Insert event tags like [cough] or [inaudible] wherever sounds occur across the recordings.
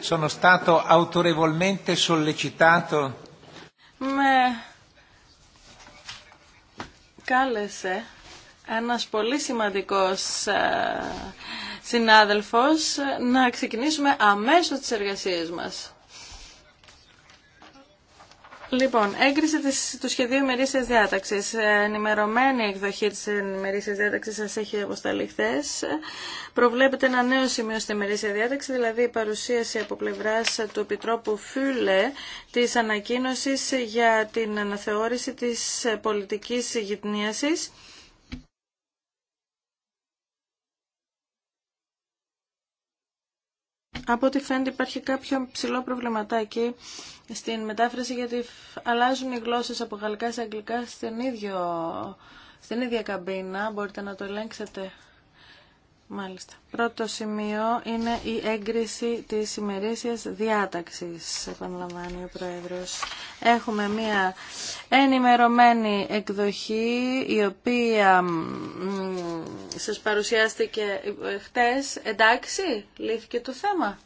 sono stato autorevolmente sollecitato. Με κάλεσε ένας πολύ σημαντικός ε, συνάδελφος να ξεκινήσουμε αμέσως τις εργασίες μας. Λοιπόν, έγκριση της, του σχεδίου ημερήσια διάταξη. Ε, ενημερωμένη εκδοχή τη ημερήσια διάταξη σα έχει αποσταλεί χθε. Προβλέπεται ένα νέο σημείο στην ημερήσια διάταξη, δηλαδή η παρουσίαση από πλευρά του Επιτρόπου Φούλε της ανακοίνωση για την αναθεώρηση της πολιτική γυπνίαση. Από ό,τι φαίνεται υπάρχει κάποιο ψηλό προβληματάκι στην μετάφραση γιατί αλλάζουν οι γλώσσες από γαλλικά σε αγγλικά στην, ίδιο, στην ίδια καμπίνα. Μπορείτε να το ελέγξετε. Μάλιστα. Πρώτο σημείο είναι η έγκριση της ημερήσιας διάταξης, επαναλαμβάνει ο Πρόεδρος. Έχουμε μία ενημερωμένη εκδοχή, η οποία σας παρουσιάστηκε χτες. Εντάξει, λύθηκε το θέμα.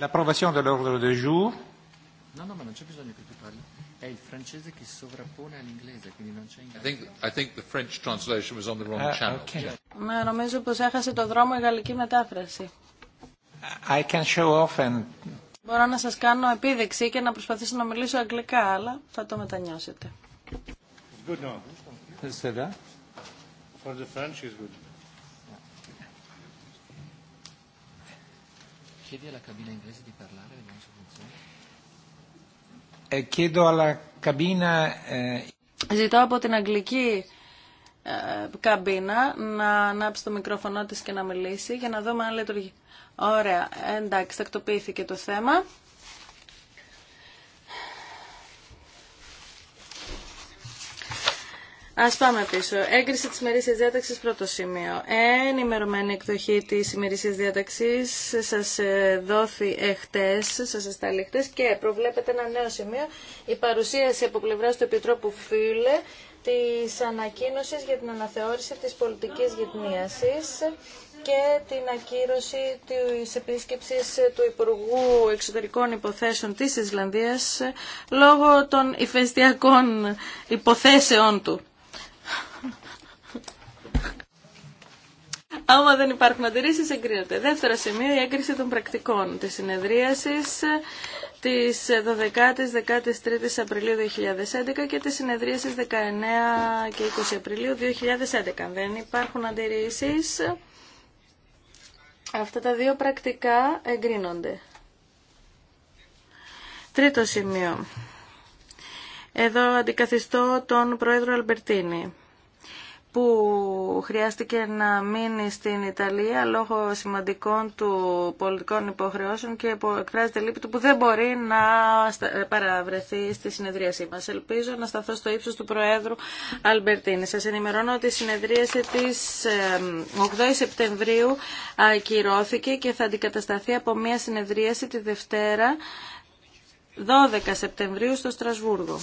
L'approbation de l'ordre du jour. Non, È il francese che sovrappone all'inglese, quindi non c'è inglese. I think the French translation was on the wrong channel. Μα νομίζω πως έχασε το δρόμο η γαλλική μετάφραση. I can show off and... Μπορώ να σας κάνω επίδειξη και να προσπαθήσω να μιλήσω αγγλικά, αλλά θα το μετανιώσετε. good now. Is that? For the French is good. Chiedi alla cabina inglese di parlare ε, ε, Ζητώ από την αγγλική ε, καμπίνα να ανάψει το μικρόφωνο της και να μιλήσει για να δούμε αν λειτουργεί. Ωραία, εντάξει, τακτοποιήθηκε το θέμα. Α πάμε πίσω. Έγκριση τη ημερήσια διάταξη πρώτο σημείο. Ενημερωμένη εκδοχή τη ημερήσια διάταξη, σας ε, δόθη εχθέ, σα εστάλει και προβλέπεται ένα νέο σημείο, η παρουσίαση από πλευρά του Επιτρόπου Φίλε τη ανακοίνωση για την αναθεώρηση τη πολιτική γυμνίαση και την ακύρωση της επίσκεψης του Υπουργού Εξωτερικών Υποθέσεων της Ισλανδίας λόγω των υφεστιακών υποθέσεών του. Άμα δεν υπάρχουν αντιρρήσει, εγκρίνεται. Δεύτερο σημείο, η έγκριση των πρακτικών τη συνεδρίαση τη 12η, 13η Απριλίου 2011 και τη συνεδρίαση 19 και 20 Απριλίου 2011. Δεν υπάρχουν αντιρρήσει. Αυτά τα δύο πρακτικά εγκρίνονται. Τρίτο σημείο. Εδώ αντικαθιστώ τον πρόεδρο Αλμπερτίνη που χρειάστηκε να μείνει στην Ιταλία λόγω σημαντικών του πολιτικών υποχρεώσεων και που εκφράζεται λύπη του που δεν μπορεί να παραβρεθεί στη συνεδρίασή μας. Ελπίζω να σταθώ στο ύψος του Προέδρου Αλμπερτίνη. Σας ενημερώνω ότι η συνεδρίαση της 8 Σεπτεμβρίου ακυρώθηκε και θα αντικατασταθεί από μια συνεδρίαση τη Δευτέρα 12 Σεπτεμβρίου στο Στρασβούργο.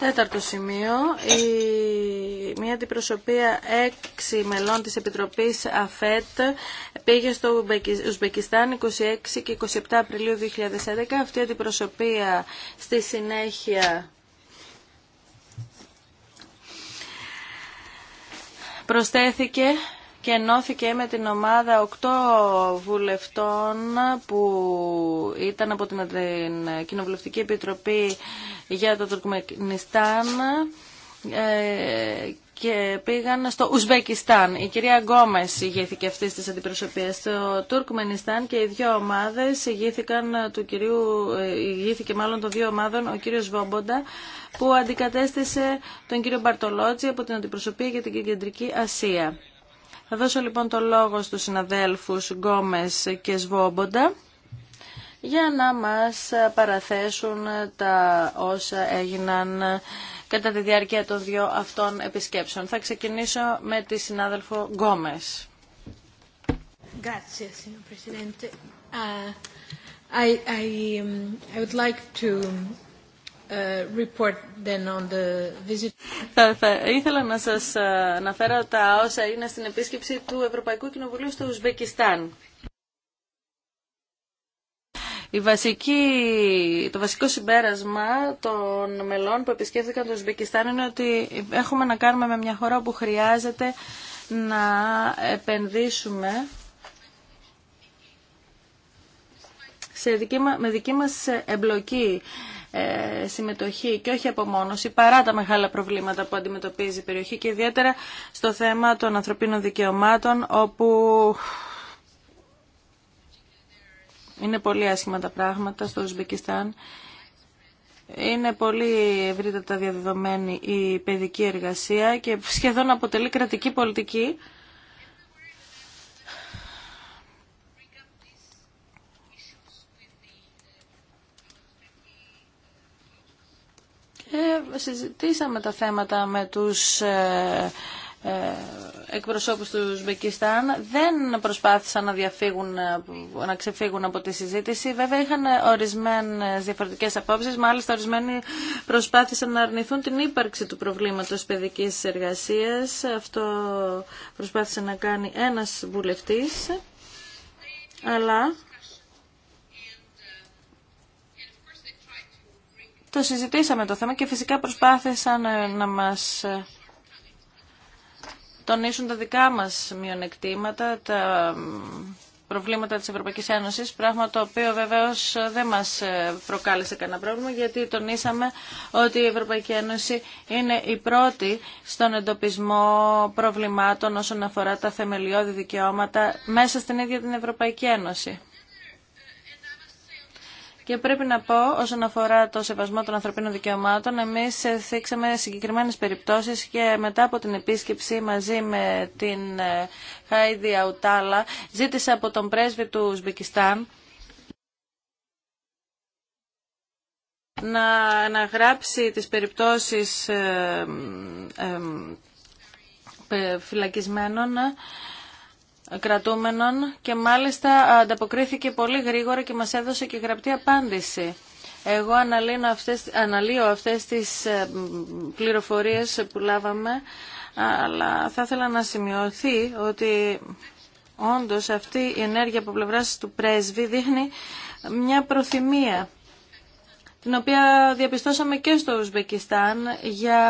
Τέταρτο σημείο, η... μια αντιπροσωπεία έξι μελών της Επιτροπής ΑΦΕΤ πήγε στο Ουσμπεκιστάν 26 και 27 Απριλίου 2011. Αυτή η αντιπροσωπεία στη συνέχεια προσθέθηκε και ενώθηκε με την ομάδα οκτώ βουλευτών που ήταν από την Κοινοβουλευτική Επιτροπή για το Τουρκμενιστάν ε, και πήγαν στο Ουσβεκιστάν. Η κυρία Γκόμε ηγήθηκε αυτή τη αντιπροσωπεία στο Τουρκμενιστάν και οι δύο ομάδε ηγήθηκαν του κυρίου, ε, ηγήθηκε μάλλον των δύο ομάδων ο κύριο Βόμποντα που αντικατέστησε τον κύριο Μπαρτολότσι από την αντιπροσωπεία για την Κεντρική Ασία. Θα δώσω λοιπόν το λόγο στους συναδέλφους Γκόμες και Σβόμποντα για να μας παραθέσουν τα όσα έγιναν κατά τη διάρκεια των δύο αυτών επισκέψεων. Θα ξεκινήσω με τη συνάδελφο Γκόμες. I Uh, θα, ήθελα να σας αναφέρω ε, τα όσα είναι στην επίσκεψη του Ευρωπαϊκού Κοινοβουλίου στο Ουσβεκιστάν. Η βασική, το βασικό συμπέρασμα των μελών που επισκέφθηκαν το Ουσβεκιστάν είναι ότι έχουμε να κάνουμε με μια χώρα που χρειάζεται να επενδύσουμε σε με δική μας εμπλοκή ε, συμμετοχή και όχι απομόνωση παρά τα μεγάλα προβλήματα που αντιμετωπίζει η περιοχή και ιδιαίτερα στο θέμα των ανθρωπίνων δικαιωμάτων όπου είναι πολύ άσχημα τα πράγματα στο Ουσμπεκιστάν. Είναι πολύ ευρύτατα διαδεδομένη η παιδική εργασία και σχεδόν αποτελεί κρατική πολιτική Ε, συζητήσαμε τα θέματα με τους ε, ε, εκπροσώπους του Ουσμπεκιστάν δεν προσπάθησαν να, διαφύγουν, να ξεφύγουν από τη συζήτηση. Βέβαια είχαν ορισμένες διαφορετικές απόψεις, μάλιστα ορισμένοι προσπάθησαν να αρνηθούν την ύπαρξη του προβλήματος παιδικής εργασίας. Αυτό προσπάθησε να κάνει ένας βουλευτής, αλλά Το συζητήσαμε το θέμα και φυσικά προσπάθησαν ε, να μας ε, τονίσουν τα δικά μας μειονεκτήματα, τα προβλήματα της Ευρωπαϊκής Ένωσης, πράγμα το οποίο βεβαίως ε, δεν μας προκάλεσε κανένα πρόβλημα, γιατί τονίσαμε ότι η Ευρωπαϊκή Ένωση είναι η πρώτη στον εντοπισμό προβλημάτων όσον αφορά τα θεμελιώδη δικαιώματα μέσα στην ίδια την Ευρωπαϊκή Ένωση. Και πρέπει να πω, όσον αφορά το σεβασμό των ανθρωπίνων δικαιωμάτων, εμεί θίξαμε συγκεκριμένε περιπτώσεις και μετά από την επίσκεψη μαζί με την ε, Χάιδη Αουτάλα, ζήτησα από τον πρέσβη του Ουσμπικιστάν να αναγράψει τις περιπτώσεις ε, ε, φυλακισμένων κρατούμενων και μάλιστα ανταποκρίθηκε πολύ γρήγορα και μας έδωσε και γραπτή απάντηση. Εγώ αναλύω αυτές, αναλύω αυτές τις ε, πληροφορίες που λάβαμε, αλλά θα ήθελα να σημειωθεί ότι όντως αυτή η ενέργεια από πλευρά του πρέσβη δείχνει μια προθυμία την οποία διαπιστώσαμε και στο Ουσβεκιστάν για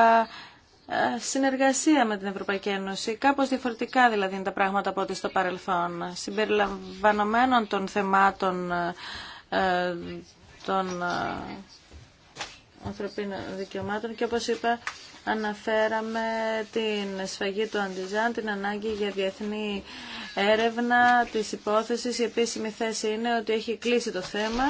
ε, συνεργασία με την Ευρωπαϊκή Ένωση. Κάπως διαφορετικά δηλαδή είναι τα πράγματα από ό,τι στο παρελθόν. Συμπεριλαμβανομένων των θεμάτων ε, ε, των ανθρωπίνων δικαιωμάτων και όπως είπα αναφέραμε την σφαγή του Αντιζάν, την ανάγκη για διεθνή έρευνα της υπόθεσης. Η επίσημη θέση είναι ότι έχει κλείσει το θέμα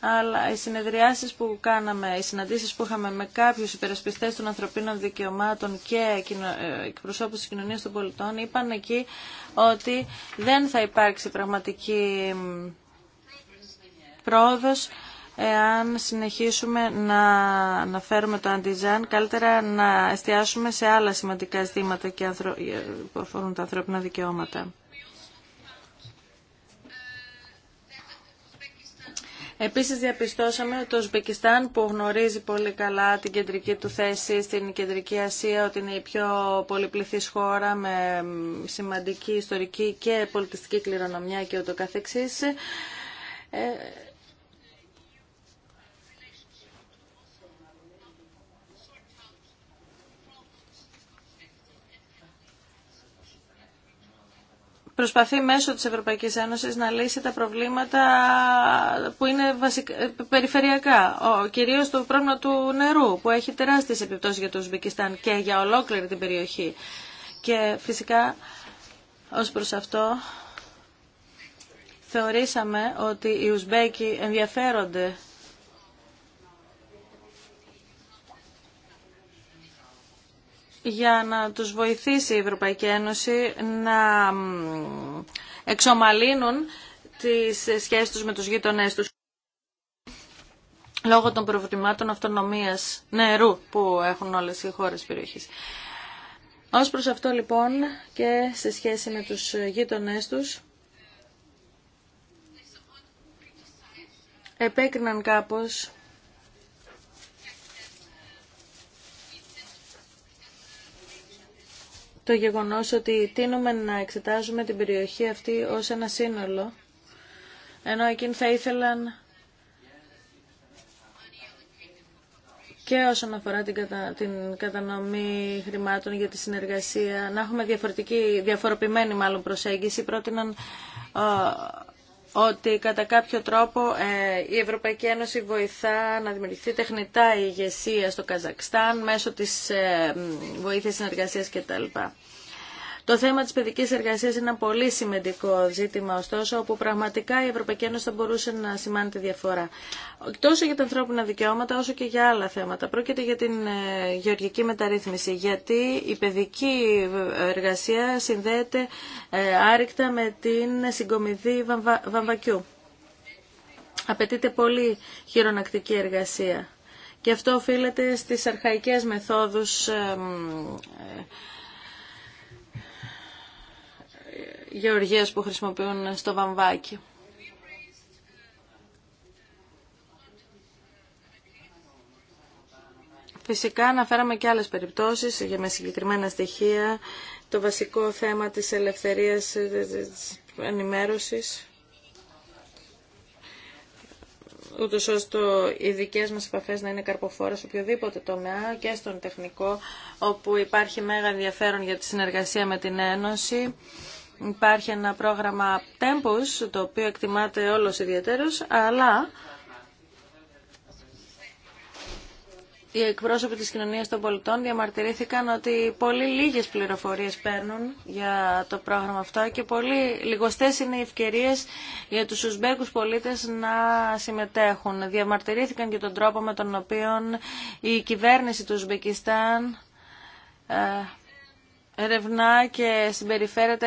αλλά οι συνεδριάσεις που κάναμε, οι συναντήσεις που είχαμε με κάποιους υπερασπιστές των ανθρωπίνων δικαιωμάτων και ε, εκπροσώπους της κοινωνίας των πολιτών είπαν εκεί ότι δεν θα υπάρξει πραγματική πρόοδος εάν συνεχίσουμε να αναφέρουμε το αντιζάν, καλύτερα να εστιάσουμε σε άλλα σημαντικά ζητήματα ε, που αφορούν τα ανθρώπινα δικαιώματα. Επίσης διαπιστώσαμε ότι το Ουσμπεκιστάν που γνωρίζει πολύ καλά την κεντρική του θέση στην Κεντρική Ασία ότι είναι η πιο πολυπληθής χώρα με σημαντική ιστορική και πολιτιστική κληρονομιά και ούτω καθεξής ε, προσπαθεί μέσω της Ευρωπαϊκής Ένωσης να λύσει τα προβλήματα που είναι βασικά, περιφερειακά. Ο, κυρίως το πρόβλημα του νερού που έχει τεράστιες επιπτώσεις για το Ουσμπικιστάν και για ολόκληρη την περιοχή. Και φυσικά ως προς αυτό θεωρήσαμε ότι οι Ουσμπέκοι ενδιαφέρονται για να τους βοηθήσει η Ευρωπαϊκή Ένωση να εξομαλύνουν τις σχέσεις τους με τους γείτονές τους λόγω των προβλημάτων αυτονομίας νερού που έχουν όλες οι χώρες περιοχής. Ως προς αυτό λοιπόν και σε σχέση με τους γείτονές τους επέκριναν κάπως το γεγονός ότι τίνουμε να εξετάζουμε την περιοχή αυτή ως ένα σύνολο, ενώ εκείνοι θα ήθελαν και όσον αφορά την, κατα... την κατανομή χρημάτων για τη συνεργασία, να έχουμε διαφορετική, διαφοροποιημένη μάλλον προσέγγιση, πρότειναν ότι κατά κάποιο τρόπο ε, η Ευρωπαϊκή Ένωση βοηθά να δημιουργηθεί τεχνητά η ηγεσία στο Καζακστάν μέσω της ε, βοήθειας συνεργασίας κτλ. Το θέμα της παιδικής εργασίας είναι ένα πολύ σημαντικό ζήτημα, ωστόσο, όπου πραγματικά η Ευρωπαϊκή Ένωση θα μπορούσε να σημάνει τη διαφορά. Τόσο για τα ανθρώπινα δικαιώματα, όσο και για άλλα θέματα. Πρόκειται για την ε, γεωργική μεταρρύθμιση, γιατί η παιδική εργασία συνδέεται ε, άρρηκτα με την συγκομιδή βαμβα... βαμβακιού. Απαιτείται πολύ χειρονακτική εργασία. Και αυτό οφείλεται στις αρχαϊκές μεθόδους ε, γεωργίας που χρησιμοποιούν στο βαμβάκι. Φυσικά αναφέραμε και άλλες περιπτώσεις για με συγκεκριμένα στοιχεία το βασικό θέμα της ελευθερίας της ενημέρωσης ούτως ώστε οι δικέ μας επαφές να είναι σε οποιοδήποτε τομέα και στον τεχνικό όπου υπάρχει μέγα ενδιαφέρον για τη συνεργασία με την Ένωση Υπάρχει ένα πρόγραμμα Tempus, το οποίο εκτιμάται όλος ιδιαίτερος, αλλά οι εκπρόσωποι της κοινωνίας των πολιτών διαμαρτυρήθηκαν ότι πολύ λίγες πληροφορίες παίρνουν για το πρόγραμμα αυτό και πολύ λιγοστές είναι οι ευκαιρίες για τους Ουσμπέκους πολίτες να συμμετέχουν. Διαμαρτυρήθηκαν και τον τρόπο με τον οποίο η κυβέρνηση του Ουσμπεκιστάν ε, ερευνά και συμπεριφέρεται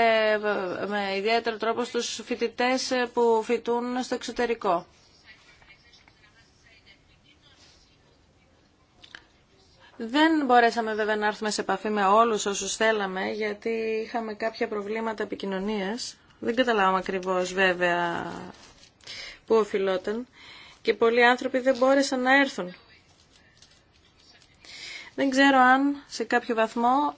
με ιδιαίτερο τρόπο στους φοιτητές που φοιτούν στο εξωτερικό. Δεν μπορέσαμε βέβαια να έρθουμε σε επαφή με όλους όσους θέλαμε, γιατί είχαμε κάποια προβλήματα επικοινωνίας. Δεν καταλάβαμε ακριβώς βέβαια πού οφειλόταν και πολλοί άνθρωποι δεν μπόρεσαν να έρθουν. Δεν ξέρω αν σε κάποιο βαθμό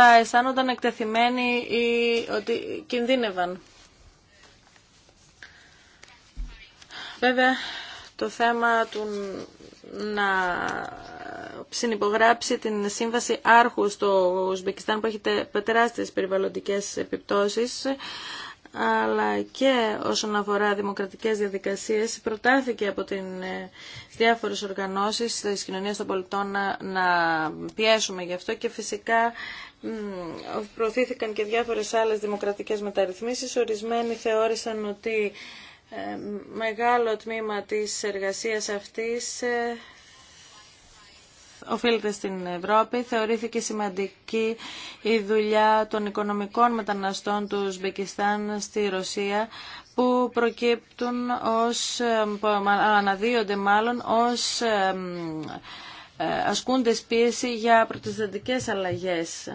θα αισθάνονταν εκτεθειμένοι ή ότι κινδύνευαν. Βέβαια, το θέμα του να συνυπογράψει την σύμβαση άρχου στο Ουσμπεκιστάν που έχει τεράστιες περιβαλλοντικές επιπτώσεις αλλά και όσον αφορά δημοκρατικές διαδικασίες προτάθηκε από την ε, διάφορες οργανώσεις της κοινωνίας των πολιτών να, να πιέσουμε γι' αυτό και φυσικά προωθήθηκαν και διάφορες άλλες δημοκρατικές μεταρρυθμίσεις. Ορισμένοι θεώρησαν ότι ε, μεγάλο τμήμα της εργασίας αυτής ε, οφείλεται στην Ευρώπη. Θεωρήθηκε σημαντική η δουλειά των οικονομικών μεταναστών του Ουσμπεκιστάν στη Ρωσία που προκύπτουν ως, αναδύονται μάλλον ως ε, ασκούντες πίεση για προτεσταντικές αλλαγές.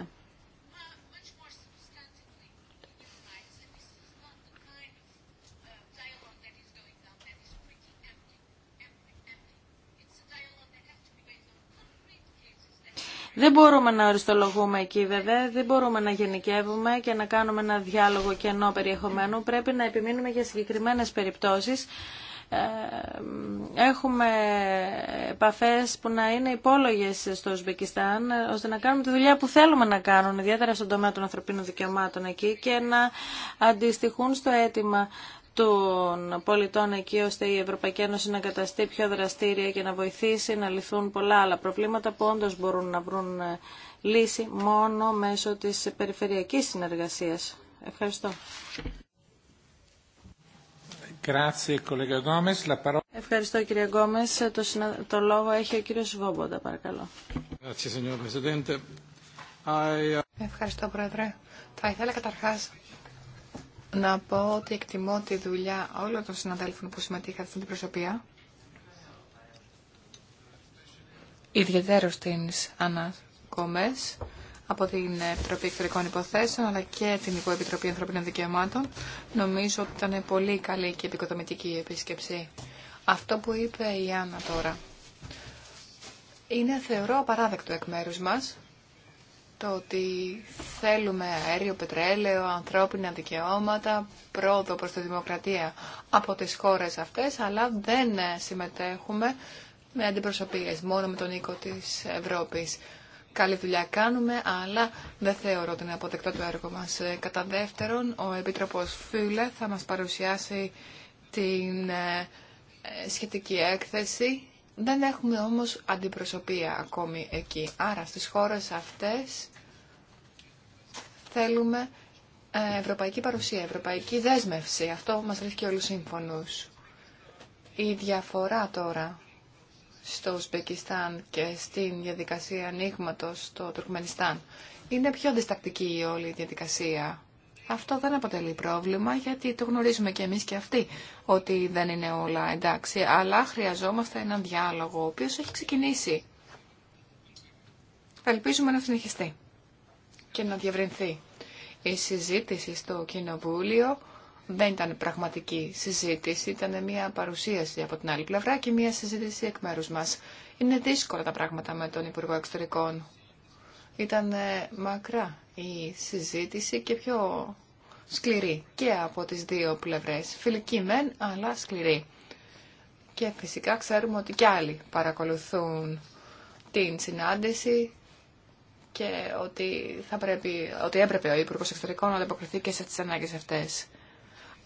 Δεν μπορούμε να οριστολογούμε εκεί βέβαια, δεν μπορούμε να γενικεύουμε και να κάνουμε ένα διάλογο κενό περιεχομένου. Πρέπει να επιμείνουμε για συγκεκριμένες περιπτώσεις ε, έχουμε επαφές που να είναι υπόλογες στο Ουσμπεκιστάν ώστε να κάνουμε τη δουλειά που θέλουμε να κάνουν ιδιαίτερα στον τομέα των ανθρωπίνων δικαιωμάτων εκεί και να αντιστοιχούν στο αίτημα των πολιτών εκεί ώστε η Ευρωπαϊκή Ένωση να καταστεί πιο δραστήρια και να βοηθήσει να λυθούν πολλά άλλα προβλήματα που όντω μπορούν να βρουν ε, λύση μόνο μέσω της περιφερειακής συνεργασίας. Ευχαριστώ. Ευχαριστώ κύριε Γκόμες. Το, συνα... το λόγο έχει ο κύριος Βόμποντα, παρακαλώ. Uh- Ευχαριστώ πρόεδρε. Θα ήθελα καταρχάς να πω ότι εκτιμώ τη δουλειά όλων των συναδέλφων που συμμετείχαν στην προσωπία. Ιδιαίτερο την Άννα Κόμες, από την Επιτροπή Εκτορικών Υποθέσεων, αλλά και την Υποεπιτροπή Ανθρωπίνων Δικαιωμάτων. Νομίζω ότι ήταν πολύ καλή και επικοδομητική επίσκεψη. Αυτό που είπε η Άννα τώρα είναι θεωρώ απαράδεκτο εκ μέρους μας το ότι θέλουμε αέριο, πετρέλαιο, ανθρώπινα δικαιώματα, πρόοδο προς τη δημοκρατία από τις χώρες αυτές, αλλά δεν συμμετέχουμε με αντιπροσωπείες, μόνο με τον οίκο της Ευρώπης. Καλή δουλειά κάνουμε, αλλά δεν θεωρώ ότι είναι αποδεκτό το έργο μας. Κατά δεύτερον, ο Επίτροπος Φίλε θα μας παρουσιάσει την ε, σχετική έκθεση δεν έχουμε όμως αντιπροσωπεία ακόμη εκεί. Άρα στις χώρες αυτές θέλουμε ε, ευρωπαϊκή παρουσία, ευρωπαϊκή δέσμευση. Αυτό μας βρίσκει όλους σύμφωνους. Η διαφορά τώρα στο Ουσπεκιστάν και στην διαδικασία ανοίγματο στο Τουρκμενιστάν είναι πιο διστακτική η όλη διαδικασία. Αυτό δεν αποτελεί πρόβλημα γιατί το γνωρίζουμε και εμείς και αυτοί ότι δεν είναι όλα εντάξει, αλλά χρειαζόμαστε έναν διάλογο ο οποίος έχει ξεκινήσει. Ελπίζουμε να συνεχιστεί και να διευρυνθεί. Η συζήτηση στο Κοινοβούλιο δεν ήταν πραγματική συζήτηση, ήταν μια παρουσίαση από την άλλη πλευρά και μια συζήτηση εκ μέρους μας. Είναι δύσκολα τα πράγματα με τον Υπουργό Εξωτερικών. Ήταν ε, μακρά η συζήτηση και πιο σκληρή και από τις δύο πλευρές. Φιλική μεν, αλλά σκληρή. Και φυσικά ξέρουμε ότι κι άλλοι παρακολουθούν την συνάντηση και ότι, θα πρέπει, ότι έπρεπε ο Υπουργός Εξωτερικών να ανταποκριθεί και σε τις ανάγκες αυτές.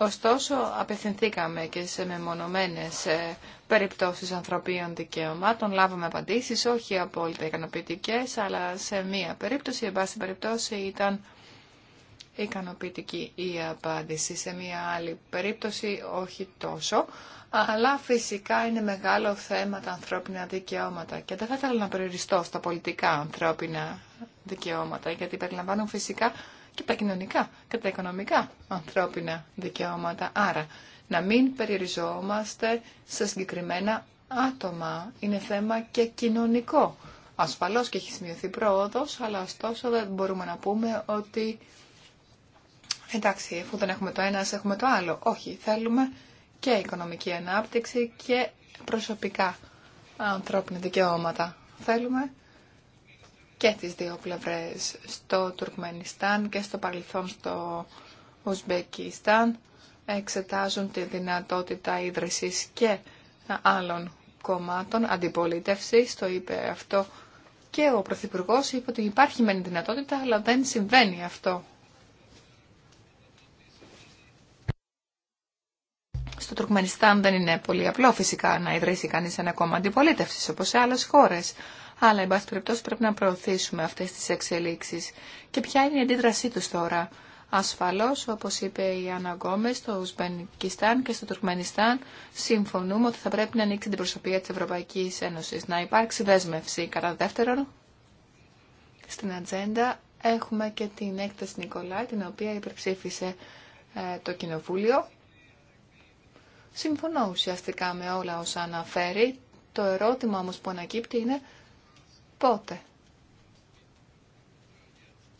Ωστόσο, απευθυνθήκαμε και σε μεμονωμένες ε, περιπτώσεις ανθρωπίων δικαιωμάτων. Λάβαμε απαντήσεις, όχι απόλυτα ικανοποιητικέ, αλλά σε μία περίπτωση, εν πάση περιπτώσει, ήταν ικανοποιητική η απάντηση. Σε μία άλλη περίπτωση, όχι τόσο. Αλλά φυσικά είναι μεγάλο θέμα τα ανθρώπινα δικαιώματα και δεν θα ήθελα να περιοριστώ στα πολιτικά ανθρώπινα δικαιώματα, γιατί περιλαμβάνουν φυσικά και τα κοινωνικά και τα οικονομικά ανθρώπινα δικαιώματα. Άρα, να μην περιοριζόμαστε σε συγκεκριμένα άτομα. Είναι θέμα και κοινωνικό. Ασφαλώς και έχει σημειωθεί πρόοδος, αλλά ωστόσο δεν μπορούμε να πούμε ότι εντάξει, αφού δεν έχουμε το ένα, ας έχουμε το άλλο. Όχι, θέλουμε και οικονομική ανάπτυξη και προσωπικά ανθρώπινα δικαιώματα. Θέλουμε και τις δύο πλευρές, στο Τουρκμενιστάν και στο παρελθόν στο Ουσμπεκιστάν, εξετάζουν τη δυνατότητα ίδρυσης και άλλων κομμάτων αντιπολίτευσης. Το είπε αυτό και ο Πρωθυπουργό είπε ότι υπάρχει μεν δυνατότητα, αλλά δεν συμβαίνει αυτό. Στο Τουρκμενιστάν δεν είναι πολύ απλό φυσικά να ιδρύσει κανείς ένα κόμμα αντιπολίτευσης όπως σε άλλες χώρες αλλά εν πάση περιπτώσει πρέπει να προωθήσουμε αυτέ τι εξελίξει Και ποια είναι η αντίδρασή του τώρα. ασφαλώ, όπω είπε η Άννα Γκόμες, στο Ουσμπενικιστάν και στο Τουρκμενιστάν συμφωνούμε ότι θα πρέπει να ανοίξει την προσωπία τη Ευρωπαϊκή Ένωση. να υπάρξει δέσμευση. Κατά δεύτερον, στην ατζέντα έχουμε και την έκθεση Νικολάη, την οποία υπερψήφισε ε, το Κοινοβούλιο. Συμφωνώ ουσιαστικά με όλα όσα αναφέρει. Το ερώτημα όμω που ανακύπτει είναι Πότε.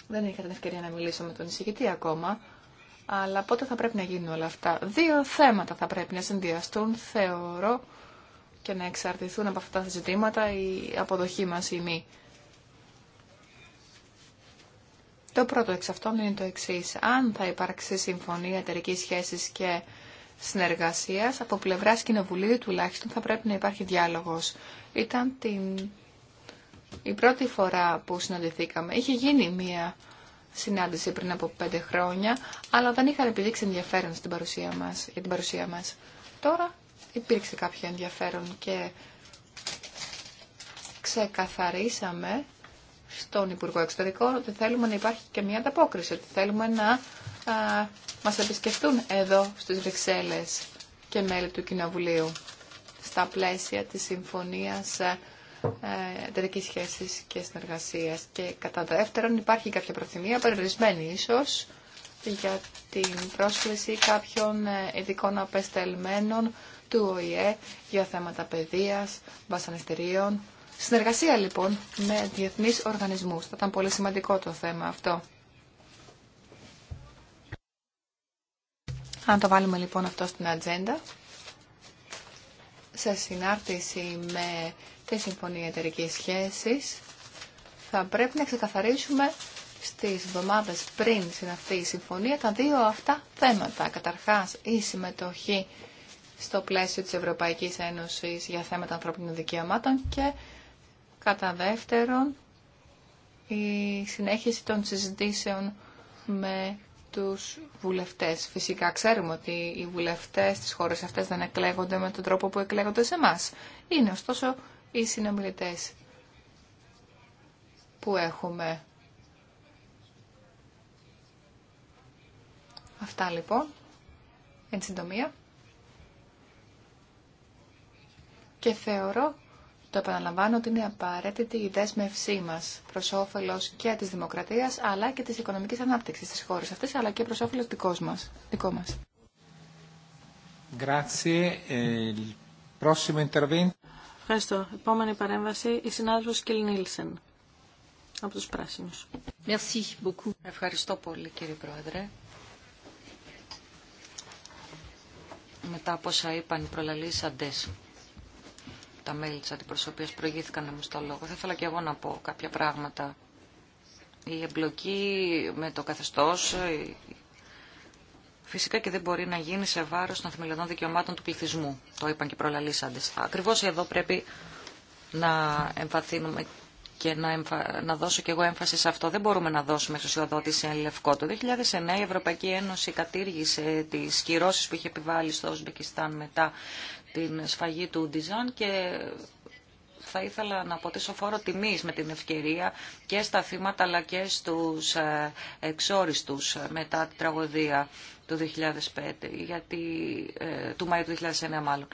Δεν είχα την ευκαιρία να μιλήσω με τον εισηγητή ακόμα, αλλά πότε θα πρέπει να γίνουν όλα αυτά. Δύο θέματα θα πρέπει να συνδυαστούν, θεωρώ, και να εξαρτηθούν από αυτά τα ζητήματα η αποδοχή μας ή μη. Το πρώτο εξ αυτών είναι το εξή. Αν θα υπάρξει συμφωνία εταιρική σχέση και συνεργασία, από πλευρά Κοινοβουλίου τουλάχιστον θα πρέπει να υπάρχει διάλογο. Ήταν την η πρώτη φορά που συναντηθήκαμε είχε γίνει μία συνάντηση πριν από πέντε χρόνια, αλλά δεν είχαν επιδείξει ενδιαφέρον στην παρουσία μας, για την παρουσία μας. Τώρα υπήρξε κάποιο ενδιαφέρον και ξεκαθαρίσαμε στον Υπουργό Εξωτερικών ότι θέλουμε να υπάρχει και μια ανταπόκριση, ότι θέλουμε να μας επισκεφτούν εδώ στις Βρυξέλλες και μέλη του Κοινοβουλίου στα πλαίσια της συμφωνίας ε, εταιρική σχέσης και συνεργασίας. Και κατά δεύτερον υπάρχει κάποια προθυμία, περιορισμένη ίσως, για την πρόσκληση κάποιων ε, ειδικών απεστελμένων του ΟΗΕ για θέματα παιδείας, βασανιστήριων. Συνεργασία λοιπόν με διεθνείς οργανισμούς. Θα ήταν πολύ σημαντικό το θέμα αυτό. Αν το βάλουμε λοιπόν αυτό στην ατζέντα, σε συνάρτηση με τη Συμφωνία Εταιρική Σχέση. θα πρέπει να ξεκαθαρίσουμε στι εβδομάδε πριν αυτή η συμφωνία τα δύο αυτά θέματα. Καταρχάς, η συμμετοχή στο πλαίσιο της Ευρωπαϊκής Ένωσης για θέματα ανθρώπινων δικαιωμάτων και κατά δεύτερον η συνέχιση των συζητήσεων με τους βουλευτές. Φυσικά ξέρουμε ότι οι βουλευτές στις χώρες αυτές δεν εκλέγονται με τον τρόπο που εκλέγονται σε εμά. Είναι ωστόσο οι συνομιλητές που έχουμε. Αυτά λοιπόν, εν συντομία. Και θεωρώ, το επαναλαμβάνω, ότι είναι απαραίτητη η δέσμευσή μας προς όφελος και της δημοκρατίας, αλλά και της οικονομικής ανάπτυξης της χώρας αυτής, αλλά και προς όφελος δικός μας, δικό μας. Grazie. Ε, il prossimo intervento. Ευχαριστώ. Επόμενη παρέμβαση, η συνάδελφο Κιλ Νίλσεν από του πράσινου. Ευχαριστώ πολύ κύριε Πρόεδρε. Μετά από όσα είπαν οι προλαλήσαντε τα μέλη τη αντιπροσωπείας προηγήθηκαν να μου στο λόγο. Θα ήθελα και εγώ να πω κάποια πράγματα. Η εμπλοκή με το καθεστώς, Φυσικά και δεν μπορεί να γίνει σε βάρο των θεμελιωδών δικαιωμάτων του πληθυσμού. Το είπαν και προλαλήσαντε. Ακριβώ εδώ πρέπει να εμφαθύνουμε και να, να δώσω και εγώ έμφαση σε αυτό. Δεν μπορούμε να δώσουμε εξουσιοδότηση εν λευκό. Το 2009 η Ευρωπαϊκή Ένωση κατήργησε τι κυρώσει που είχε επιβάλει στο Ουσμπεκιστάν μετά την σφαγή του Ντιζάν και θα ήθελα να αποτίσω φόρο τιμή με την ευκαιρία και στα θύματα αλλά και στους ε, εξόριστους μετά την τραγωδία του 2005, γιατί, ε, του Μαΐου του 2009 μάλλον.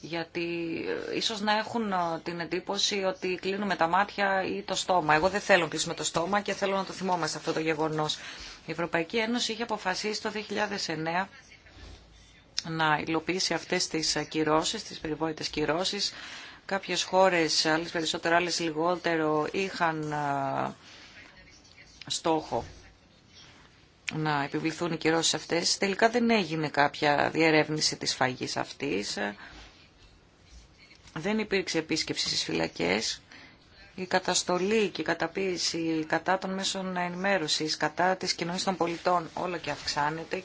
Γιατί ε, ίσως να έχουν ε, την εντύπωση ότι κλείνουμε τα μάτια ή το στόμα. Εγώ δεν θέλω να κλείσουμε το στόμα και θέλω να το θυμόμαστε αυτό το γεγονός. Η Ευρωπαϊκή Ένωση είχε αποφασίσει το 2009 να υλοποιήσει αυτές τις κυρώσεις, τις περιβόητες κυρώσεις. Κάποιες χώρες, άλλες περισσότερο, άλλες λιγότερο, είχαν στόχο να επιβληθούν οι κυρώσει αυτές. Τελικά δεν έγινε κάποια διερεύνηση της φαγής αυτής. Δεν υπήρξε επίσκεψη στι φυλακέ. Η καταστολή και η καταπίεση κατά των μέσων ενημέρωση, κατά της κοινωνία των πολιτών, όλο και αυξάνεται.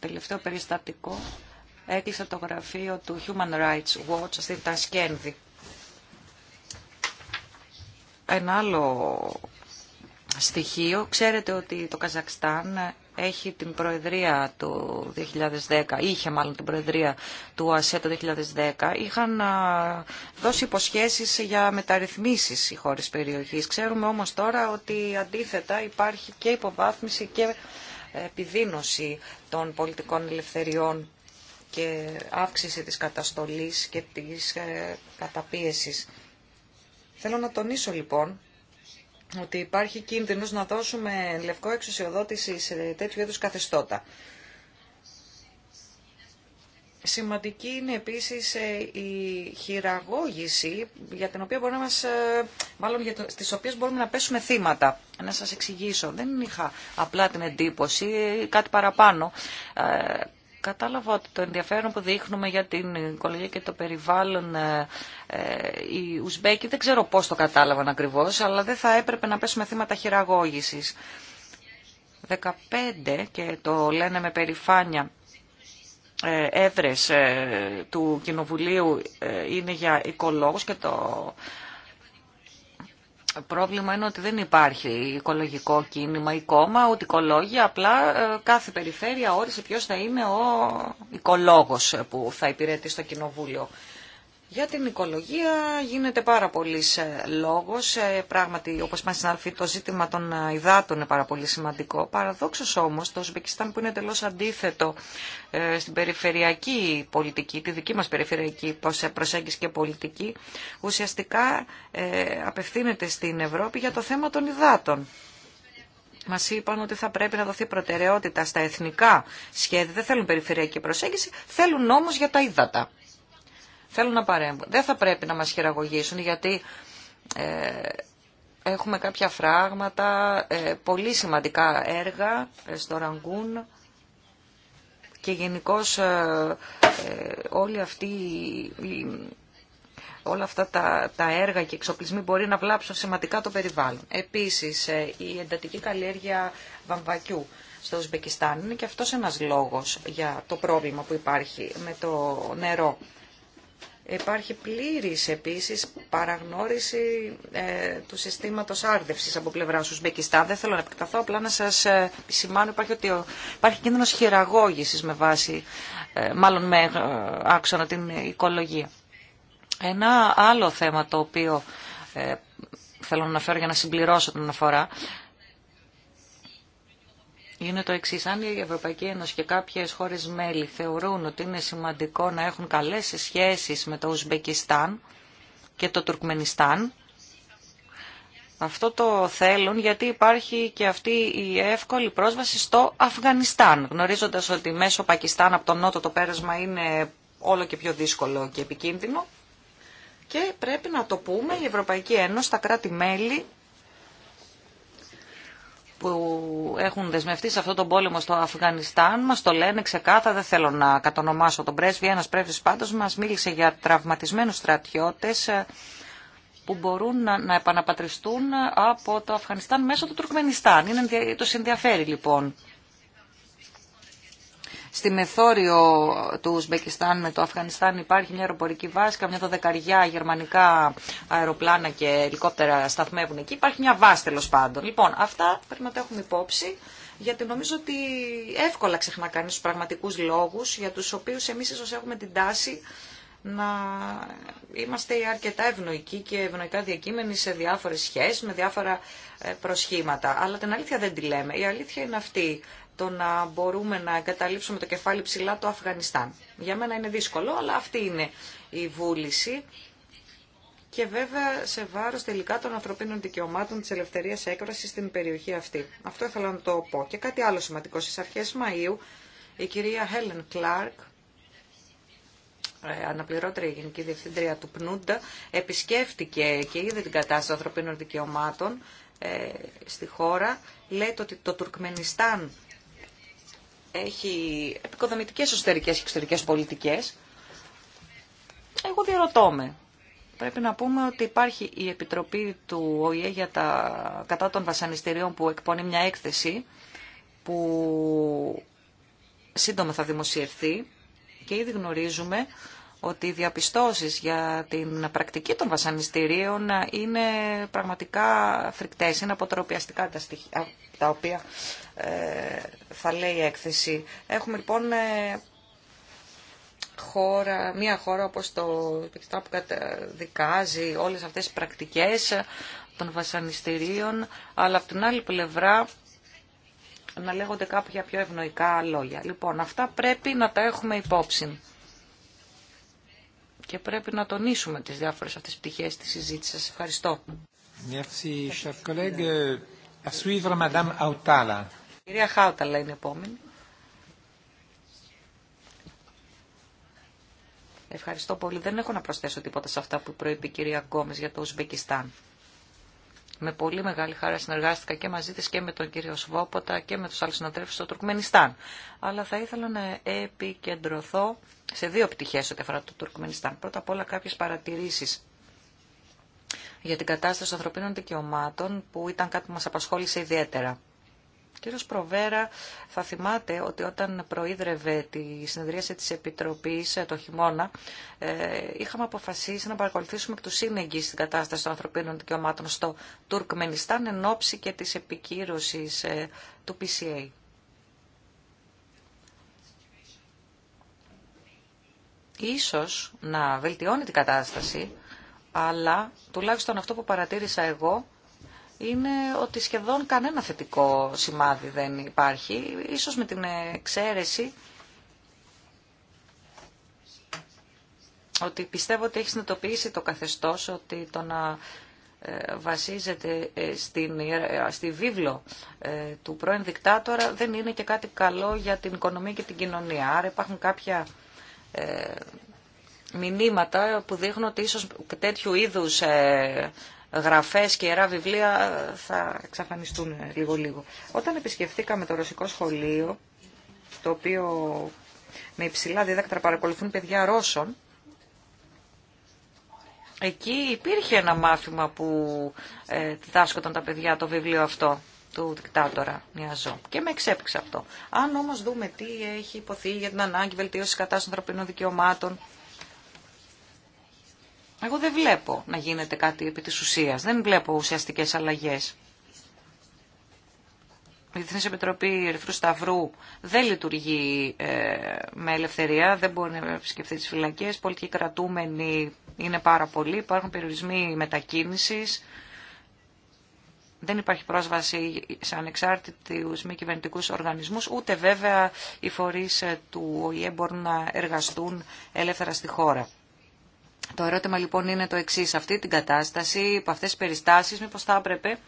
Τελευταίο περιστατικό έκλεισε το γραφείο του Human Rights Watch στην Τασκένδη. Ένα στοιχείο. Ξέρετε ότι το Καζακστάν έχει την προεδρία του 2010, είχε μάλλον την προεδρία του ΑΣΕ το 2010, είχαν δώσει υποσχέσεις για μεταρρυθμίσεις οι χώρες περιοχής. Ξέρουμε όμως τώρα ότι αντίθετα υπάρχει και υποβάθμιση και ε, επιδείνωση των πολιτικών ελευθεριών και αύξηση της καταστολής και της ε, καταπίεσης. Θέλω να τονίσω λοιπόν ότι υπάρχει κίνδυνος να δώσουμε λευκό εξουσιοδότηση σε τέτοιου είδους καθεστώτα. Σημαντική είναι επίσης ε, η χειραγώγηση για την οποία μπορούμε να μας, ε, μάλλον για το, στις οποίες μπορούμε να πέσουμε θύματα. Να σας εξηγήσω, δεν είχα απλά την εντύπωση, ε, κάτι παραπάνω κατάλαβα ότι το ενδιαφέρον που δείχνουμε για την οικολογία και το περιβάλλον ε, ε, οι Ουσμπέκοι δεν ξέρω πώς το κατάλαβαν ακριβώς, αλλά δεν θα έπρεπε να πέσουμε θύματα χειραγώγησης. 15 και το λένε με περηφάνεια ε, έδρες του Κοινοβουλίου είναι για οικολόγους και το πρόβλημα είναι ότι δεν υπάρχει οικολογικό κίνημα ή κόμμα, ούτε οικολόγια, απλά ε, κάθε περιφέρεια όρισε ποιος θα είναι ο οικολόγος που θα υπηρετεί στο κοινοβούλιο. Για την οικολογία γίνεται πάρα πολύ ε, λόγο. Ε, πράγματι, όπως είπαν συνάδελφοι, το ζήτημα των ε, υδάτων είναι πάρα πολύ σημαντικό. Παραδόξω όμω, το Ουσμπεκιστάν που είναι εντελώ αντίθετο στην περιφερειακή πολιτική, τη δική μα περιφερειακή προσέγγιση και πολιτική, ουσιαστικά απευθύνεται στην Ευρώπη για το θέμα των υδάτων. Μα είπαν ότι θα πρέπει να δοθεί προτεραιότητα στα εθνικά σχέδια. Δεν θέλουν περιφερειακή προσέγγιση, θέλουν όμω για τα ύδατα θέλουν να παρέμβουν. Δεν θα πρέπει να μας χειραγωγήσουν γιατί ε, έχουμε κάποια φράγματα, ε, πολύ σημαντικά έργα ε, στο Ραγκούν και γενικώ όλα αυτά τα, έργα και εξοπλισμοί μπορεί να βλάψουν σημαντικά το περιβάλλον. Επίσης, η εντατική καλλιέργεια βαμβακιού στο Ουσμπεκιστάν είναι και αυτός ένας λόγος για το πρόβλημα που υπάρχει με το νερό. Υπάρχει πλήρης επίσης παραγνώριση ε, του συστήματος άρδευσης από πλευρά του Σμπεκιστάν. Δεν θέλω να επεκταθώ, απλά να σας ε, επισημάνω υπάρχει ότι υπάρχει κίνδυνος χειραγώγησης με βάση, ε, μάλλον με άξονα την οικολογία. Ένα άλλο θέμα το οποίο θέλω να αναφέρω για να συμπληρώσω την αναφορά είναι το εξή. Αν η Ευρωπαϊκή Ένωση και κάποιε χώρε μέλη θεωρούν ότι είναι σημαντικό να έχουν καλέ σχέσει με το Ουσμπεκιστάν και το Τουρκμενιστάν, αυτό το θέλουν γιατί υπάρχει και αυτή η εύκολη πρόσβαση στο Αφγανιστάν, γνωρίζοντας ότι μέσω Πακιστάν από τον Νότο το πέρασμα είναι όλο και πιο δύσκολο και επικίνδυνο. Και πρέπει να το πούμε, η Ευρωπαϊκή Ένωση, τα κράτη-μέλη που έχουν δεσμευτεί σε αυτόν τον πόλεμο στο Αφγανιστάν Μα το λένε ξεκάθαρα, δεν θέλω να κατονομάσω τον πρέσβη, ένα πρέσβη πάντως μα μίλησε για τραυματισμένους στρατιώτες ε, που μπορούν να, επαναπατριστούν από το Αφγανιστάν μέσω του Τουρκμενιστάν. Είναι, το ενδιαφέρει λοιπόν Στη μεθόριο του Ουσμπεκιστάν με το Αφγανιστάν υπάρχει μια αεροπορική βάση, καμιά δεκαριά γερμανικά αεροπλάνα και ελικόπτερα σταθμεύουν εκεί. Υπάρχει μια βάση τέλο πάντων. Λοιπόν, αυτά πρέπει να τα έχουμε υπόψη γιατί νομίζω ότι εύκολα ξεχνά κάνει του πραγματικού λόγου για του οποίου εμεί ίσω έχουμε την τάση να είμαστε αρκετά ευνοϊκοί και ευνοϊκά διακείμενοι σε διάφορες σχέσεις, με διάφορα ε, προσχήματα. Αλλά την αλήθεια δεν τη λέμε. Η αλήθεια είναι αυτή το να μπορούμε να εγκαταλείψουμε το κεφάλι ψηλά το Αφγανιστάν. Για μένα είναι δύσκολο, αλλά αυτή είναι η βούληση και βέβαια σε βάρος τελικά των ανθρωπίνων δικαιωμάτων της ελευθερίας έκφρασης στην περιοχή αυτή. Αυτό ήθελα να το πω. Και κάτι άλλο σημαντικό. Στις αρχές Μαΐου η κυρία Helen Clark, ε, αναπληρώτρια γενική διευθύντρια του ΠΝΟΥΝΤΑ, επισκέφτηκε και είδε την κατάσταση των ανθρωπίνων δικαιωμάτων ε, στη χώρα. Λέει ότι το Τουρκμενιστάν έχει επικοδομητικές εσωτερικές και εξωτερικές πολιτικές. Εγώ διαρωτώ με. Πρέπει να πούμε ότι υπάρχει η Επιτροπή του ΟΗΕ για τα κατά των βασανιστήριων που εκπονεί μια έκθεση που σύντομα θα δημοσιευθεί και ήδη γνωρίζουμε ότι οι διαπιστώσεις για την πρακτική των βασανιστήριων είναι πραγματικά φρικτές, είναι αποτροπιαστικά τα στοιχεία τα οποία ε, θα λέει η έκθεση. Έχουμε λοιπόν ε, χώρα, μια χώρα όπως το δικάζει που καταδικάζει όλες αυτές τις πρακτικές των βασανιστήριων, αλλά από την άλλη πλευρά να λέγονται κάποια πιο ευνοϊκά λόγια. Λοιπόν, αυτά πρέπει να τα έχουμε υπόψη. Και πρέπει να τονίσουμε τις διάφορες αυτές τις πτυχές της συζήτησης. Σας ευχαριστώ. Merci, Κυρία Χάουταλα είναι επόμενη. Ευχαριστώ πολύ. Δεν έχω να προσθέσω τίποτα σε αυτά που προείπε η κυρία Γκόμες για το Ουσμπεκιστάν. Με πολύ μεγάλη χαρά συνεργάστηκα και μαζί της και με τον κύριο Σβόποτα και με τους άλλους συναντρέφους στο Τουρκμενιστάν. Αλλά θα ήθελα να επικεντρωθώ σε δύο πτυχές ό,τι αφορά το Τουρκμενιστάν. Πρώτα απ' όλα κάποιες παρατηρήσεις για την κατάσταση των ανθρωπίνων δικαιωμάτων που ήταν κάτι που μας απασχόλησε ιδιαίτερα κύριος Προβέρα θα θυμάται ότι όταν προείδρευε τη συνεδρίαση της Επιτροπής ε, το χειμώνα, ε, είχαμε αποφασίσει να παρακολουθήσουμε εκ του σύνεγγυ στην κατάσταση των ανθρωπίνων δικαιωμάτων στο Τουρκμενιστάν εν ώψη και της επικύρωσης ε, του PCA. Ίσως να βελτιώνει την κατάσταση, αλλά τουλάχιστον αυτό που παρατήρησα εγώ είναι ότι σχεδόν κανένα θετικό σημάδι δεν υπάρχει, ίσως με την εξαίρεση ότι πιστεύω ότι έχει συνειδητοποιήσει το καθεστώς ότι το να ε, βασίζεται ε, στην, ε, στη βίβλο του πρώην δικτάτορα δεν είναι και κάτι καλό για την οικονομία και την κοινωνία. Άρα υπάρχουν κάποια μηνύματα που δείχνουν ότι ίσως τέτοιου είδους γραφές και ιερά βιβλία θα εξαφανιστούν λίγο-λίγο. Όταν επισκεφθήκαμε το ρωσικό σχολείο, το οποίο με υψηλά δίδακτρα παρακολουθούν παιδιά Ρώσων, εκεί υπήρχε ένα μάθημα που ε, διδάσκονταν τα παιδιά το βιβλίο αυτό του δικτάτορα Νιαζό. Και με εξέπληξε αυτό. Αν όμως δούμε τι έχει υποθεί για την ανάγκη βελτίωση κατάστασης ανθρωπίνων δικαιωμάτων, εγώ δεν βλέπω να γίνεται κάτι επί της ουσίας. Δεν βλέπω ουσιαστικές αλλαγές. Η Διεθνής Επιτροπή Ερυθρού Σταυρού δεν λειτουργεί ε, με ελευθερία, δεν μπορεί να επισκεφθεί τις φυλακές. Πολιτικοί κρατούμενοι είναι πάρα πολλοί, υπάρχουν περιορισμοί μετακίνησης. Δεν υπάρχει πρόσβαση σε ανεξάρτητους μη κυβερνητικού οργανισμούς, ούτε βέβαια οι φορείς ε, του ΟΗΕ μπορούν να εργαστούν ελεύθερα στη χώρα. Το ερώτημα λοιπόν είναι το εξή. αυτή την κατάσταση, από αυτέ τις περιστάσεις, μήπως θα έπρεπε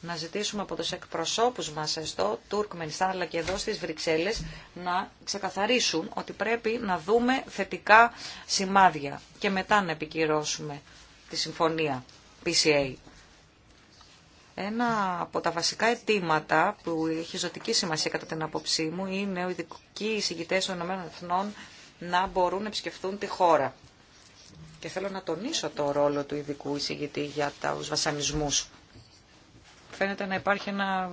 να ζητήσουμε από του εκπροσώπου μα στο Τουρκμενιστάν αλλά και εδώ στις Βρυξέλλες να ξεκαθαρίσουν ότι πρέπει να δούμε θετικά σημάδια και μετά να επικυρώσουμε τη συμφωνία PCA. Ένα από τα βασικά αιτήματα που έχει ζωτική σημασία κατά την απόψή μου είναι οι ειδικοί εισηγητές των ΗΠΑ να μπορούν να επισκεφθούν τη χώρα και θέλω να τονίσω το ρόλο του ειδικού εισηγητή για τους βασανισμούς. Φαίνεται να υπάρχει ένα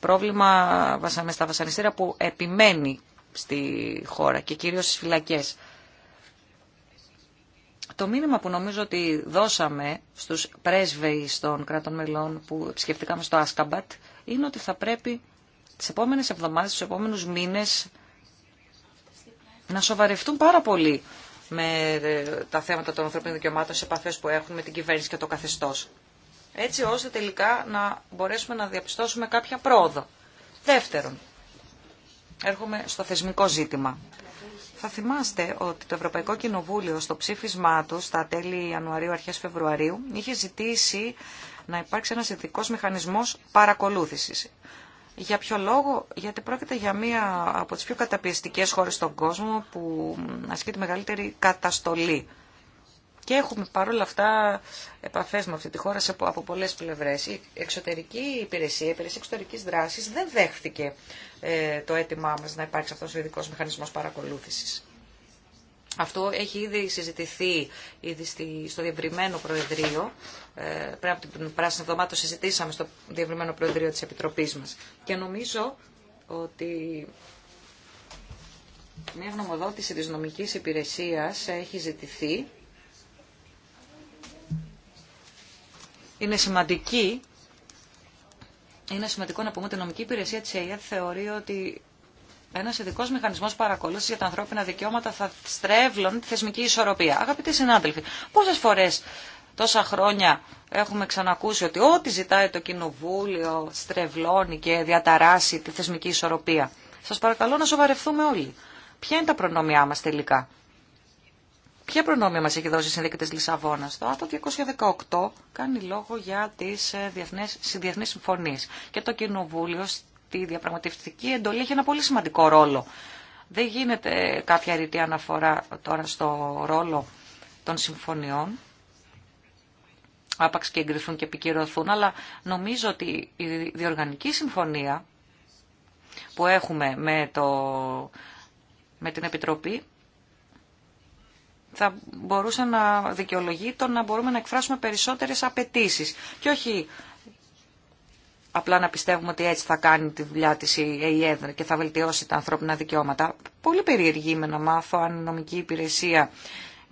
πρόβλημα με στα βασανιστήρια που επιμένει στη χώρα και κυρίως στις φυλακές. Το μήνυμα που νομίζω ότι δώσαμε στους πρέσβεϊς των κρατών μελών που επισκεφτήκαμε στο Άσκαμπατ είναι ότι θα πρέπει τις επόμενες εβδομάδες, τους επόμενους μήνες να σοβαρευτούν πάρα πολύ με ε, τα θέματα των ανθρώπινων δικαιωμάτων σε επαφέ που έχουν με την κυβέρνηση και το καθεστώς. Έτσι ώστε τελικά να μπορέσουμε να διαπιστώσουμε κάποια πρόοδο. Δεύτερον, έρχομαι στο θεσμικό ζήτημα. Θα θυμάστε ότι το Ευρωπαϊκό Κοινοβούλιο στο ψήφισμά του στα τέλη Ιανουαρίου, αρχές Φεβρουαρίου, είχε ζητήσει να υπάρξει ένας ειδικός μηχανισμός παρακολούθησης. Για ποιο λόγο, γιατί πρόκειται για μία από τις πιο καταπιεστικές χώρες στον κόσμο που ασκεί τη μεγαλύτερη καταστολή. Και έχουμε παρόλα αυτά επαφές με αυτή τη χώρα από πολλές πλευρές. Η εξωτερική υπηρεσία, η υπηρεσία εξωτερικής δράσης δεν δέχθηκε ε, το αίτημά μας να υπάρξει αυτός ο ειδικός μηχανισμός παρακολούθησης. Αυτό έχει ήδη συζητηθεί ήδη στο διευρυμένο Προεδρείο. Ε, πριν από την πράσινη εβδομάδα το συζητήσαμε στο διευρυμένο Προεδρείο της Επιτροπής μας. Και νομίζω ότι μια γνωμοδότηση της νομικής υπηρεσίας έχει ζητηθεί. Είναι σημαντική. Είναι σημαντικό να πούμε ότι η νομική υπηρεσία της ΕΕ θεωρεί ότι ένα ειδικό μηχανισμό παρακολούθησης για τα ανθρώπινα δικαιώματα θα στρέβλωνε τη θεσμική ισορροπία. Αγαπητοί συνάδελφοι, Πόσε φορέ τόσα χρόνια έχουμε ξανακούσει ότι ό,τι ζητάει το Κοινοβούλιο στρεβλώνει και διαταράσει τη θεσμική ισορροπία. Σα παρακαλώ να σοβαρευτούμε όλοι. Ποια είναι τα προνόμια μας τελικά. Ποια προνόμια μα έχει δώσει η Συνδίκη τη Λισαβόνας. Το άρθρο 218 κάνει λόγο για τι ε, διεθνεί συμφωνίε Και το Κοινοβούλιο αυτή η διαπραγματευτική εντολή έχει ένα πολύ σημαντικό ρόλο. Δεν γίνεται κάποια ρητή αναφορά τώρα στο ρόλο των συμφωνιών, άπαξ και εγκριθούν και επικυρωθούν, αλλά νομίζω ότι η διοργανική συμφωνία που έχουμε με, το, με την Επιτροπή θα μπορούσε να δικαιολογεί το να μπορούμε να εκφράσουμε περισσότερες απαιτήσει. Και όχι απλά να πιστεύουμε ότι έτσι θα κάνει τη δουλειά της η ΕΕΔ και θα βελτιώσει τα ανθρώπινα δικαιώματα. Πολύ περίεργη είμαι να μάθω αν η νομική υπηρεσία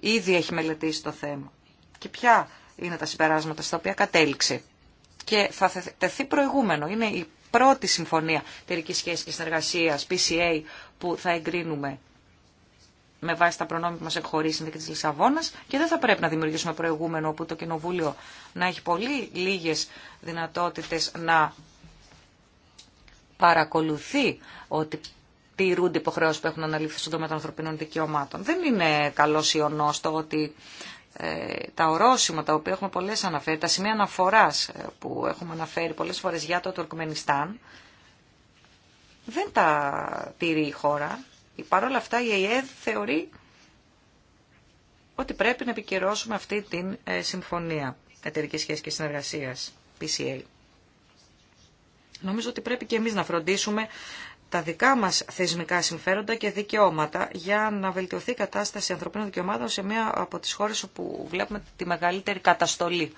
ήδη έχει μελετήσει το θέμα και ποια είναι τα συμπεράσματα στα οποία κατέληξε. Και θα τεθεί προηγούμενο. Είναι η πρώτη συμφωνία εταιρική σχέση και συνεργασία, PCA, που θα εγκρίνουμε με βάση τα προνόμια που μα εκχωρεί η Συνδίκη τη Λισαβόνα και δεν θα πρέπει να δημιουργήσουμε προηγούμενο όπου το Κοινοβούλιο να έχει πολύ λίγε δυνατότητε να παρακολουθεί ότι τηρούνται υποχρεώσει που έχουν αναλυθεί στον τομέα των ανθρωπίνων δικαιωμάτων. Δεν είναι καλό ιονό το ότι ε, τα ορόσημα τα οποία έχουμε πολλέ αναφέρει, τα σημεία αναφορά ε, που έχουμε αναφέρει πολλέ φορέ για το Τουρκμενιστάν, δεν τα τηρεί η χώρα. Παρ' όλα αυτά η ΕΕΔ θεωρεί ότι πρέπει να επικυρώσουμε αυτή την ε, συμφωνία εταιρικής σχέσης και συνεργασίας, PCA. Νομίζω ότι πρέπει και εμείς να φροντίσουμε τα δικά μας θεσμικά συμφέροντα και δικαιώματα για να βελτιωθεί η κατάσταση ανθρωπίνων δικαιωμάτων σε μία από τις χώρες όπου βλέπουμε τη μεγαλύτερη καταστολή.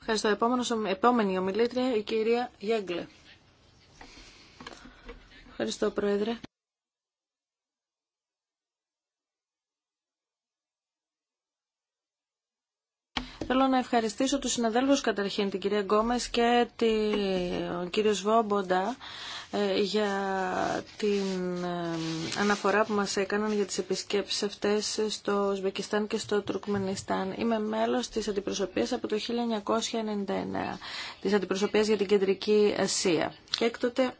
Ευχαριστώ. επόμενη ομιλήτρια, η κυρία Γέγκλε. Ευχαριστώ, Πρόεδρε. Θέλω να ευχαριστήσω τους συναδέλφους καταρχήν, την κυρία Γκόμες και τον κύριο Σβόμποντα ε, για την ε, αναφορά που μας έκαναν για τις επισκέψεις αυτές στο Σμπεκιστάν και στο Τουρκμενιστάν. Είμαι μέλος της αντιπροσωπείας από το 1999, της αντιπροσωπείας για την Κεντρική Ασία. Και έκτοτε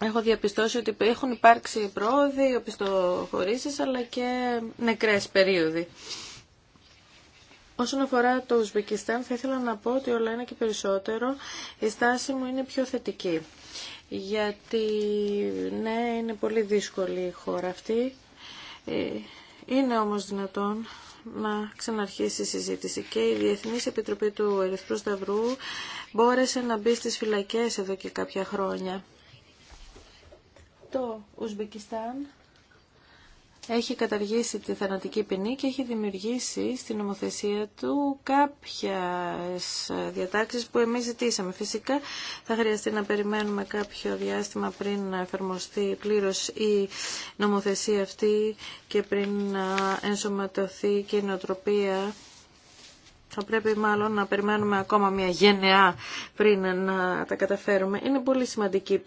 έχω διαπιστώσει ότι έχουν υπάρξει πρόοδοι, οπισθοχωρήσεις, αλλά και νεκρές περίοδοι. Όσον αφορά το Ουσβεκιστάν, θα ήθελα να πω ότι όλα ένα και περισσότερο η στάση μου είναι πιο θετική. Γιατί, ναι, είναι πολύ δύσκολη η χώρα αυτή. Ε, είναι όμως δυνατόν να ξαναρχίσει η συζήτηση και η Διεθνής Επιτροπή του Ερυθρού Σταυρού μπόρεσε να μπει στις φυλακές εδώ και κάποια χρόνια. Το Ουσμπεκιστάν έχει καταργήσει τη θανατική ποινή και έχει δημιουργήσει στην νομοθεσία του κάποιες διατάξεις που εμείς ζητήσαμε. Φυσικά θα χρειαστεί να περιμένουμε κάποιο διάστημα πριν να εφαρμοστεί πλήρως η νομοθεσία αυτή και πριν να ενσωματωθεί και η νοοτροπία θα πρέπει μάλλον να περιμένουμε ακόμα μια γενεά πριν να τα καταφέρουμε. Είναι πολύ σημαντική η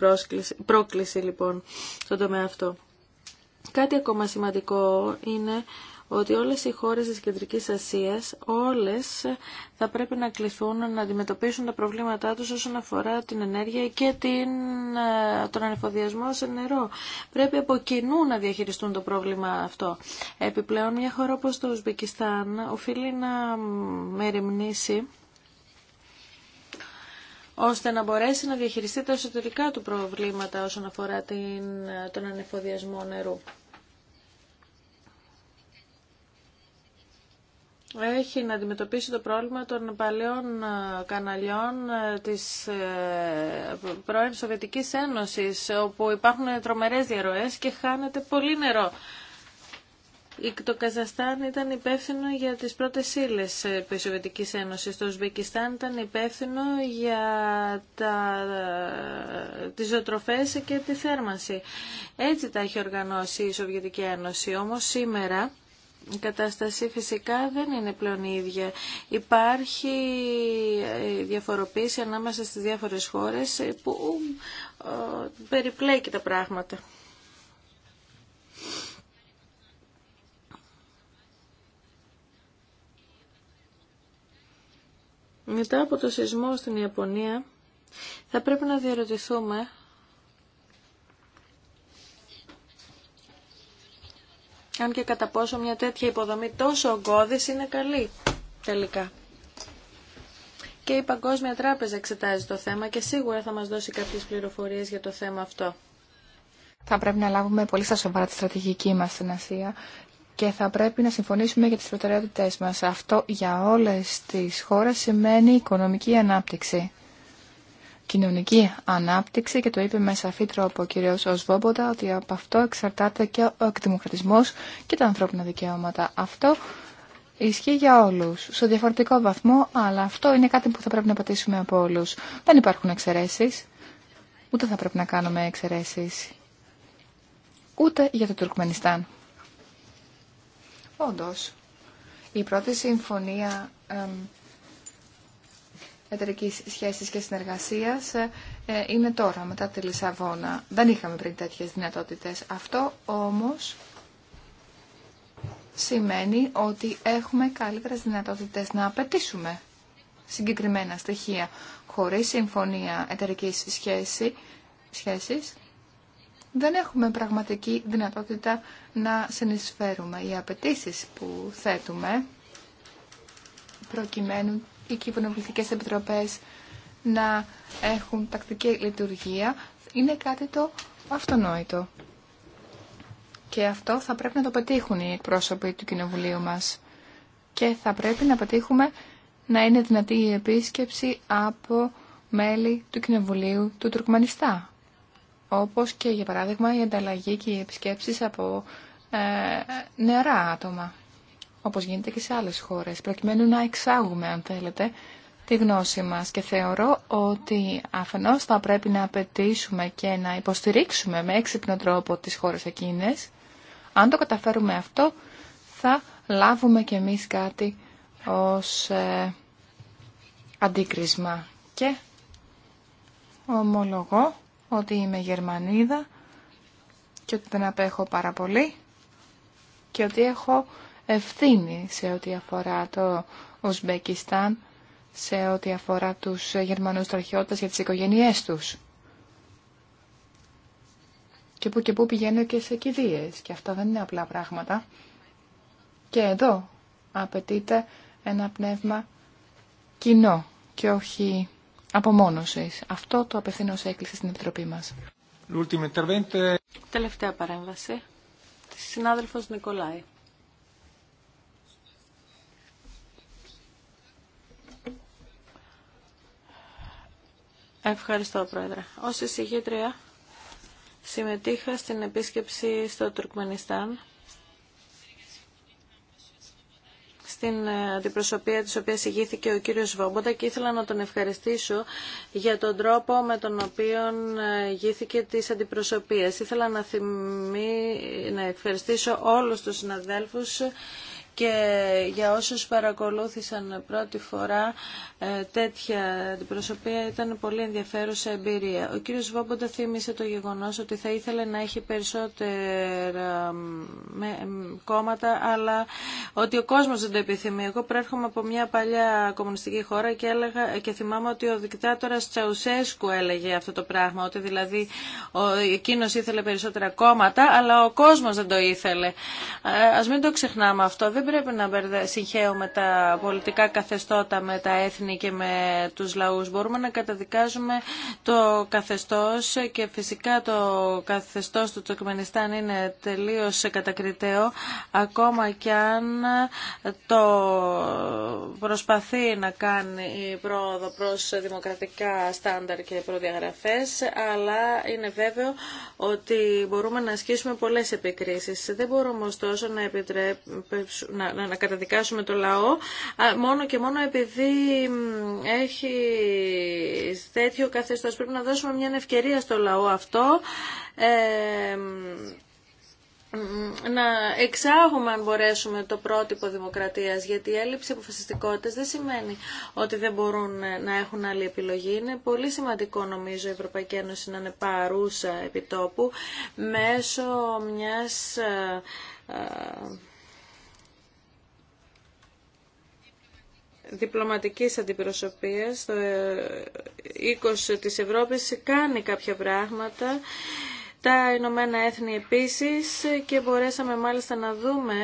πρόκληση λοιπόν στον τομέα αυτό. Κάτι ακόμα σημαντικό είναι ότι όλες οι χώρες της Κεντρικής Ασίας, όλες θα πρέπει να κληθούν να αντιμετωπίσουν τα προβλήματά τους όσον αφορά την ενέργεια και την, ε, τον ανεφοδιασμό σε νερό. Πρέπει από κοινού να διαχειριστούν το πρόβλημα αυτό. Επιπλέον μια χώρα όπως το Ουσμπεκιστάν οφείλει να μεριμνήσει ώστε να μπορέσει να διαχειριστεί τα εσωτερικά του προβλήματα όσον αφορά την, τον ανεφοδιασμό νερού. έχει να αντιμετωπίσει το πρόβλημα των παλαιών ε, καναλιών ε, της ε, πρώην Σοβιετικής Ένωσης, όπου υπάρχουν τρομερές διαρροές και χάνεται πολύ νερό. Το Καζαστάν ήταν υπεύθυνο για τις πρώτες ύλες της Σοβιετικής Ένωσης. Το Ουσβεκιστάν ήταν υπεύθυνο για τα, τις ζωοτροφές και τη θέρμανση. Έτσι τα έχει οργανώσει η Σοβιετική Ένωση. Όμως σήμερα η κατάσταση φυσικά δεν είναι πλέον η ίδια. Υπάρχει ε, διαφοροποίηση ανάμεσα στις διάφορες χώρες ε, που ε, περιπλέκει τα πράγματα. Μετά από το σεισμό στην Ιαπωνία θα πρέπει να διαρωτηθούμε αν και κατά πόσο μια τέτοια υποδομή τόσο ογκώδης είναι καλή τελικά. Και η Παγκόσμια Τράπεζα εξετάζει το θέμα και σίγουρα θα μας δώσει κάποιες πληροφορίες για το θέμα αυτό. Θα πρέπει να λάβουμε πολύ στα σοβαρά τη στρατηγική μας στην Ασία και θα πρέπει να συμφωνήσουμε για τις προτεραιότητές μας. Αυτό για όλες τις χώρες σημαίνει οικονομική ανάπτυξη κοινωνική ανάπτυξη και το είπε με σαφή τρόπο ο κ. ότι από αυτό εξαρτάται και ο εκδημοκρατισμός και τα ανθρώπινα δικαιώματα. Αυτό ισχύει για όλους, σε διαφορετικό βαθμό, αλλά αυτό είναι κάτι που θα πρέπει να πατήσουμε από όλους. Δεν υπάρχουν εξαιρέσεις, ούτε θα πρέπει να κάνουμε εξαιρέσεις, ούτε για το Τουρκμενιστάν. Όντως, η πρώτη συμφωνία εταιρικής σχέσης και συνεργασίας ε, ε, είναι τώρα, μετά τη Λισαβόνα. Δεν είχαμε πριν τέτοιες δυνατότητες. Αυτό όμως σημαίνει ότι έχουμε καλύτερες δυνατότητες να απαιτήσουμε συγκεκριμένα στοιχεία χωρίς συμφωνία εταιρικής σχέση, σχέσης. Δεν έχουμε πραγματική δυνατότητα να συνεισφέρουμε. Οι απαιτήσει που θέτουμε προκειμένου οι κυβερνοβουλευτικές επιτροπέ να έχουν τακτική λειτουργία είναι κάτι το αυτονόητο. Και αυτό θα πρέπει να το πετύχουν οι εκπρόσωποι του Κοινοβουλίου μας. Και θα πρέπει να πετύχουμε να είναι δυνατή η επίσκεψη από μέλη του Κοινοβουλίου του Τουρκμανιστά. Όπως και για παράδειγμα η ανταλλαγή και οι επισκέψεις από ε, νεαρά άτομα όπως γίνεται και σε άλλες χώρες, προκειμένου να εξάγουμε, αν θέλετε, τη γνώση μας. Και θεωρώ ότι αφενός θα πρέπει να απαιτήσουμε και να υποστηρίξουμε με έξυπνο τρόπο τις χώρες εκείνες. Αν το καταφέρουμε αυτό, θα λάβουμε κι εμείς κάτι ως ε, αντίκρισμα. Και ομολογώ ότι είμαι Γερμανίδα και ότι δεν απέχω πάρα πολύ και ότι έχω ευθύνη σε ό,τι αφορά το Ουσμπεκιστάν, σε ό,τι αφορά τους Γερμανούς στρατιώτες για τις οικογένειές τους. Και που και που πηγαίνουν και σε κηδείες. Και αυτά δεν είναι απλά πράγματα. Και εδώ απαιτείται ένα πνεύμα κοινό και όχι απομόνωσης. Αυτό το απευθύνω σε έκκληση στην Επιτροπή μας. Τελευταία παρέμβαση της συνάδελφος Νικολάη. Ευχαριστώ, Πρόεδρε. Ως εισηγήτρια συμμετείχα στην επίσκεψη στο Τουρκμενιστάν στην αντιπροσωπεία της οποίας ηγήθηκε ο κύριος Βόμποντα και ήθελα να τον ευχαριστήσω για τον τρόπο με τον οποίο ηγήθηκε της αντιπροσωπείας. Ήθελα να, να ευχαριστήσω όλους τους συναδέλφους και για όσους παρακολούθησαν πρώτη φορά ε, τέτοια αντιπροσωπεία ήταν πολύ ενδιαφέρουσα εμπειρία. Ο κύριος Βόμποντα θύμισε το γεγονός ότι θα ήθελε να έχει περισσότερα κόμματα αλλά ότι ο κόσμος δεν το επιθυμεί. Εγώ προέρχομαι από μια παλιά κομμουνιστική χώρα και, έλεγα, και θυμάμαι ότι ο δικτάτορας Τσαουσέσκου έλεγε αυτό το πράγμα, ότι δηλαδή ο, εκείνος ήθελε περισσότερα κόμματα αλλά ο κόσμος δεν το ήθελε. Ε, ας μην το ξεχνάμε αυτό πρέπει να συγχαίουμε τα πολιτικά καθεστώτα με τα έθνη και με τους λαούς. Μπορούμε να καταδικάζουμε το καθεστώς και φυσικά το καθεστώς του Τουρκμενιστάν είναι τελείως κατακριτέο ακόμα κι αν το προσπαθεί να κάνει πρόοδο προς δημοκρατικά στάνταρ και προδιαγραφές αλλά είναι βέβαιο ότι μπορούμε να ασκήσουμε πολλές επικρίσεις. Δεν μπορούμε ωστόσο να να, καταδικάσουμε το λαό μόνο και μόνο επειδή έχει τέτοιο καθεστώς. Πρέπει να δώσουμε μια ευκαιρία στο λαό αυτό. Ε, να εξάγουμε αν μπορέσουμε το πρότυπο δημοκρατίας γιατί η έλλειψη αποφασιστικότητας δεν σημαίνει ότι δεν μπορούν να έχουν άλλη επιλογή. Είναι πολύ σημαντικό νομίζω η Ευρωπαϊκή Ένωση να είναι παρούσα επιτόπου μέσω μιας ε, ε, διπλωματικής αντιπροσωπείας το 20 ε, της Ευρώπης κάνει κάποια πράγματα τα Ηνωμένα Έθνη επίσης και μπορέσαμε μάλιστα να δούμε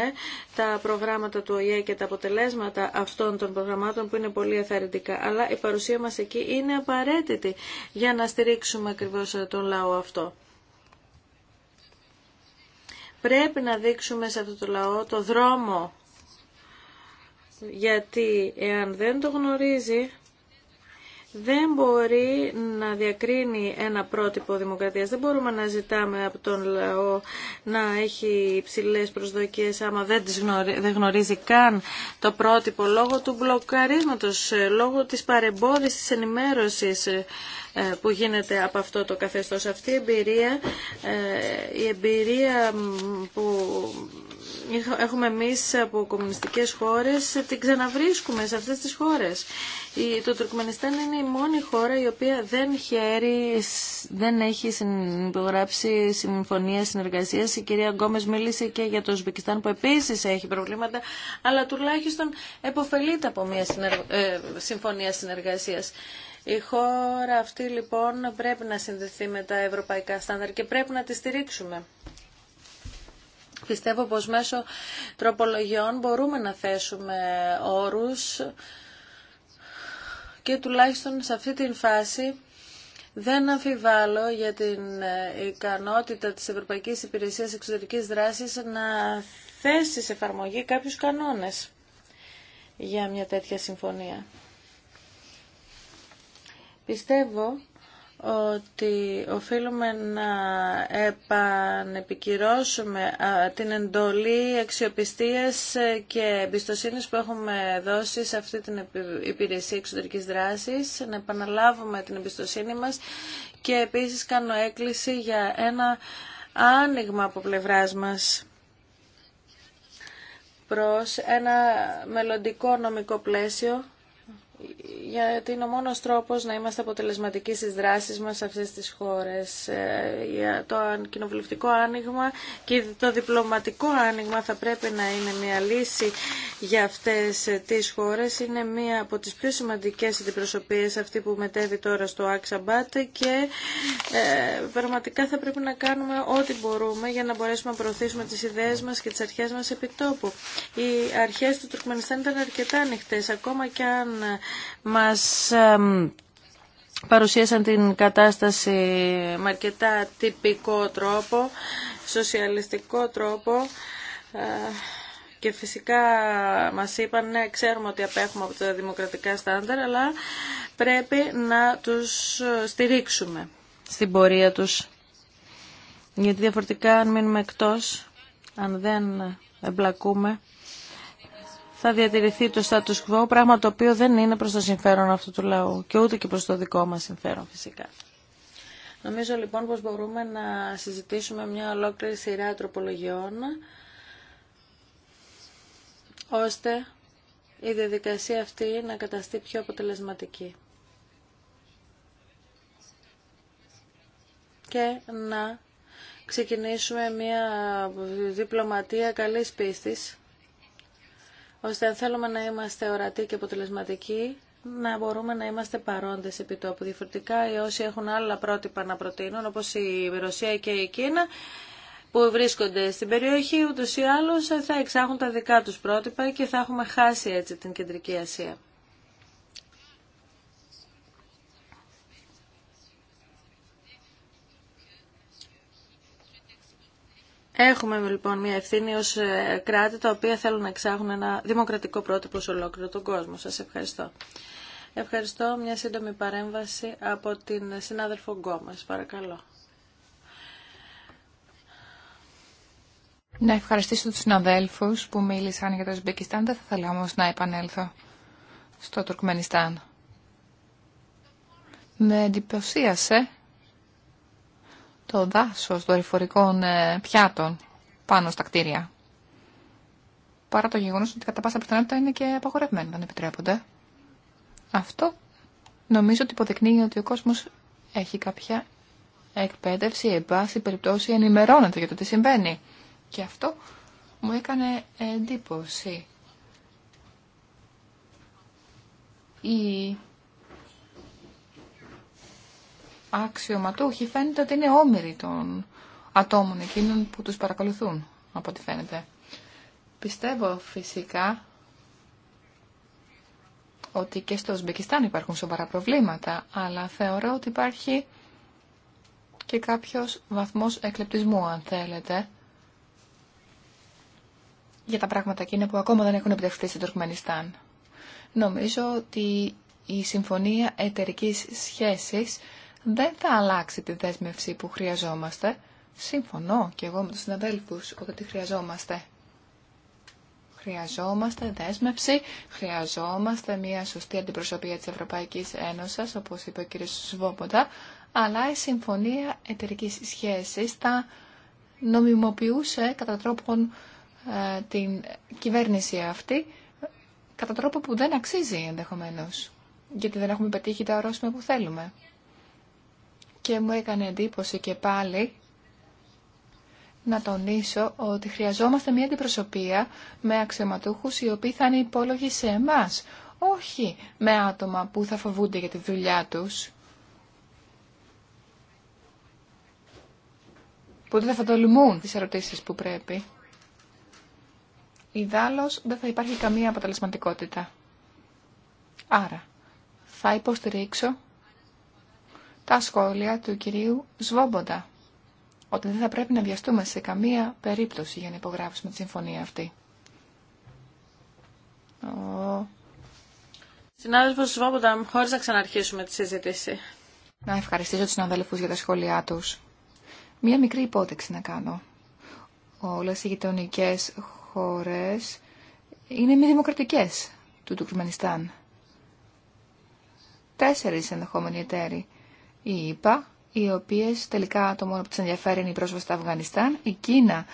τα προγράμματα του ΟΗΕ και τα αποτελέσματα αυτών των προγραμμάτων που είναι πολύ εθαρρυντικά. Αλλά η παρουσία μας εκεί είναι απαραίτητη για να στηρίξουμε ακριβώς τον λαό αυτό. Πρέπει να δείξουμε σε αυτό το λαό το δρόμο γιατί εάν δεν το γνωρίζει δεν μπορεί να διακρίνει ένα πρότυπο δημοκρατίας. Δεν μπορούμε να ζητάμε από τον λαό να έχει υψηλέ προσδοκίες άμα δεν, γνωρίζει, δεν γνωρίζει καν το πρότυπο λόγω του μπλοκαρίσματος, ε, λόγω της παρεμπόδισης της ενημέρωσης ε, ε, που γίνεται από αυτό το καθεστώς. Αυτή η εμπειρία, η εμπειρία που έχουμε εμείς από κομμουνιστικές χώρες την ξαναβρίσκουμε σε αυτές τις χώρες. Το Τουρκμενιστάν είναι η μόνη χώρα η οποία δεν, δεν έχει υπογράψει συμφωνία συνεργασίας. Η κυρία Γκόμες μίλησε και για το Ουσβεκιστάν που επίσης έχει προβλήματα, αλλά τουλάχιστον επωφελείται από μια ε, συμφωνία συνεργασίας. Η χώρα αυτή λοιπόν πρέπει να συνδεθεί με τα ευρωπαϊκά στάνταρ και πρέπει να τη στηρίξουμε. Πιστεύω πως μέσω τροπολογιών μπορούμε να θέσουμε όρους και τουλάχιστον σε αυτή την φάση δεν αμφιβάλλω για την ε, ικανότητα της Ευρωπαϊκής Υπηρεσίας Εξωτερικής Δράσης να θέσει σε εφαρμογή κάποιους κανόνες για μια τέτοια συμφωνία. Πιστεύω ότι οφείλουμε να επανεπικυρώσουμε την εντολή αξιοπιστίας και εμπιστοσύνη που έχουμε δώσει σε αυτή την υπηρεσία εξωτερικής δράσης, να επαναλάβουμε την εμπιστοσύνη μας και επίσης κάνω έκκληση για ένα άνοιγμα από πλευράς μας προς ένα μελλοντικό νομικό πλαίσιο γιατί είναι ο μόνος τρόπος να είμαστε αποτελεσματικοί στις δράσεις μας σε αυτές τις χώρες. Ε, το κοινοβουλευτικό άνοιγμα και το διπλωματικό άνοιγμα θα πρέπει να είναι μια λύση για αυτές τις χώρες. Είναι μια από τις πιο σημαντικές αντιπροσωπείες αυτή που μετέβει τώρα στο Αξαμπάτ και ε, πραγματικά θα πρέπει να κάνουμε ό,τι μπορούμε για να μπορέσουμε να προωθήσουμε τις ιδέες μας και τις αρχές μας επί τόπου. Οι αρχές του Τουρκμενιστάν ήταν αρκετά ανοιχτέ, ακόμα και αν μας παρουσίασαν την κατάσταση με αρκετά τυπικό τρόπο, σοσιαλιστικό τρόπο ε, και φυσικά μας είπαν ναι, ξέρουμε ότι απέχουμε από τα δημοκρατικά στάνταρ αλλά πρέπει να τους στηρίξουμε στην πορεία τους γιατί διαφορετικά αν μείνουμε εκτός αν δεν εμπλακούμε θα διατηρηθεί το status quo, πράγμα το οποίο δεν είναι προς το συμφέρον αυτού του λαού και ούτε και προς το δικό μας συμφέρον φυσικά. Νομίζω λοιπόν πως μπορούμε να συζητήσουμε μια ολόκληρη σειρά τροπολογιών ώστε η διαδικασία αυτή να καταστεί πιο αποτελεσματική και να ξεκινήσουμε μια διπλωματία καλής πίστης ώστε αν θέλουμε να είμαστε ορατοί και αποτελεσματικοί, να μπορούμε να είμαστε παρόντες επί τόπου. Διαφορετικά οι όσοι έχουν άλλα πρότυπα να προτείνουν, όπως η Ρωσία και η Κίνα, που βρίσκονται στην περιοχή, ούτως ή άλλως θα εξάγουν τα δικά τους πρότυπα και θα έχουμε χάσει έτσι την Κεντρική Ασία. Έχουμε λοιπόν μια ευθύνη ως ε, κράτη τα οποία θέλουν να εξάγουν ένα δημοκρατικό πρότυπο σε ολόκληρο τον κόσμο. Σας ευχαριστώ. Ευχαριστώ. Μια σύντομη παρέμβαση από την συνάδελφο Γκόμας. Παρακαλώ. Να ευχαριστήσω τους συναδέλφους που μίλησαν για το Ουσμπεκιστάν. Δεν θα ήθελα όμως να επανέλθω στο Τουρκμενιστάν. Με εντυπωσίασε το δάσος δορυφορικών ε, πιάτων πάνω στα κτίρια. Παρά το γεγονός ότι κατά πάσα πιθανότητα είναι και απαγορευμένοι, δεν επιτρέπονται. Αυτό νομίζω ότι υποδεικνύει ότι ο κόσμος έχει κάποια εκπαίδευση, εν πάση περιπτώσει ενημερώνεται για το τι συμβαίνει. Και αυτό μου έκανε εντύπωση. Η αξιωματούχοι φαίνεται ότι είναι όμοιροι των ατόμων εκείνων που τους παρακολουθούν, από ό,τι φαίνεται. Πιστεύω φυσικά ότι και στο Ουσμπεκιστάν υπάρχουν σοβαρά προβλήματα, αλλά θεωρώ ότι υπάρχει και κάποιος βαθμός εκλεπτισμού, αν θέλετε, για τα πράγματα εκείνα που ακόμα δεν έχουν επιτευχθεί στο Τουρκμενιστάν. Νομίζω ότι η Συμφωνία Εταιρικής Σχέσης δεν θα αλλάξει τη δέσμευση που χρειαζόμαστε. Συμφωνώ και εγώ με τους συναδέλφους ότι τη χρειαζόμαστε. Χρειαζόμαστε δέσμευση, χρειαζόμαστε μια σωστή αντιπροσωπεία της Ευρωπαϊκής Ένωσης, όπως είπε ο κ. Σβόποντα, αλλά η συμφωνία εταιρική σχέσης θα νομιμοποιούσε κατά τρόπον ε, την κυβέρνηση αυτή, κατά τρόπο που δεν αξίζει ενδεχομένως, γιατί δεν έχουμε πετύχει τα ορόσημα που θέλουμε και μου έκανε εντύπωση και πάλι να τονίσω ότι χρειαζόμαστε μια αντιπροσωπεία με αξιωματούχους οι οποίοι θα είναι υπόλογοι σε εμάς, όχι με άτομα που θα φοβούνται για τη δουλειά τους. Που δεν θα τολμούν τις ερωτήσεις που πρέπει. Ιδάλλως δεν θα υπάρχει καμία αποτελεσματικότητα. Άρα, θα υποστηρίξω τα σχόλια του κυρίου Σβόμποντα, ότι δεν θα πρέπει να βιαστούμε σε καμία περίπτωση για να υπογράψουμε τη συμφωνία αυτή. Ο... Συνάδελφος Σβόμποντα, χωρίς να ξαναρχίσουμε τη συζήτηση. Να ευχαριστήσω τους συναδέλφους για τα σχόλιά τους. Μία μικρή υπότεξη να κάνω. Όλε οι γειτονικέ χώρες είναι μη δημοκρατικέ του Τουρκμενιστάν. Τέσσερι ενδεχόμενοι εταίροι η ΙΠΑ, οι οποίες τελικά το μόνο που τις ενδιαφέρει είναι η πρόσβαση στο Αφγανιστάν. Η Κίνα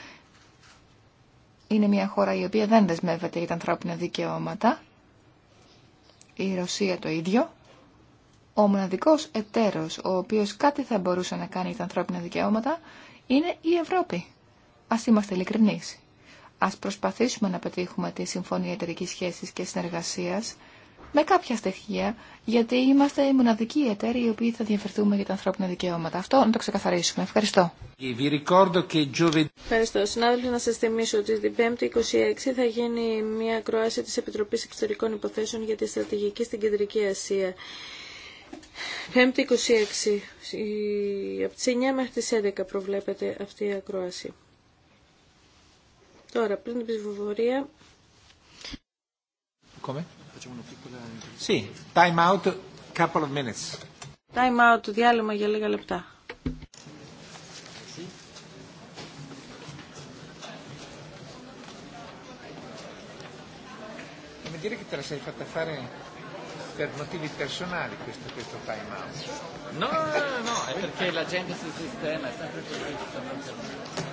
είναι μια χώρα η οποία δεν δεσμεύεται για τα ανθρώπινα δικαιώματα. Η Ρωσία το ίδιο. Ο μοναδικός εταίρος ο οποίος κάτι θα μπορούσε να κάνει για τα ανθρώπινα δικαιώματα είναι η Ευρώπη. Ας είμαστε ειλικρινείς. Ας προσπαθήσουμε να πετύχουμε τη Συμφωνία Εταιρικής Σχέσης και Συνεργασίας με κάποια στοιχεία, γιατί είμαστε οι μοναδικοί εταίροι οι οποίοι θα διαφερθούμε για τα ανθρώπινα δικαιώματα. Αυτό να το ξεκαθαρίσουμε. Ευχαριστώ. Ευχαριστώ. Συνάδελφοι, να σα θυμίσω ότι την 5η 26 θα γίνει μια ακρόαση τη Επιτροπή Εξωτερικών Υποθέσεων για τη Στρατηγική στην Κεντρική Ασία. 5η 26. Από τις 9 μέχρι τις 11 προβλέπεται αυτή η ακρόαση. Τώρα, πριν την ψηφοφορία... Come? Sì, time out, couple of minutes. Time out, διάλειμμα για λίγα λεπτά. Mi dire che te la sei fatta fare per motivi personali questo, questo time out. No, no, no, è perché la gente si sistema è sempre così.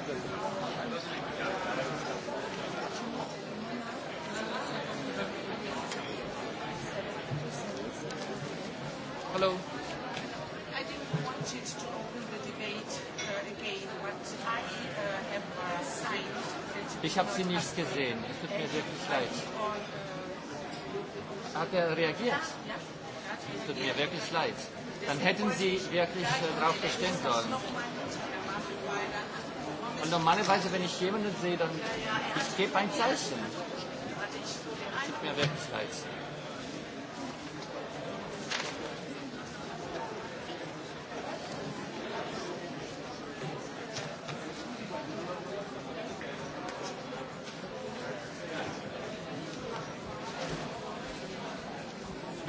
Hello. Ich habe Sie nicht gesehen. Es tut mir wirklich leid. Hat er reagiert? Es tut mir wirklich leid. Dann hätten Sie wirklich darauf bestehen sollen. Und normalerweise, wenn ich jemanden sehe, dann ich gebe ein Zeichen. Es tut mir wirklich leid.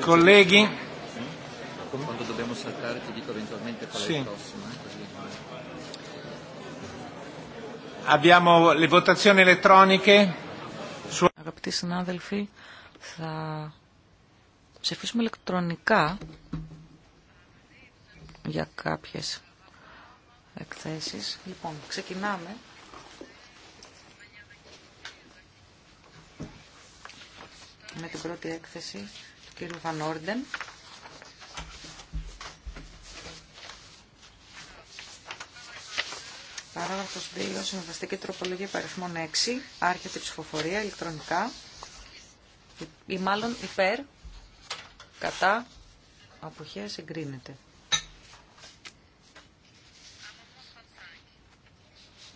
Colleghi. Quando dobbiamo saltare ti dico eventualmente qual è sì. il prossimo. Così. Abbiamo le votazioni elettroniche. Su... Αγαπητοί συνάδελφοι, θα ψηφίσουμε ηλεκτρονικά για κάποιες εκθέσεις. Λοιπόν, ξεκινάμε. με την πρώτη έκθεση κύριου Βανόρντεν. Παράγραφος 2, συμβαστική τροπολογία παριθμών 6, άρχεται η ψηφοφορία ηλεκτρονικά ή μάλλον υπέρ, κατά, αποχές εγκρίνεται.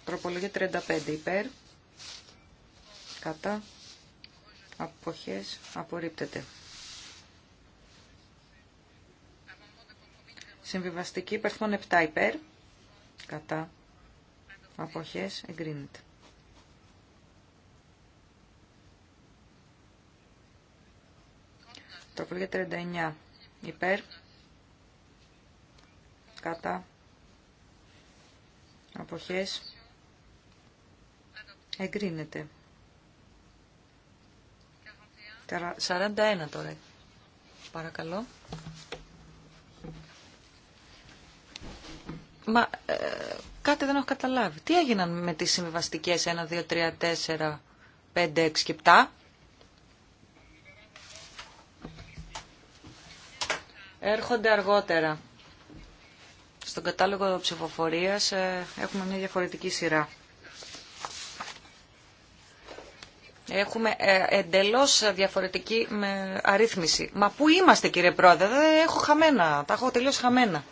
Τροπολογία 35 υπέρ, κατά, αποχές απορρίπτεται. Συμβιβαστική υπερθμόν 7 υπέρ. Κατά. Αποχές εγκρίνεται. Τροπολογία 39 υπέρ. Κατά. Αποχές εγκρίνεται. 41 τώρα. Παρακαλώ. Μα ε, κάτι δεν έχω καταλάβει. Τι έγιναν με τις συμβιβαστικές 1, 2, 3, 4, 5, 6 και 7. Έρχονται αργότερα. Στον κατάλογο ψηφοφορίας ε, έχουμε μια διαφορετική σειρά. Έχουμε ε, εντελώς διαφορετική με αρρύθμιση. Μα πού είμαστε κύριε Πρόεδρε, δεν έχω χαμένα, τα έχω τελείως χαμένα.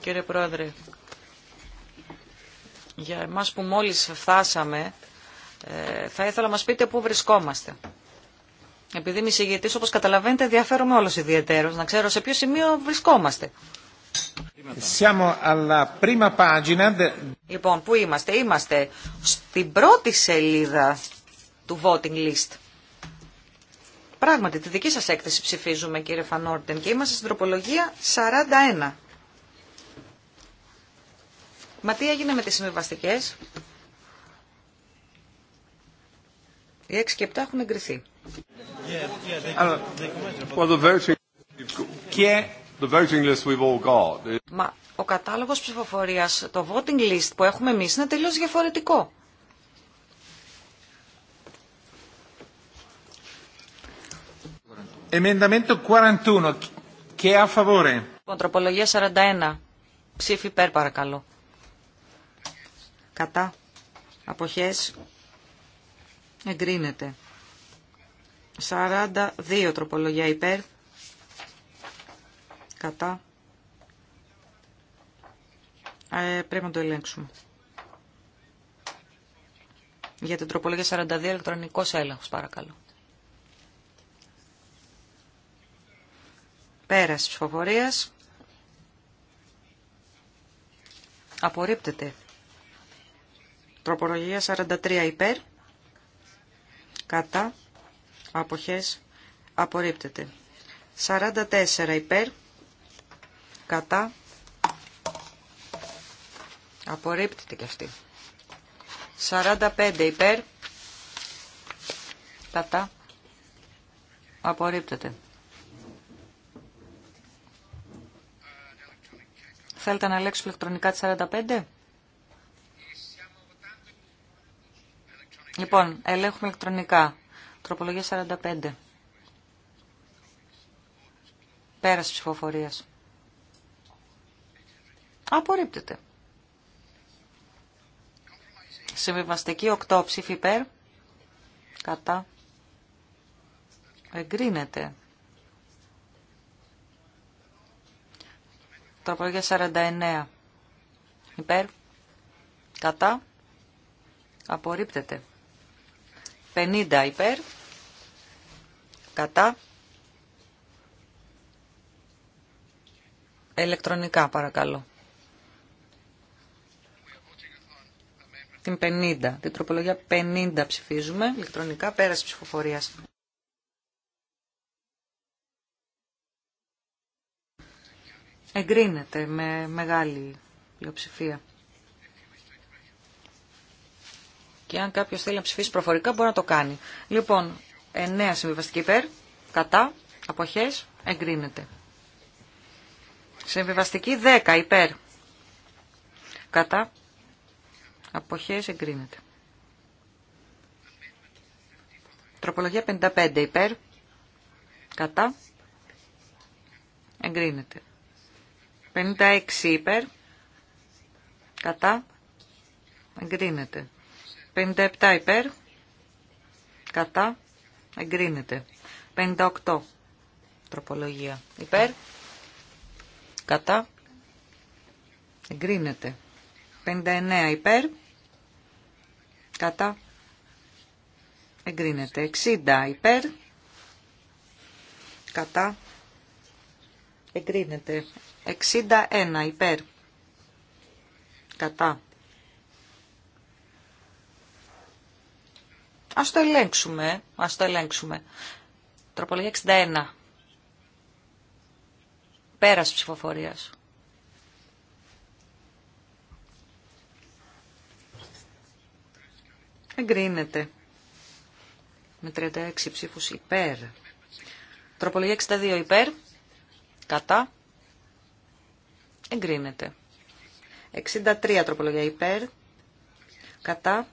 Κύριε Πρόεδρε, για εμάς που μόλις φτάσαμε, ε, θα ήθελα να μας πείτε πού βρισκόμαστε. Επειδή είμαι συγγετής, όπως καταλαβαίνετε, ενδιαφέρομαι όλος ιδιαίτερος να ξέρω σε ποιο σημείο βρισκόμαστε. Λοιπόν, πού είμαστε. Είμαστε στην πρώτη σελίδα του voting list. Πράγματι, τη δική σας έκθεση ψηφίζουμε, κύριε Φανόρτεν, και είμαστε στην τροπολογία 41. Μα τι έγινε με τις συμβιβαστικέ. Οι 6 και 7 έχουν εγκριθεί. Yeah, yeah, they, και Μα ο κατάλογος ψηφοφορίας, το voting list που έχουμε εμείς είναι τελείως διαφορετικό. Λοιπόν, τροπολογία 41. Και 41. Ψήφι υπέρ παρακαλώ. Κατά. Αποχές. Εγκρίνεται. 42 τροπολογία υπέρ κατά. Ε, πρέπει να το ελέγξουμε. Για την τροπολογία 42 ηλεκτρονικός έλεγχος παρακαλώ. Πέρας ψηφοφορίας. Απορρίπτεται. Τροπολογία 43 υπέρ. Κατά. Αποχές. Απορρίπτεται. 44 υπέρ. Κατά. Απορρίπτεται και αυτή. 45 υπέρ. Κατά. Απορρίπτεται. Θέλετε να ελέγξουμε ηλεκτρονικά τη 45. Λοιπόν, ελέγχουμε ηλεκτρονικά. Τροπολογία 45. Πέραση ψηφοφορίας. Απορρίπτεται. Συμβιβαστική 8 ψήφι υπέρ. Κατά. Εγκρίνεται. Τροπολογία 49. Υπέρ. Κατά. Απορρίπτεται. 50 υπέρ. Κατά. Ελεκτρονικά παρακαλώ. την 50. Την τροπολογία 50 ψηφίζουμε ηλεκτρονικά πέραση ψηφοφορίας. Εγκρίνεται με μεγάλη πλειοψηφία. Και αν κάποιο θέλει να ψηφίσει προφορικά μπορεί να το κάνει. Λοιπόν, 9 συμβιβαστική υπέρ, κατά, αποχές, εγκρίνεται. Συμβιβαστική 10 υπέρ, κατά, Αποχές εγκρίνεται. Τροπολογία 55 υπέρ. Κατά. Εγκρίνεται. 56 υπέρ. Κατά. Εγκρίνεται. 57 υπέρ. Κατά. Εγκρίνεται. 58 τροπολογία. Υπέρ. Κατά. Εγκρίνεται. 59 υπέρ. Κατά. Εγκρίνεται. 60 υπέρ. Κατά. Εγκρίνεται. 61 υπέρ. Κατά. Ας το ελέγξουμε. Ας το ελέγξουμε. Τροπολογία 61. Πέρας ψηφοφορίας. Εγκρίνεται. Με 36 ψήφους υπέρ. Τροπολογία 62 υπέρ. Κατά. Εγκρίνεται. 63 τροπολογία υπέρ. Κατά.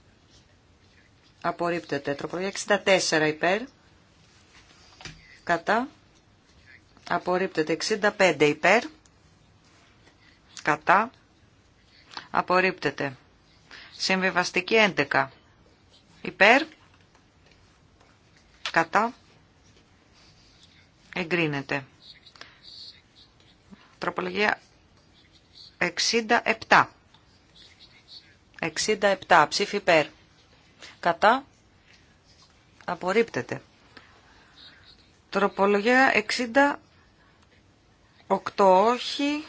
Απορρίπτεται. Τροπολογία 64 υπέρ. Κατά. Απορρίπτεται. 65 υπέρ. Κατά. Απορρίπτεται. Συμβιβαστική 11 Υπέρ. Κατά. Εγκρίνεται. Τροπολογία 67. 67. Ψήφι υπέρ. Κατά. Απορρίπτεται. Τροπολογία 68, όχι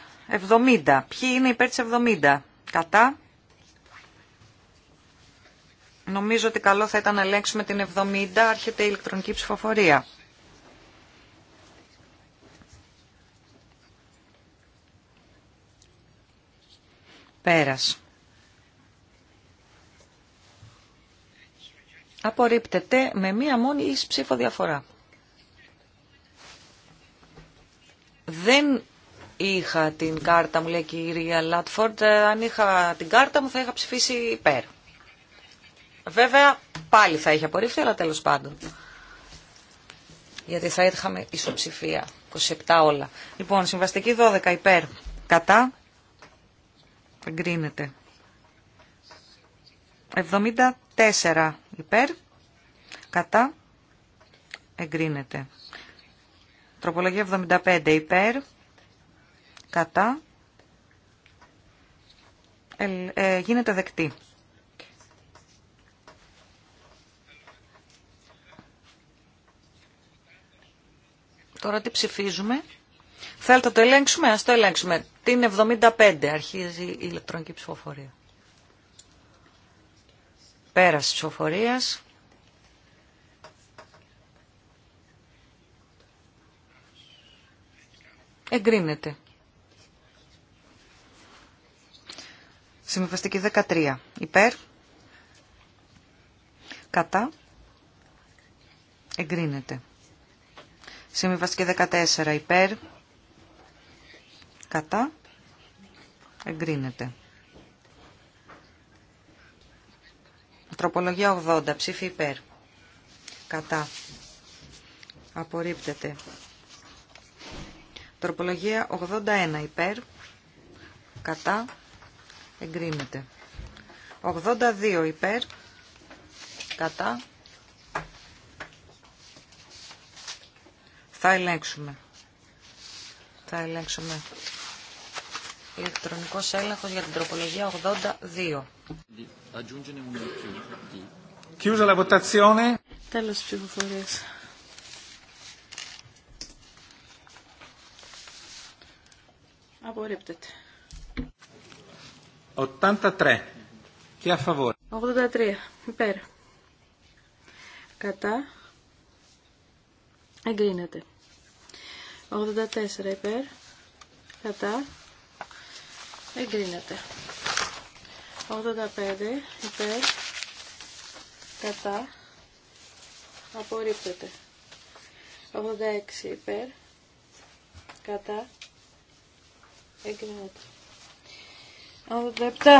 70. Ποιοι είναι υπέρ της 70. Κατά. Νομίζω ότι καλό θα ήταν να ελέγξουμε την 70, άρχεται η ηλεκτρονική ψηφοφορία. Πέρας. Απορρίπτεται με μία μόνη εις ψήφο διαφορά. Δεν είχα την κάρτα μου, λέει η κυρία Λάτφορντ. Αν είχα την κάρτα μου θα είχα ψηφίσει υπέρ. Βέβαια πάλι θα είχε απορρίφθει, αλλά τέλος πάντων. Γιατί θα είχαμε ισοψηφία. 27 όλα. Λοιπόν, συμβαστική 12 υπέρ. Κατά. Εγκρίνεται. 74 υπέρ. Κατά. Εγκρίνεται. Τροπολογία 75 υπέρ. Κατά. Ε, ε, γίνεται δεκτή. Τώρα τι ψηφίζουμε. Θέλετε να το ελέγξουμε, ας το ελέγξουμε. Την 75 αρχίζει η ηλεκτρονική ψηφοφορία. Πέραση ψηφοφορίας. Εγκρίνεται. Συμβαστική 13. Υπέρ. Κατά. Εγκρίνεται. Συμβιβαστική 14 υπέρ. Κατά. Εγκρίνεται. Τροπολογία 80. Ψήφι υπέρ. Κατά. Απορρίπτεται. Τροπολογία 81 υπέρ. Κατά. Εγκρίνεται. 82 υπέρ. Κατά. Θα ελέγξουμε. Θα ελέγξουμε. Ηλεκτρονικό έλεγχο για την τροπολογία 82. Chiusa la votazione. Τέλος ψηφοφορίας. Απορρίπτεται. 83. Και a 83. Υπέρ. Κατά εγκρίνεται. 84 υπέρ, κατά, εγκρίνεται. 85 υπέρ, κατά, απορρίπτεται. 86 υπέρ, κατά, εγκρίνεται. 87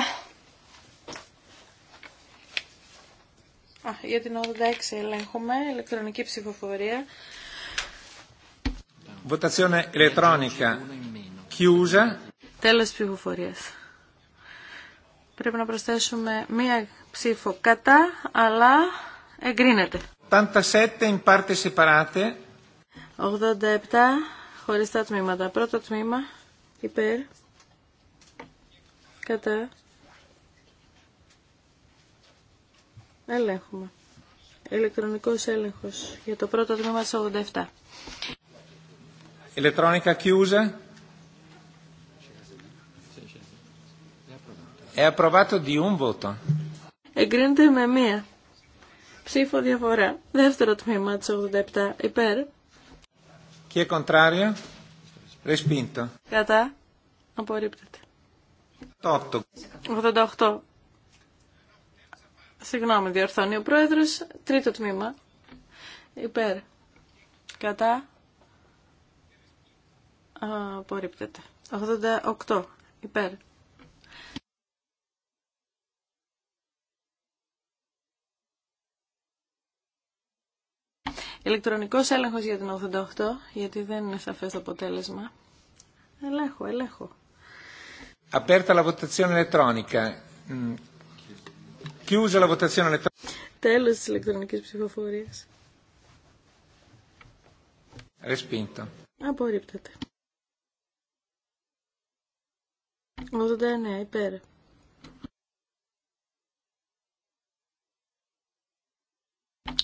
Α, για την 86 ελέγχουμε, ηλεκτρονική ψηφοφορία, Votazione elettronica chiusa. Τέλος ψηφοφορίας. Πρέπει να προσθέσουμε μία ψήφο κατά, αλλά εγκρίνεται. 87 in parte 87 χωριστά τμήματα. Πρώτο τμήμα υπέρ, κατά. Ελέγχουμε. Ελεκτρονικός έλεγχος για το πρώτο τμήμα της 87. Elettronica chiusa. È approvato di un voto. Εγκρίνεται με μία ψήφο διαφορά. Δεύτερο τμήμα της 87 υπέρ. Και contrario. Respinto. Κατά. Απορρίπτεται. 88. 88. Συγγνώμη, διορθώνει ο πρόεδρος. Τρίτο τμήμα. Υπέρ. Κατά απορρίπτεται. 88 υπέρ. Ηλεκτρονικός έλεγχος για την 88, γιατί δεν είναι σαφές το αποτέλεσμα. Ελέγχω, ελέγχω. Απέρτα la votazione elettronica. Chiusa la votazione elettronica. Τέλος της ηλεκτρονικής ψηφοφορίας. Απορρίπτεται. 89 υπέρ.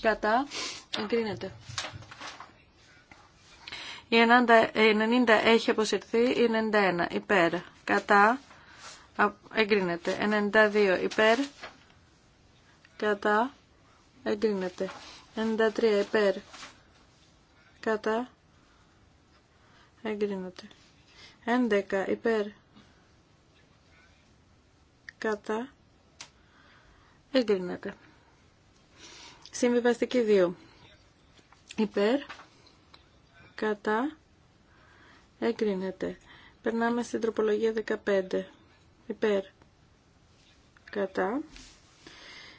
Κατά. Εγκρίνεται. Η 90 έχει αποσυρθεί. Η 91 υπέρ. Κατά. Εγκρίνεται. 92 υπέρ. Κατά. Εγκρίνεται. 93 υπέρ. Κατά. Εγκρίνεται. 11 υπέρ κατά εγκρίνεται. Συμβιβαστική 2. Υπέρ, κατά, εγκρίνεται. Περνάμε στην τροπολογία 15. Υπέρ, κατά,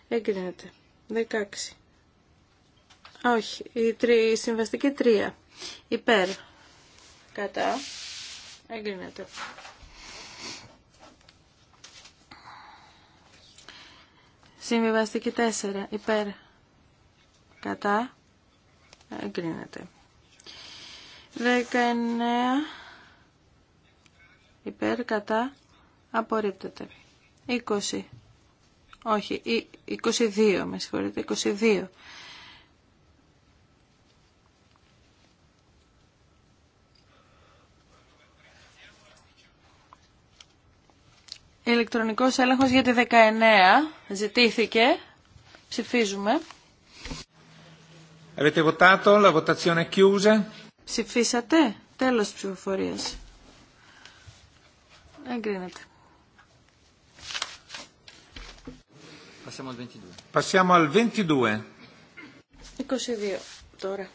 εγκρίνεται. 16. Όχι, η, τρι, η συμβαστική 3. Υπέρ, κατά, εγκρίνεται. Συμβιβαστική 4 υπέρ κατά εγκρίνεται. 19 υπέρ κατά απορρίπτεται. 20 όχι, 22 με συγχωρείτε, 22 Ηλεκτρονικός έλεγχος για τη 19 ζητήθηκε. Ψηφίζουμε. Avete votato, la votazione è chiusa. Ψηφίσατε. Τέλος ψηφοφορίας. Εγκρίνεται. Passiamo al 22. Passiamo al 22. 22 τώρα.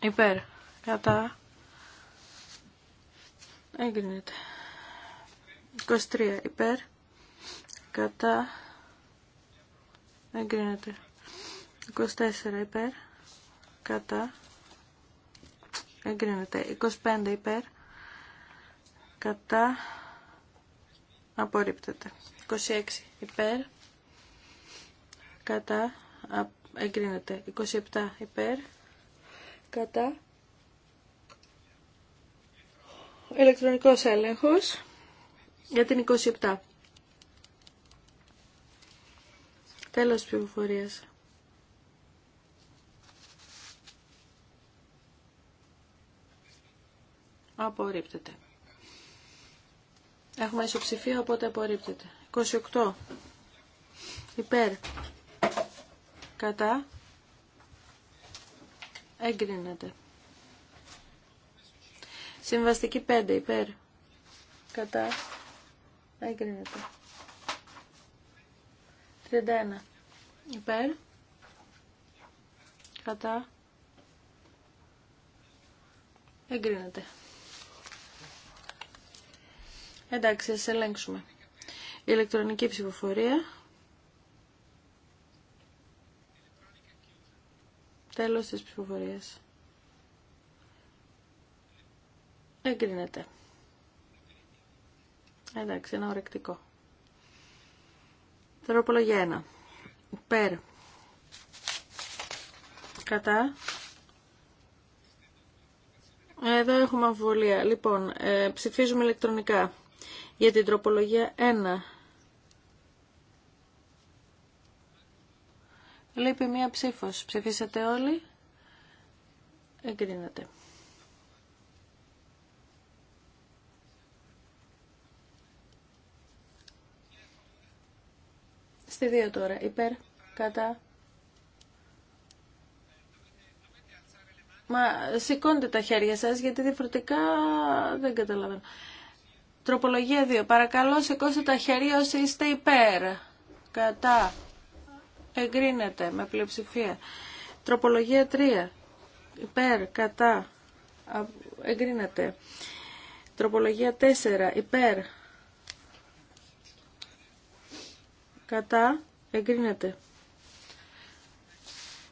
Υπέρ. Κατά. Εγκρίνεται. 23 υπέρ κατά εγκρίνεται 24 υπέρ κατά εγκρίνεται 25 υπέρ κατά απορρίπτεται 26 υπέρ κατά εγκρίνεται 27 υπέρ κατά ηλεκτρονικός έλεγχος για την 27. Τέλος πληροφορίας. Απορρίπτεται. Έχουμε ισοψηφία, οπότε απορρίπτεται. 28. Υπέρ. Κατά. Εγκρίνεται. Συμβαστική 5. Υπέρ. Κατά. Εγκρίνεται. 31. Υπέρ. Κατά. Εγκρίνεται. Εντάξει, ας ελέγξουμε. Η ηλεκτρονική ψηφοφορία. Τέλος της ψηφοφορίας. Εγκρίνεται. Εντάξει, ένα ορεκτικό. Τροπολογία 1. Υπέρ. Κατά. Εδώ έχουμε αμφιβολία. Λοιπόν, ε, ψηφίζουμε ηλεκτρονικά για την τροπολογία 1. Λείπει μία ψήφος. Ψηφίσατε όλοι. Εγκρίνεται. Στη 2 τώρα. Υπέρ. Κατά. Μα σηκώντε τα χέρια σας γιατί διαφορετικά δεν καταλαβαίνω. Τροπολογία 2. Παρακαλώ σηκώστε τα χέρια όσοι είστε υπέρ. Κατά. Εγκρίνεται με πλειοψηφία. Τροπολογία 3. Υπέρ. Κατά. Εγκρίνεται. Τροπολογία 4. Υπέρ. κατά εγκρίνεται.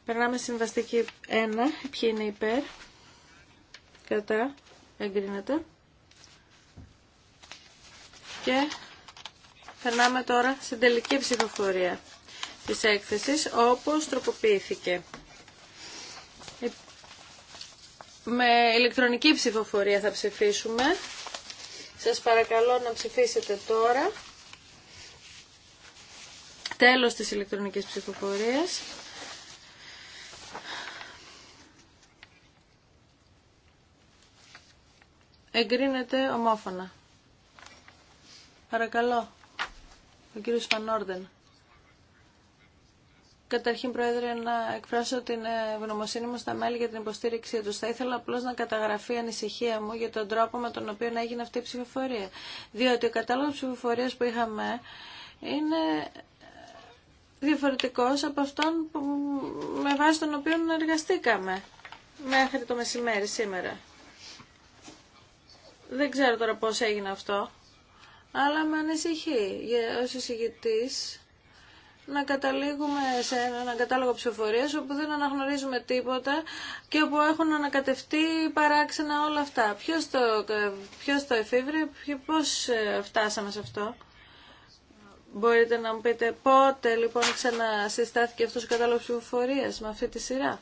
Περνάμε συμβαστική 1, ποιοι είναι υπέρ, κατά εγκρίνεται. Και περνάμε τώρα στην τελική ψηφοφορία της έκθεσης όπως τροποποιήθηκε. Ε, με ηλεκτρονική ψηφοφορία θα ψηφίσουμε. Σας παρακαλώ να ψηφίσετε τώρα. Τέλος της ηλεκτρονικής ψηφοφορίας. Εγκρίνεται ομόφωνα. Παρακαλώ, ο κύριος Φανόρδεν. Καταρχήν, Πρόεδρε, να εκφράσω την ε, ευγνωμοσύνη μου στα μέλη για την υποστήριξή του. Θα ήθελα απλώ να καταγραφεί η ανησυχία μου για τον τρόπο με τον οποίο έγινε αυτή η ψηφοφορία. Διότι ο κατάλογο ψηφοφορία που είχαμε είναι διαφορετικός από αυτόν με βάση τον οποίο εργαστήκαμε μέχρι το μεσημέρι σήμερα. Δεν ξέρω τώρα πώς έγινε αυτό, αλλά με ανησυχεί για, ως εισηγητής να καταλήγουμε σε έναν κατάλογο ψηφοφορίας όπου δεν αναγνωρίζουμε τίποτα και όπου έχουν ανακατευτεί παράξενα όλα αυτά. Ποιος το, ε, ποιος το εφήβρε, πώς ε, φτάσαμε σε αυτό. Μπορείτε να μου πείτε πότε λοιπόν ξανασυστάθηκε αυτό ο κατάλογο ψηφοφορία με αυτή τη σειρά.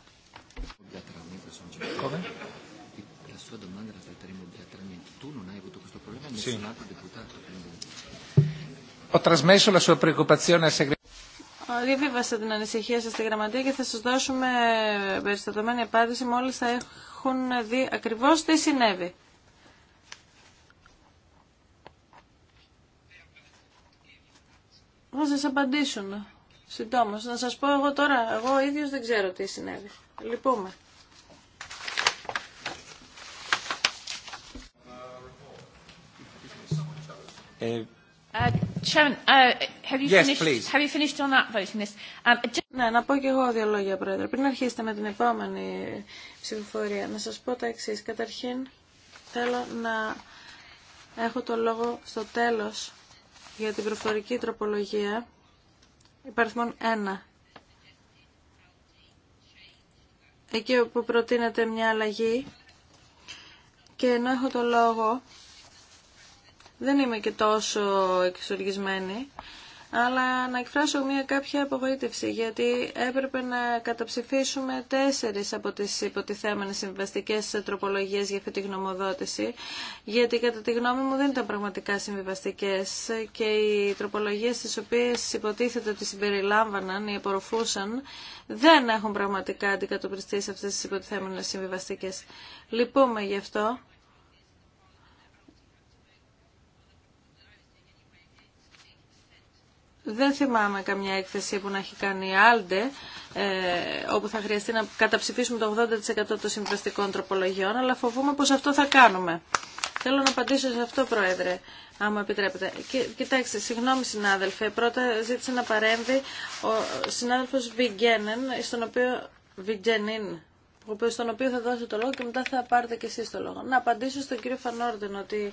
Διαβίβασα την ανησυχία σα στη γραμματεία και θα σα δώσουμε περιστατωμένη απάντηση Μόλι θα έχουν δει ακριβώ τι συνέβη. Θα σας απαντήσουν συντόμως. Να σας πω εγώ τώρα, εγώ ίδιος δεν ξέρω τι συνέβη. Λυπούμε. Um, ναι, να πω και εγώ δύο λόγια, Πρόεδρε. Πριν αρχίσετε με την επόμενη ψηφοφορία, να σας πω τα εξής. Καταρχήν, θέλω να έχω το λόγο στο τέλος για την προφορική τροπολογία μόνο 1. Εκεί όπου προτείνεται μια αλλαγή και ενώ έχω το λόγο δεν είμαι και τόσο εξοργισμένη αλλά να εκφράσω μια κάποια απογοήτευση, γιατί έπρεπε να καταψηφίσουμε τέσσερις από τις υποτιθέμενες συμβιβαστικές τροπολογίες για αυτή τη γνωμοδότηση, γιατί κατά τη γνώμη μου δεν ήταν πραγματικά συμβιβαστικές και οι τροπολογίες τις οποίες υποτίθεται ότι συμπεριλάμβαναν ή απορροφούσαν, δεν έχουν πραγματικά αντικατοπριστεί σε αυτές τις υποτιθέμενες συμβιβαστικές. Λυπούμε γι' αυτό. Δεν θυμάμαι καμιά έκθεση που να έχει κάνει η Άλντε, ε, όπου θα χρειαστεί να καταψηφίσουμε το 80% των συμβαστικών τροπολογιών, αλλά φοβούμαι πως αυτό θα κάνουμε. Θέλω να απαντήσω σε αυτό, Πρόεδρε, άμα επιτρέπετε. κοιτάξτε, συγγνώμη συνάδελφε, πρώτα ζήτησε να παρέμβει ο συνάδελφος Βιγγένεν, στον οποίο... Βιγγενίν, στον οποίο θα δώσω το λόγο και μετά θα πάρετε και εσείς το λόγο. Να απαντήσω στον κύριο Φανόρντεν ότι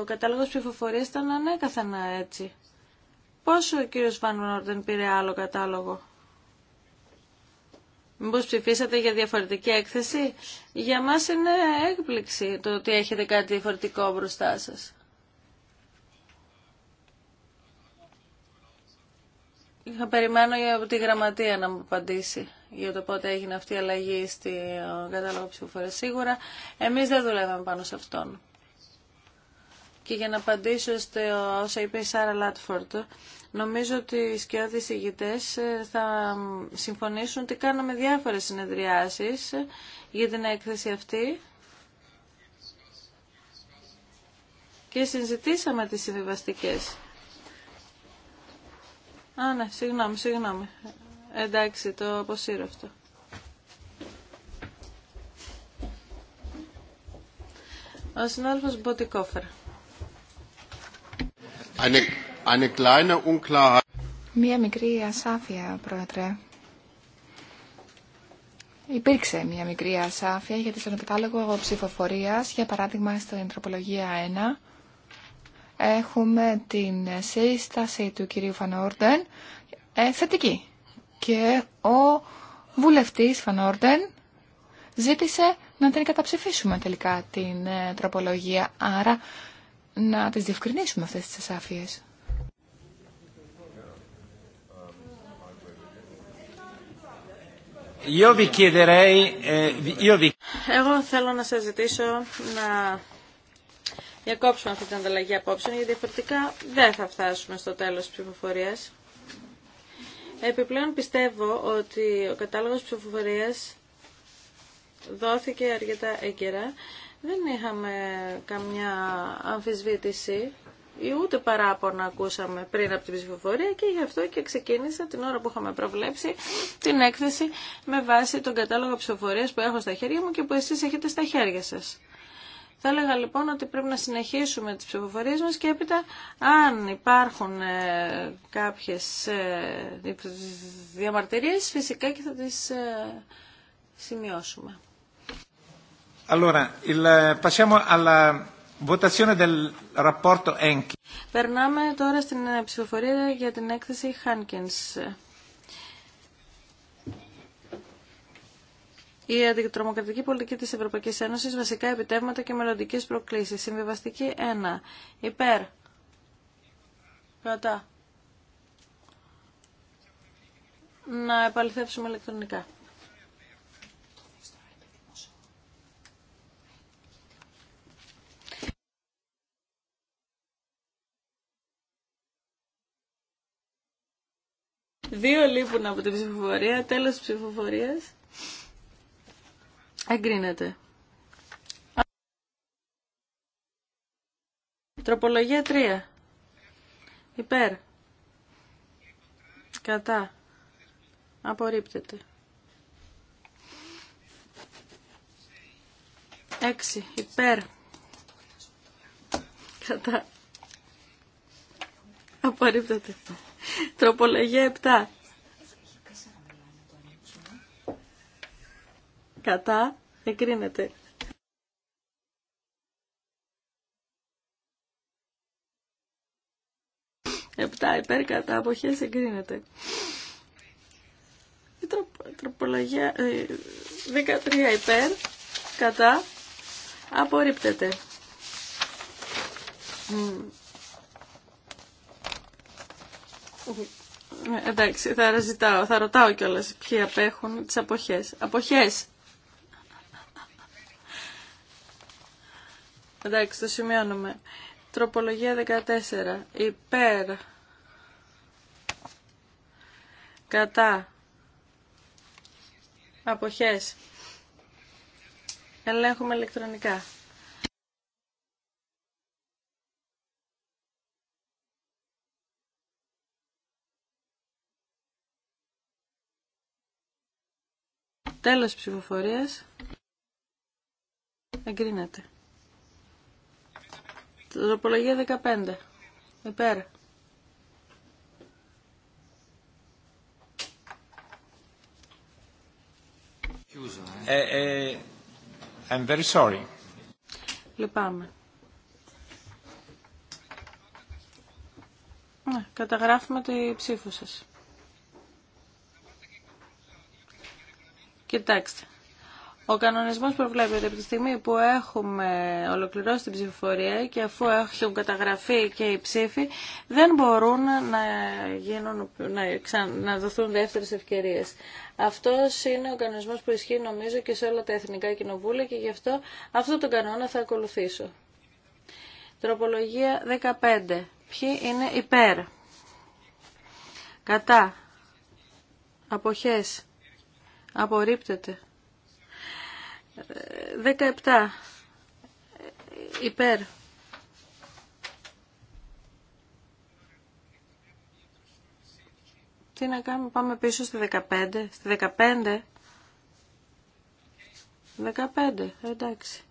ο κατάλογος ψηφοφορίας ήταν ανέκαθανα έτσι. Πόσο ο κύριος Βαν πήρε άλλο κατάλογο. Μήπως ψηφίσατε για διαφορετική έκθεση. Για μας είναι έκπληξη το ότι έχετε κάτι διαφορετικό μπροστά σας. Θα περιμένω από τη γραμματεία να μου απαντήσει για το πότε έγινε αυτή η αλλαγή στη κατάλογο ψηφοφορία. Σίγουρα εμείς δεν δουλεύαμε πάνω σε αυτόν. Και για να απαντήσω στο όσα είπε η Σάρα Λάτφορντ, Νομίζω ότι οι σκιώδεις ηγητές ε, θα συμφωνήσουν ότι κάναμε διάφορες συνεδριάσεις ε, για την έκθεση αυτή και συζητήσαμε τις συμβιβαστικές. Α, ναι, συγγνώμη, συγγνώμη. Εντάξει, το αποσύρω αυτό. Ο συνάδελφος Μποτικόφερ. Μία μικρή ασάφεια, Πρόεδρε. Υπήρξε μία μικρή ασάφεια γιατί στον κατάλογο ψηφοφορία, για παράδειγμα στην τροπολογία 1, έχουμε την σύσταση του κυρίου Φανόρντεν ε, θετική. Και ο βουλευτής Φανόρντεν ζήτησε να την καταψηφίσουμε τελικά την ε, τροπολογία, άρα να τις διευκρινίσουμε αυτές τις ασάφειες. Eh, Εγώ θέλω να σας ζητήσω να διακόψουμε αυτή την ανταλλαγή απόψεων, γιατί διαφορετικά δεν θα φτάσουμε στο τέλος της ψηφοφορίας. Επιπλέον πιστεύω ότι ο κατάλογος ψηφοφορίας δόθηκε αρκετά έγκαιρα. Δεν είχαμε καμιά αμφισβήτηση η ε, ούτε παράπονα ακούσαμε πριν από την ψηφοφορία και γι' αυτό και ξεκίνησα την ώρα που είχαμε προβλέψει την έκθεση με βάση τον κατάλογο ψηφοφορία που έχω στα χέρια μου και που εσείς έχετε στα χέρια σας. Θα έλεγα λοιπόν ότι πρέπει να συνεχίσουμε τις ψηφοφορίες μας και έπειτα αν υπάρχουν ε, κάποιες ε, διαμαρτυρίες φυσικά και θα τις σημειώσουμε. Allora, il, passiamo Περνάμε τώρα στην ε, ψηφοφορία για την έκθεση Hankins. Η αντιτρομοκρατική πολιτική της Ευρωπαϊκής Ένωσης, βασικά επιτεύγματα και μελλοντικές προκλήσεις. Συμβιβαστική 1. Υπέρ. Κατά. Να επαληθεύσουμε ηλεκτρονικά. Δύο λείπουν από την ψηφοφορία. Τέλος της ψηφοφορίας. Εγκρίνεται. Τροπολογία 3. Υπέρ. Κατά. Απορρίπτεται. 6. Υπέρ. Κατά. Απορρίπτεται. Τροπολογία 7. Κατά. Εγκρίνεται. Επτά υπέρ κατά αποχές εγκρίνεται. Η τροπολογία 13 ε, υπέρ κατά απορρίπτεται. Ε, εντάξει, θα ζητάω, θα ρωτάω κιόλα ποιοι απέχουν τις αποχές. Αποχές. Εντάξει, το σημειώνουμε. Τροπολογία 14. Υπέρ. Κατά. Αποχές. Ελέγχουμε ηλεκτρονικά. Τέλος ψηφοφορίας. Εγκρίνεται. Τροπολογία 15. Επέρα. Ε, ε, I'm very sorry. Λυπάμαι. Ναι, καταγράφουμε τη ψήφο σας. Κοιτάξτε. Ο κανονισμός προβλέπει ότι από τη στιγμή που έχουμε ολοκληρώσει την ψηφοφορία και αφού έχουν καταγραφεί και οι ψήφοι, δεν μπορούν να, γίνουν, να, δοθούν δεύτερες ευκαιρίες. Αυτός είναι ο κανονισμός που ισχύει νομίζω και σε όλα τα εθνικά κοινοβούλια και γι' αυτό αυτό τον κανόνα θα ακολουθήσω. Τροπολογία 15. Ποιοι είναι υπέρ. Κατά. Αποχές. Απορρίπτεται. 17. Υπέρ. Τι να κάνουμε, πάμε πίσω στη 15. Στη 15. 15, εντάξει.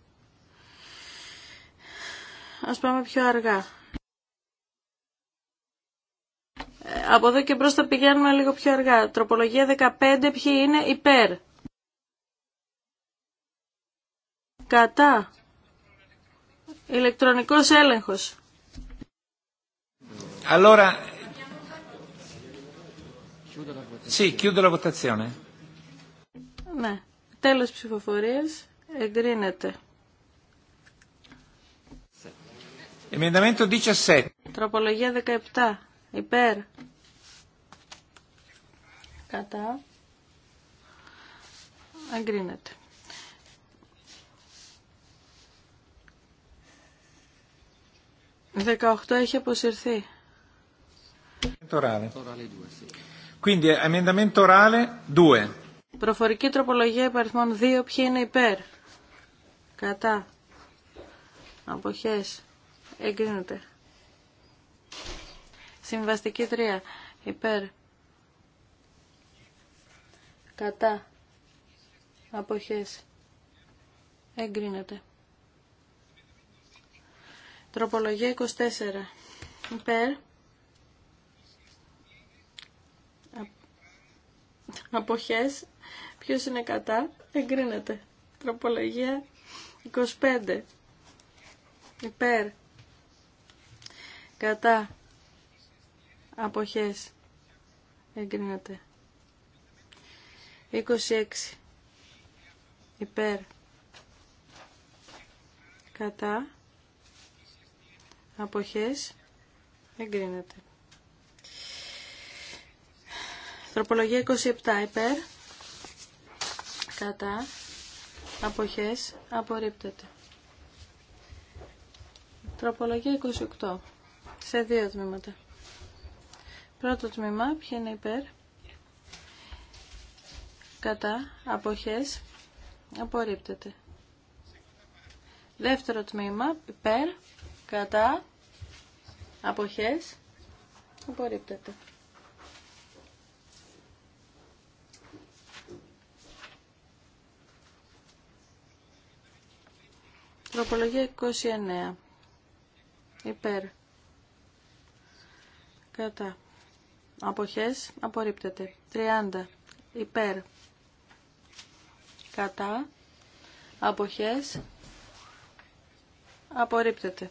Ας πάμε πιο αργά. από εδώ και μπρος θα πηγαίνουμε λίγο πιο αργά. Τροπολογία 15, ποιοι είναι υπέρ. Κατά. Ηλεκτρονικός έλεγχος. Allora... Sì, chiudo la votazione. Ναι, τέλος ψηφοφορίας. Εγκρίνεται. Emendamento 17. Τροπολογία 17. Υπέρ κατά εγκρίνεται. Δεκαοχτώ έχει αποσυρθεί. Quindi emendamento orale 2. Προφορική τροπολογία υπαριθμών 2. Ποιοι είναι υπέρ. Κατά. Αποχές. Εγκρίνεται. Συμβαστική 3. Υπέρ κατά αποχές εγκρίνεται. Τροπολογία 24 υπέρ αποχές ποιος είναι κατά εγκρίνεται. Τροπολογία 25 υπέρ κατά αποχές εγκρίνεται. 26 υπέρ κατά αποχές εγκρίνεται. Τροπολογία 27 υπέρ κατά αποχές απορρίπτεται. Τροπολογία 28 σε δύο τμήματα. Πρώτο τμήμα, ποιο είναι υπέρ, κατά αποχές απορρίπτεται. Δεύτερο τμήμα υπέρ κατά αποχές απορρίπτεται. Τροπολογία 29. Υπέρ. Κατά. Αποχές απορρίπτεται. 30. Υπέρ κατά, αποχές, απορρίπτεται.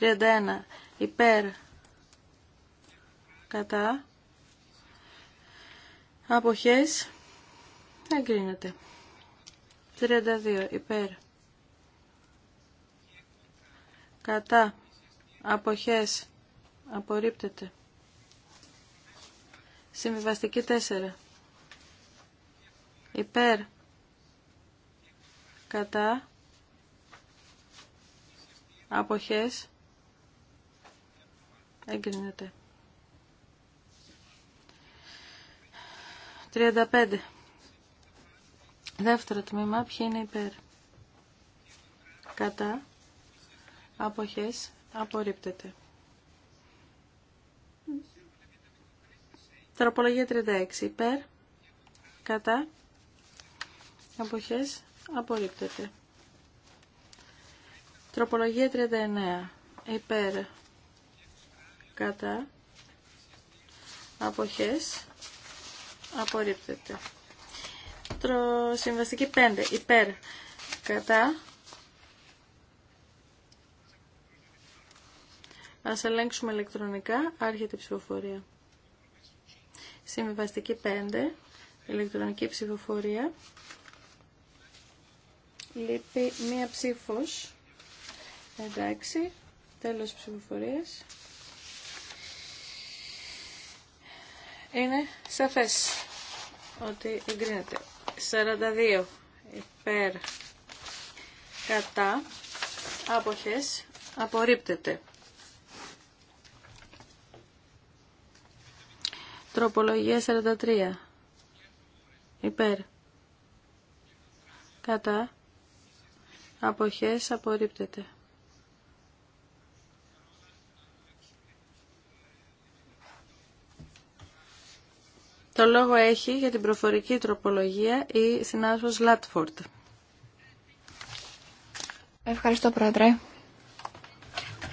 31 υπέρ, κατά, αποχές, εγκρίνεται. 32 υπέρ, κατά, αποχές, απορρίπτεται. Συμβιβαστική 4. Υπέρ κατά αποχές εγκρίνεται 35 δεύτερο τμήμα ποιο είναι υπέρ κατά αποχές απορρίπτεται Τροπολογία 36 υπέρ κατά αποχές απορρίπτεται. Τροπολογία 39. Υπέρ κατά αποχές απορρίπτεται. Τρο... Συμβαστική 5. Υπέρ κατά Ας ελέγξουμε ηλεκτρονικά. Άρχεται η ψηφοφορία. Συμβαστική 5. Ηλεκτρονική ψηφοφορία. Λείπει μία ψήφος. Εντάξει. Τέλος ψηφοφορίας. Είναι σαφές ότι εγκρίνεται. 42 υπέρ κατά άποχες απορρίπτεται. Τροπολογία 43 υπέρ κατά αποχές απορρίπτεται. Το λόγο έχει για την προφορική τροπολογία η συνάδελφος Λάτφορντ. Ευχαριστώ Πρόεδρε.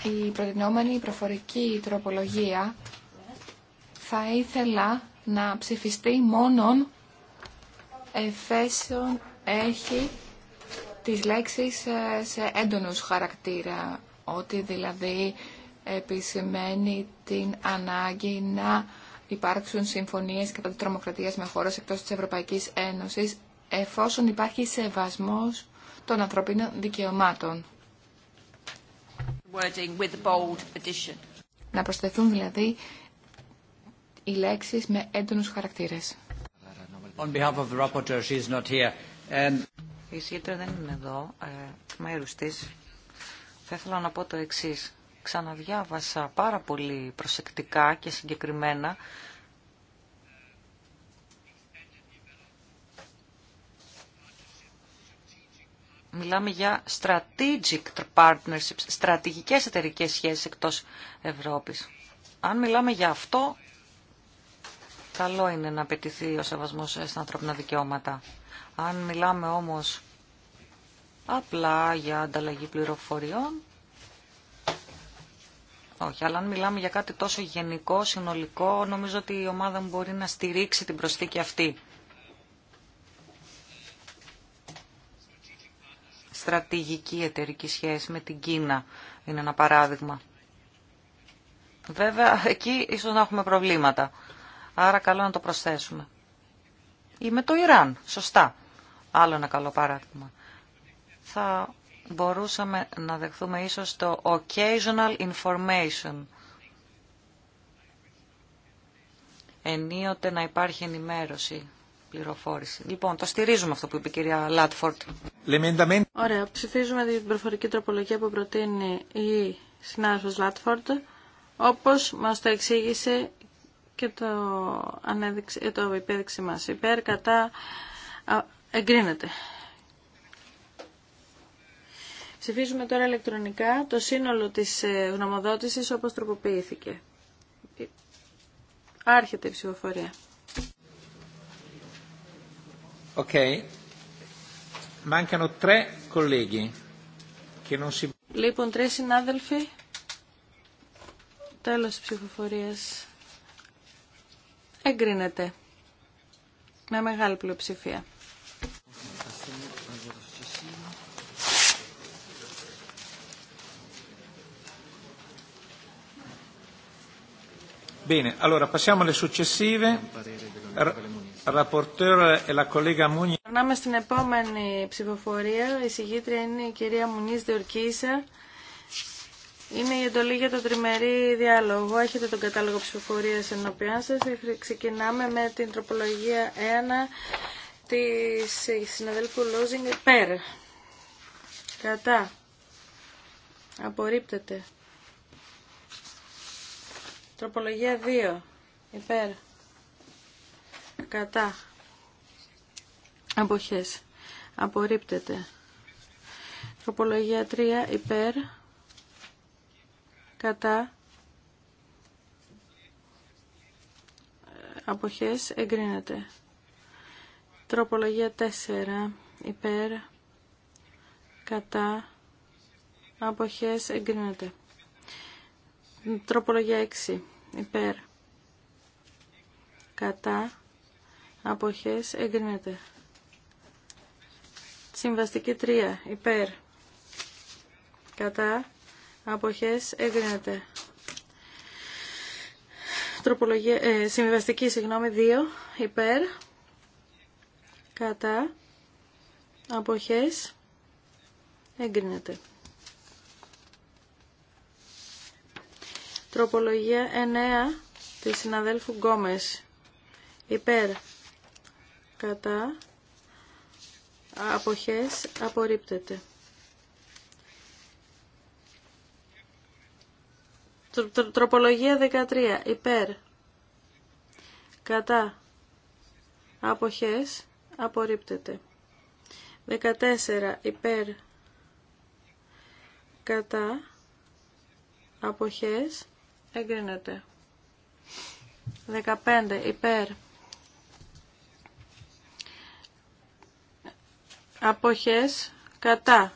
Η προτινόμενη προφορική τροπολογία θα ήθελα να ψηφιστεί μόνον εφέσεων έχει τις λέξεις ε, σε έντονους χαρακτήρα, ότι δηλαδή επισημαίνει την ανάγκη να υπάρξουν συμφωνίες κατά τη τρομοκρατία με χώρες εκτός της Ευρωπαϊκής Ένωσης, εφόσον υπάρχει σεβασμός των ανθρωπίνων δικαιωμάτων. Να προσθεθούν δηλαδή οι λέξεις με έντονους χαρακτήρες η εισηγήτρια δεν είναι εδώ, ε, μέρους της. Θα ήθελα να πω το εξής. Ξαναδιάβασα πάρα πολύ προσεκτικά και συγκεκριμένα Μιλάμε για strategic partnerships, στρατηγικές εταιρικές σχέσεις εκτός Ευρώπης. Αν μιλάμε για αυτό, καλό είναι να απαιτηθεί ο σεβασμός στα ανθρώπινα δικαιώματα. Αν μιλάμε όμως απλά για ανταλλαγή πληροφοριών. Όχι, αλλά αν μιλάμε για κάτι τόσο γενικό, συνολικό, νομίζω ότι η ομάδα μου μπορεί να στηρίξει την προσθήκη αυτή. Στρατηγική εταιρική σχέση με την Κίνα είναι ένα παράδειγμα. Βέβαια, εκεί ίσως να έχουμε προβλήματα. Άρα καλό να το προσθέσουμε. Ή με το Ιράν, σωστά. Άλλο ένα καλό παράδειγμα θα μπορούσαμε να δεχθούμε ίσως το occasional information. Ενίοτε να υπάρχει ενημέρωση, πληροφόρηση. Λοιπόν, το στηρίζουμε αυτό που είπε η κυρία Λάτφορντ. Ωραία, ψηφίζουμε την προφορική τροπολογία που προτείνει η συνάδελφος Λάτφορτ, όπως μας το εξήγησε και το, ανέδειξε, ε, το υπέδειξε μας. Υπέρ, κατά, εγκρίνεται. Ψηφίζουμε τώρα ηλεκτρονικά το σύνολο της ε, γνωμοδότησης όπως τροποποιήθηκε. Άρχεται η ψηφοφορία. Okay. Μάνκανο Λοιπόν, τρεις συνάδελφοι. Τέλος της ψηφοφορίας. Εγκρίνεται. Με μεγάλη πλειοψηφία. Bene, allora passiamo alle successive. Περνάμε στην επόμενη ψηφοφορία. Η συγγήτρια είναι η κυρία Μουνής Δεορκίσα. Είναι η εντολή για το τριμερή διάλογο. Έχετε τον κατάλογο ψηφοφορία ενώπιον σα. Ε, ξεκινάμε με την τροπολογία 1 τη συναδέλφου Λόζινγκ Περ. Κατά. Απορρίπτεται. Τροπολογία 2. Υπέρ. Κατά. Αποχές. Απορρίπτεται. Τροπολογία 3. Υπέρ. Κατά. Αποχές. Εγκρίνεται. Τροπολογία 4. Υπέρ. Κατά. Αποχές. Εγκρίνεται. Τροπολογία 6. Υπέρ. Κατά. Αποχές εγκρίνεται. Συμβαστική 3. Υπέρ. Κατά. Αποχές εγκρίνεται. Τροπολογία, ε, συγγνώμη, 2. Υπέρ. Κατά. Αποχές εγκρίνεται. Τροπολογία 9 της συναδέλφου Γκόμες. Υπέρ. Κατά. Αποχές. Απορρίπτεται. Τροπολογία 13. Υπέρ. Κατά. Αποχές. Απορρίπτεται. 14. Υπέρ. Κατά. Αποχές. Εγκρίνεται. 15 υπέρ. Αποχές κατά.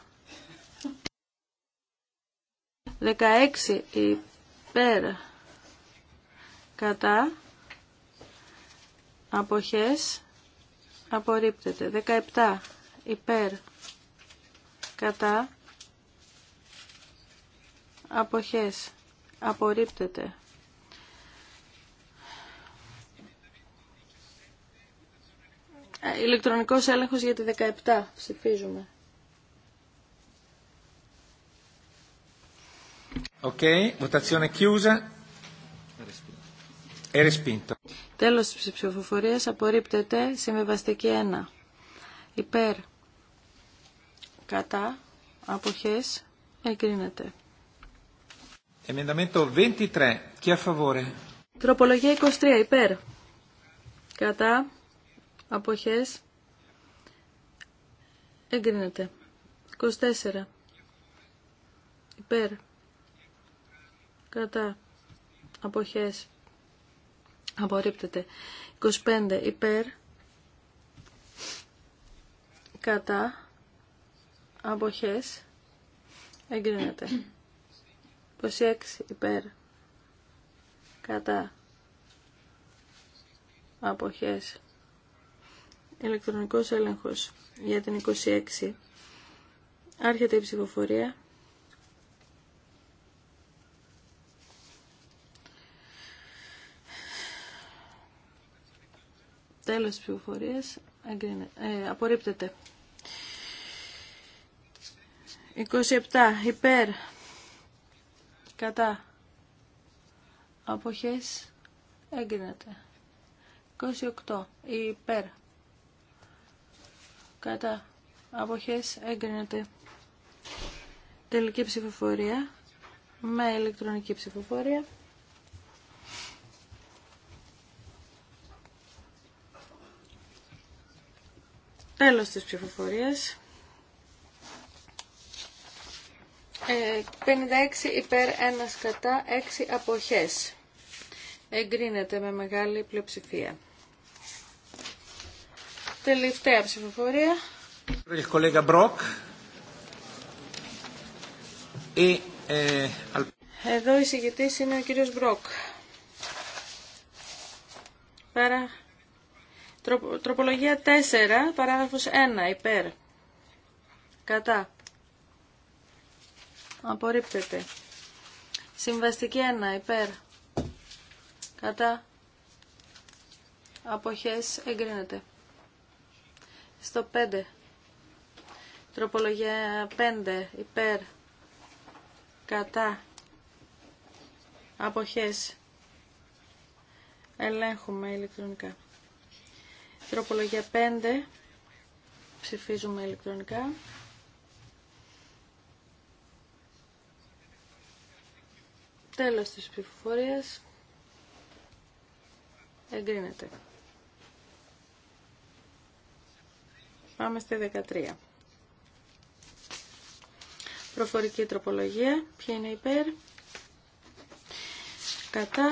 16 υπέρ κατά. Αποχές απορρίπτεται. 17 υπέρ κατά. Αποχές απορρίπτεται. Ε, ηλεκτρονικός έλεγχος για τη 17 ψηφίζουμε. ΟΚ. votazione chiusa. E Τέλος της ψηφοφορίας απορρίπτεται συμβεβαστική 1. Υπέρ. Κατά. Αποχές. Εγκρίνεται. Emendamento 23. Chi è Τροπολογία 23. Υπέρ. Κατά. Αποχές. Εγκρίνεται. 24. Υπέρ. Κατά. Αποχές. Απορρίπτεται. 25. Υπέρ. Κατά. Αποχές. Εγκρίνεται. 26 υπέρ κατά αποχές ηλεκτρονικός έλεγχος για την 26 άρχεται η ψηφοφορία τέλος της ψηφοφορίας ε, απορρίπτεται 27 υπέρ Κατά. Αποχές έγκρινεται. 28. Υπέρ. Κατά. Αποχές έγκρινεται. Τελική ψηφοφορία. Με ηλεκτρονική ψηφοφορία. Τέλος της ψηφοφορίας. 56 ε, υπέρ 1 κατά 6 αποχές. Εγκρίνεται με μεγάλη πλειοψηφία. Τελευταία ψηφοφορία. Ε, ε, Εδώ η συγκεκριτής είναι ο κύριος Μπροκ. Παρα... Τροπολογία 4, παράγραφος 1, υπέρ. Κατά απορρίπτεται. Συμβαστική 1 υπέρ κατά αποχές εγκρίνεται. Στο 5. Τροπολογία 5 υπέρ κατά αποχές ελέγχουμε ηλεκτρονικά. Τροπολογία 5 ψηφίζουμε ηλεκτρονικά. Τέλος της ψηφοφορίας. Εγκρίνεται. Πάμε στη 13. Προφορική τροπολογία. Ποια είναι υπέρ. Κατά.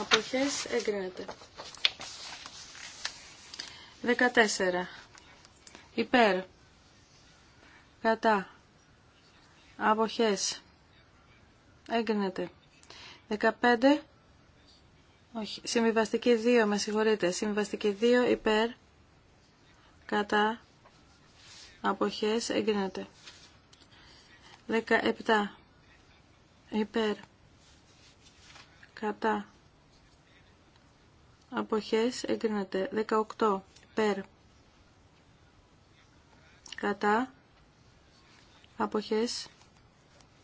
Αποχές. Εγκρίνεται. 14. Υπέρ. Κατά. Αποχές. Έγκρινεται. 15. Όχι. Συμβιβαστική 2. Με συγχωρείτε. Συμβιβαστική 2 υπέρ. Κατά. Αποχές. Έγκρινεται. 17. Υπέρ. Κατά. Αποχές εγκρίνεται. 18. Υπέρ. Κατά. Αποχές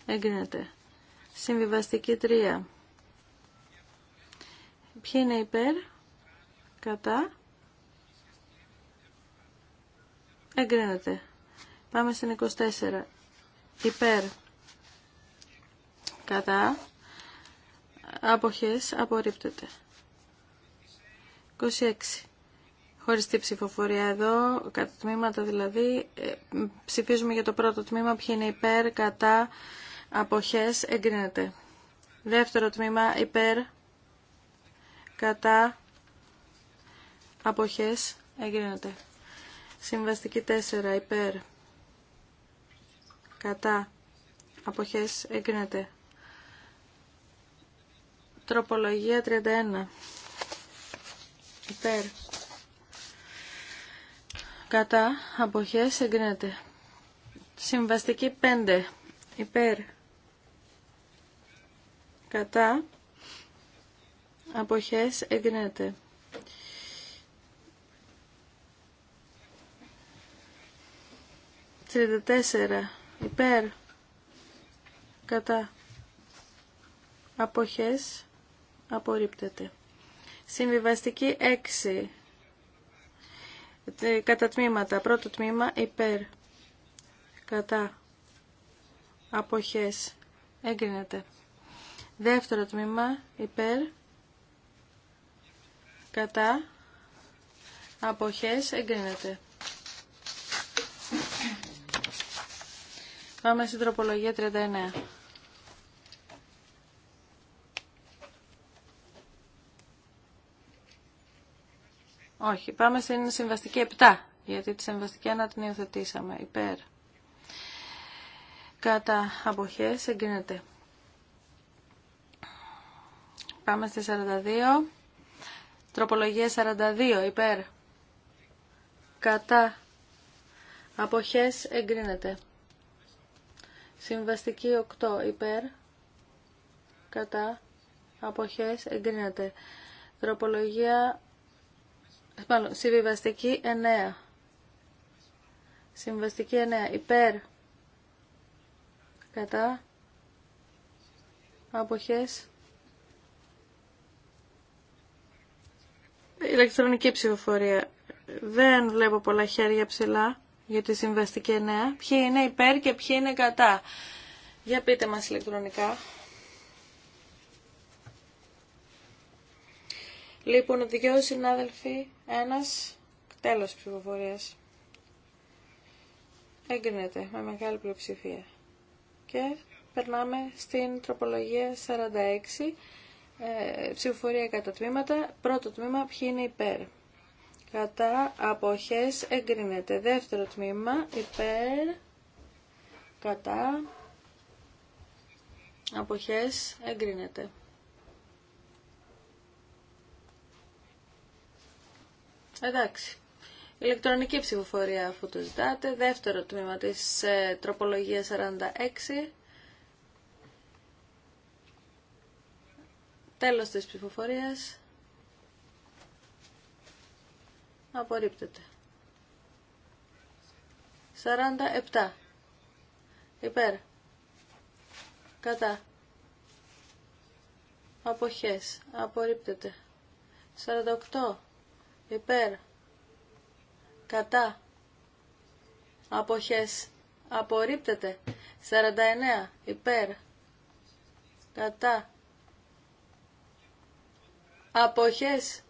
εγκρίνεται. Συμβιβαστική 3. Ποιοι είναι υπέρ, κατά, εγκρίνεται. Πάμε στην 24. Υπέρ, κατά, αποχές, απορρίπτεται. 26. Χωριστή ψηφοφορία εδώ, κατά τμήματα δηλαδή, ε, ψηφίζουμε για το πρώτο τμήμα, ποιοι είναι υπέρ, κατά, αποχές εγκρίνεται. Δεύτερο τμήμα υπέρ κατά αποχές εγκρίνεται. Συμβαστική 4 υπέρ κατά αποχές εγκρίνεται. Τροπολογία 31 υπέρ κατά αποχές εγκρίνεται. Συμβαστική 5 υπέρ κατά αποχές εγκρίνεται. 34. υπέρ κατά αποχές απορρίπτεται. Συμβιβαστική 6 ε, κατά τμήματα. Πρώτο τμήμα υπέρ κατά αποχές εγκρίνεται. Δεύτερο τμήμα υπέρ κατά αποχές εγκρίνεται. Πάμε στην τροπολογία 39. Όχι, πάμε στην συμβαστική 7, γιατί τη συμβαστική 1 την υιοθετήσαμε, υπέρ. Κατά αποχές εγκρίνεται. Πάμε στη 42. Τροπολογία 42. Υπέρ. Κατά. Αποχές εγκρίνεται. Συμβαστική 8. Υπέρ. Κατά. Αποχές εγκρίνεται. Τροπολογία... Μάλλον, συμβιβαστική 9. Συμβαστική 9. Υπέρ. Κατά. Αποχές ηλεκτρονική ψηφοφορία. Δεν βλέπω πολλά χέρια ψηλά για τη συμβαστική εννέα. Ποιοι είναι υπέρ και ποιοι είναι κατά. Για πείτε μας ηλεκτρονικά. Λοιπόν, δύο συνάδελφοι, ένας, τέλος ψηφοφορίας. Έγκρινεται με μεγάλη πλειοψηφία. Και περνάμε στην τροπολογία 46 ε, ψηφοφορία κατά τμήματα. Πρώτο τμήμα, ποιοι είναι υπέρ. Κατά αποχές εγκρίνεται. Δεύτερο τμήμα, υπέρ. Κατά αποχές εγκρίνεται. Εντάξει. Ηλεκτρονική ψηφοφορία αφού το ζητάτε. Δεύτερο τμήμα της ε, τροπολογίας 46. Τέλος της ψηφοφορίας. Απορρίπτεται. 47. Υπέρ. Κατά. Αποχές. Απορρίπτεται. 48. Υπέρ. Κατά. Αποχές. Απορρίπτεται. 49. Υπέρ. Κατά αποχές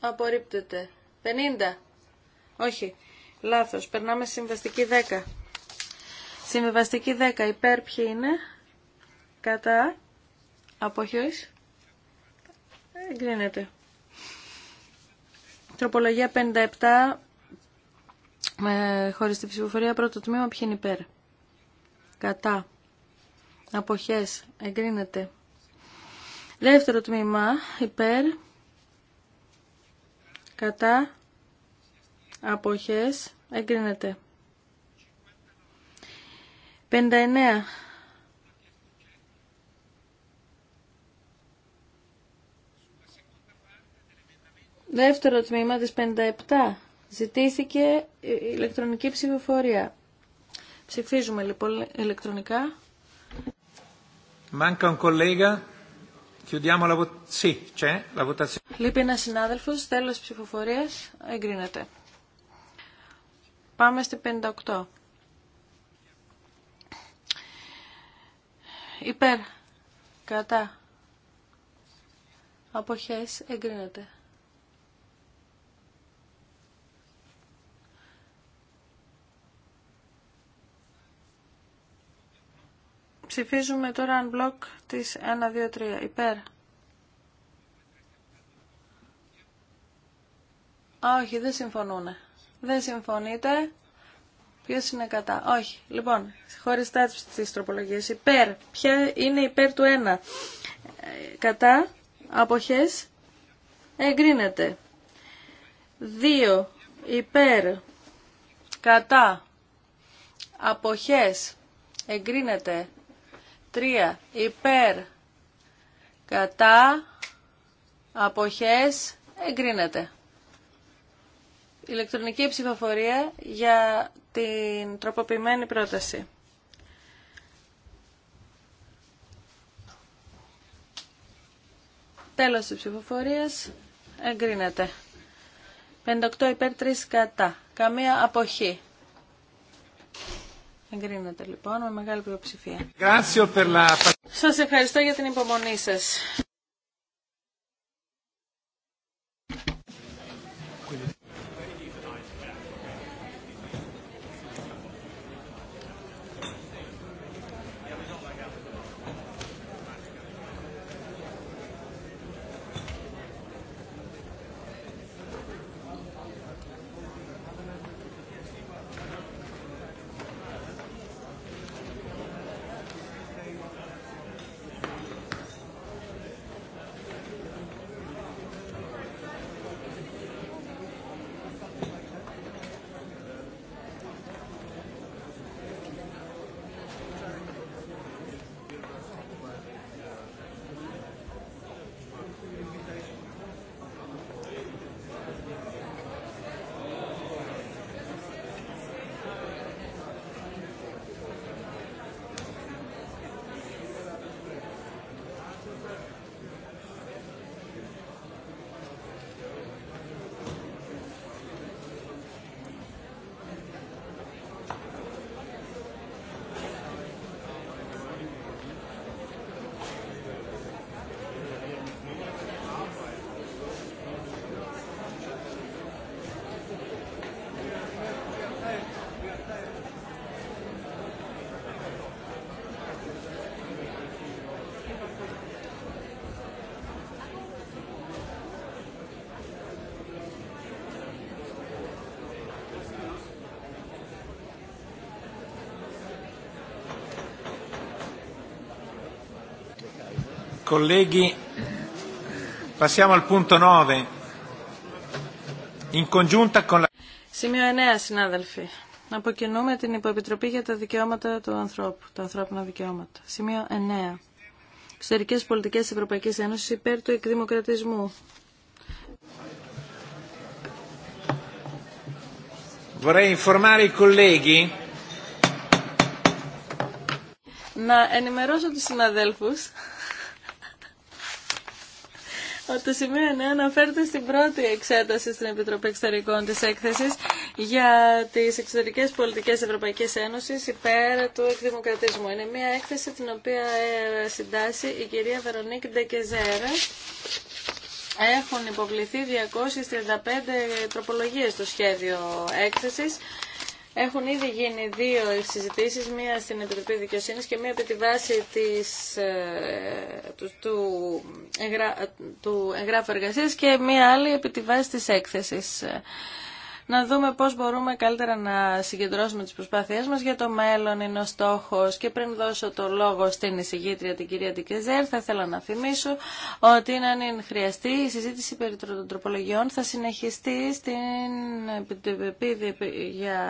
απορρίπτεται 50 όχι λάθος περνάμε συμβαστική 10 συμβαστική 10 υπέρ ποιοι είναι κατά αποχές εγκρίνεται τροπολογία 57 με χωρίς τη ψηφοφορία πρώτο τμήμα ποιοι είναι υπέρ κατά αποχές εγκρίνεται. Δεύτερο τμήμα υπέρ κατά αποχές εγκρίνεται. 59 Δεύτερο τμήμα της 57 ζητήθηκε ηλεκτρονική ψηφοφορία. Ψηφίζουμε λοιπόν ηλεκτρονικά. Manca un Λείπει ένα συνάδελφο. Τέλο ψηφοφορία. Εγκρίνεται. Πάμε στη 58. Υπέρ. Κατά. Αποχές εγκρίνεται. Ψηφίζουμε τώρα αν μπλοκ της 1, 2, 3. Υπέρ. όχι, δεν συμφωνούνε. Δεν συμφωνείτε. Ποιος είναι κατά. Όχι. Λοιπόν, χωριστά τις τροπολογίες. Υπέρ. Ποια είναι υπέρ του 1. Ε, κατά. Αποχές. Εγκρίνεται. 2. Υπέρ. Κατά. Αποχές. Εγκρίνεται. Τρία υπέρ κατά αποχές εγκρίνεται. Ηλεκτρονική ψηφοφορία για την τροποποιημένη πρόταση. Τέλος της ψηφοφορίας εγκρίνεται. 58 υπέρ 3 κατά. Καμία αποχή. Εγκρίνεται λοιπόν με μεγάλη πλειοψηφία. Σας ευχαριστώ για την υπομονή σας. Colleghi, passiamo al punto 9. In congiunta con la... Σημείο 9, συνάδελφοι. Αποκινούμε την Υποεπιτροπή για τα δικαιώματα του ανθρώπου, τα ανθρώπινα δικαιώματα. Σημείο 9. Εξωτερικέ πολιτικέ τη Ευρωπαϊκή Ένωση υπέρ του εκδημοκρατισμού. Vorrei informare i colleghi να ενημερώσω τους συναδέλφους το σημείο 9 αναφέρεται στην πρώτη εξέταση στην Επιτροπή Εξωτερικών της έκθεσης για τις εξωτερικές πολιτικές Ευρωπαϊκής Ένωσης υπέρ του εκδημοκρατισμού. Είναι μια έκθεση την οποία ε, συντάσσει η κυρία Βερονίκ Ντεκεζέρα. Έχουν υποβληθεί 235 τροπολογίες στο σχέδιο έκθεσης. Έχουν ήδη γίνει δύο συζητήσεις, μία στην Επιτροπή Δικαιοσύνης και μία επί τη βάση της, ε, του, του, εγγράφου εργασίας και μία άλλη επί τη βάση της έκθεσης να δούμε πώς μπορούμε καλύτερα να συγκεντρώσουμε τις προσπάθειές μας για το μέλλον είναι ο στόχος και πριν δώσω το λόγο στην εισηγήτρια την κυρία Τικεζέρ, θα ήθελα να θυμίσω ότι αν χρειαστεί η συζήτηση περί τροπολογιών θα συνεχιστεί στην για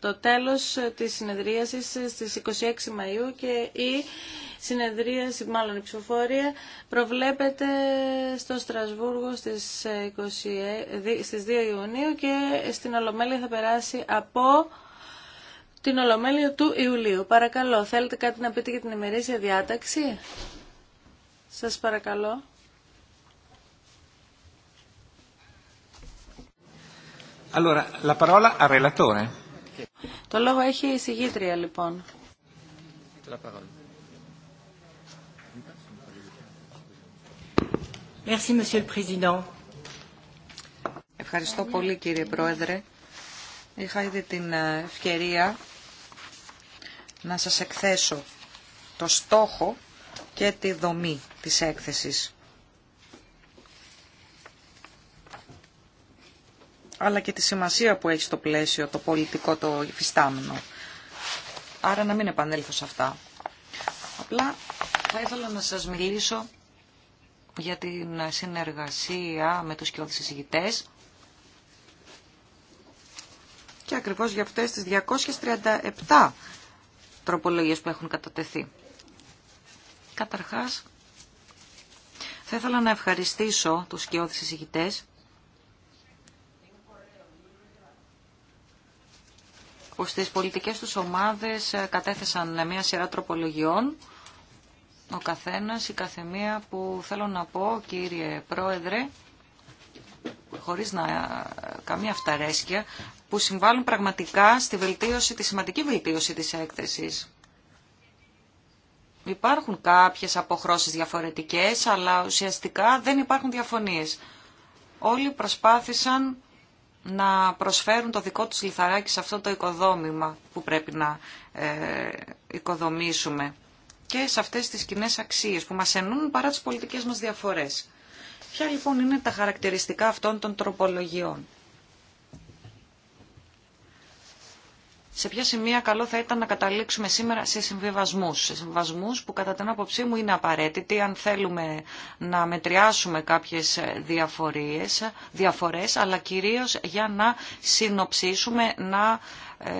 το τέλος της συνεδρίασης στις 26 Μαΐου και η συνεδρίαση, μάλλον η ψηφοφορία, προβλέπεται στο Στρασβούργο στις, 20, ε, στις 2 Ιουνίου και στην Ολομέλεια θα περάσει από την Ολομέλεια του Ιουλίου. Παρακαλώ, θέλετε κάτι να πείτε για την ημερήσια διάταξη. Σας παρακαλώ. Allora, la parola al relatore. Το λόγο έχει η συγγήτρια λοιπόν. Ευχαριστώ πολύ κύριε Πρόεδρε. Είχα ήδη την ε, ευκαιρία να σας εκθέσω το στόχο και τη δομή της έκθεσης. αλλά και τη σημασία που έχει στο πλαίσιο το πολιτικό το υφιστάμενο. Άρα να μην επανέλθω σε αυτά. Απλά θα ήθελα να σας μιλήσω για την συνεργασία με τους κοινότητες συζητητές και ακριβώς για αυτές τις 237 τροπολογίες που έχουν κατατεθεί. Καταρχάς, θα ήθελα να ευχαριστήσω τους σκιώδεις εισηγητές που στις πολιτικές τους ομάδες ε, κατέθεσαν μια σειρά τροπολογιών, ο καθένας, η καθεμία που θέλω να πω, κύριε Πρόεδρε, χωρίς να ε, καμία αυταρέσκεια, που συμβάλλουν πραγματικά στη βελτίωση, τη σημαντική βελτίωση της έκθεσης. Υπάρχουν κάποιες αποχρώσεις διαφορετικές, αλλά ουσιαστικά δεν υπάρχουν διαφωνίες. Όλοι προσπάθησαν να προσφέρουν το δικό τους λιθαράκι σε αυτό το οικοδόμημα που πρέπει να ε, οικοδομήσουμε και σε αυτές τις κοινέ αξίες που μας ενούν παρά τις πολιτικές μας διαφορές. Ποια λοιπόν είναι τα χαρακτηριστικά αυτών των τροπολογιών. σε ποια σημεία καλό θα ήταν να καταλήξουμε σήμερα σε συμβιβασμού, Σε συμβιβασμούς που κατά την άποψή μου είναι απαραίτητοι αν θέλουμε να μετριάσουμε κάποιε διαφορέ, αλλά κυρίω για να συνοψίσουμε, να ε,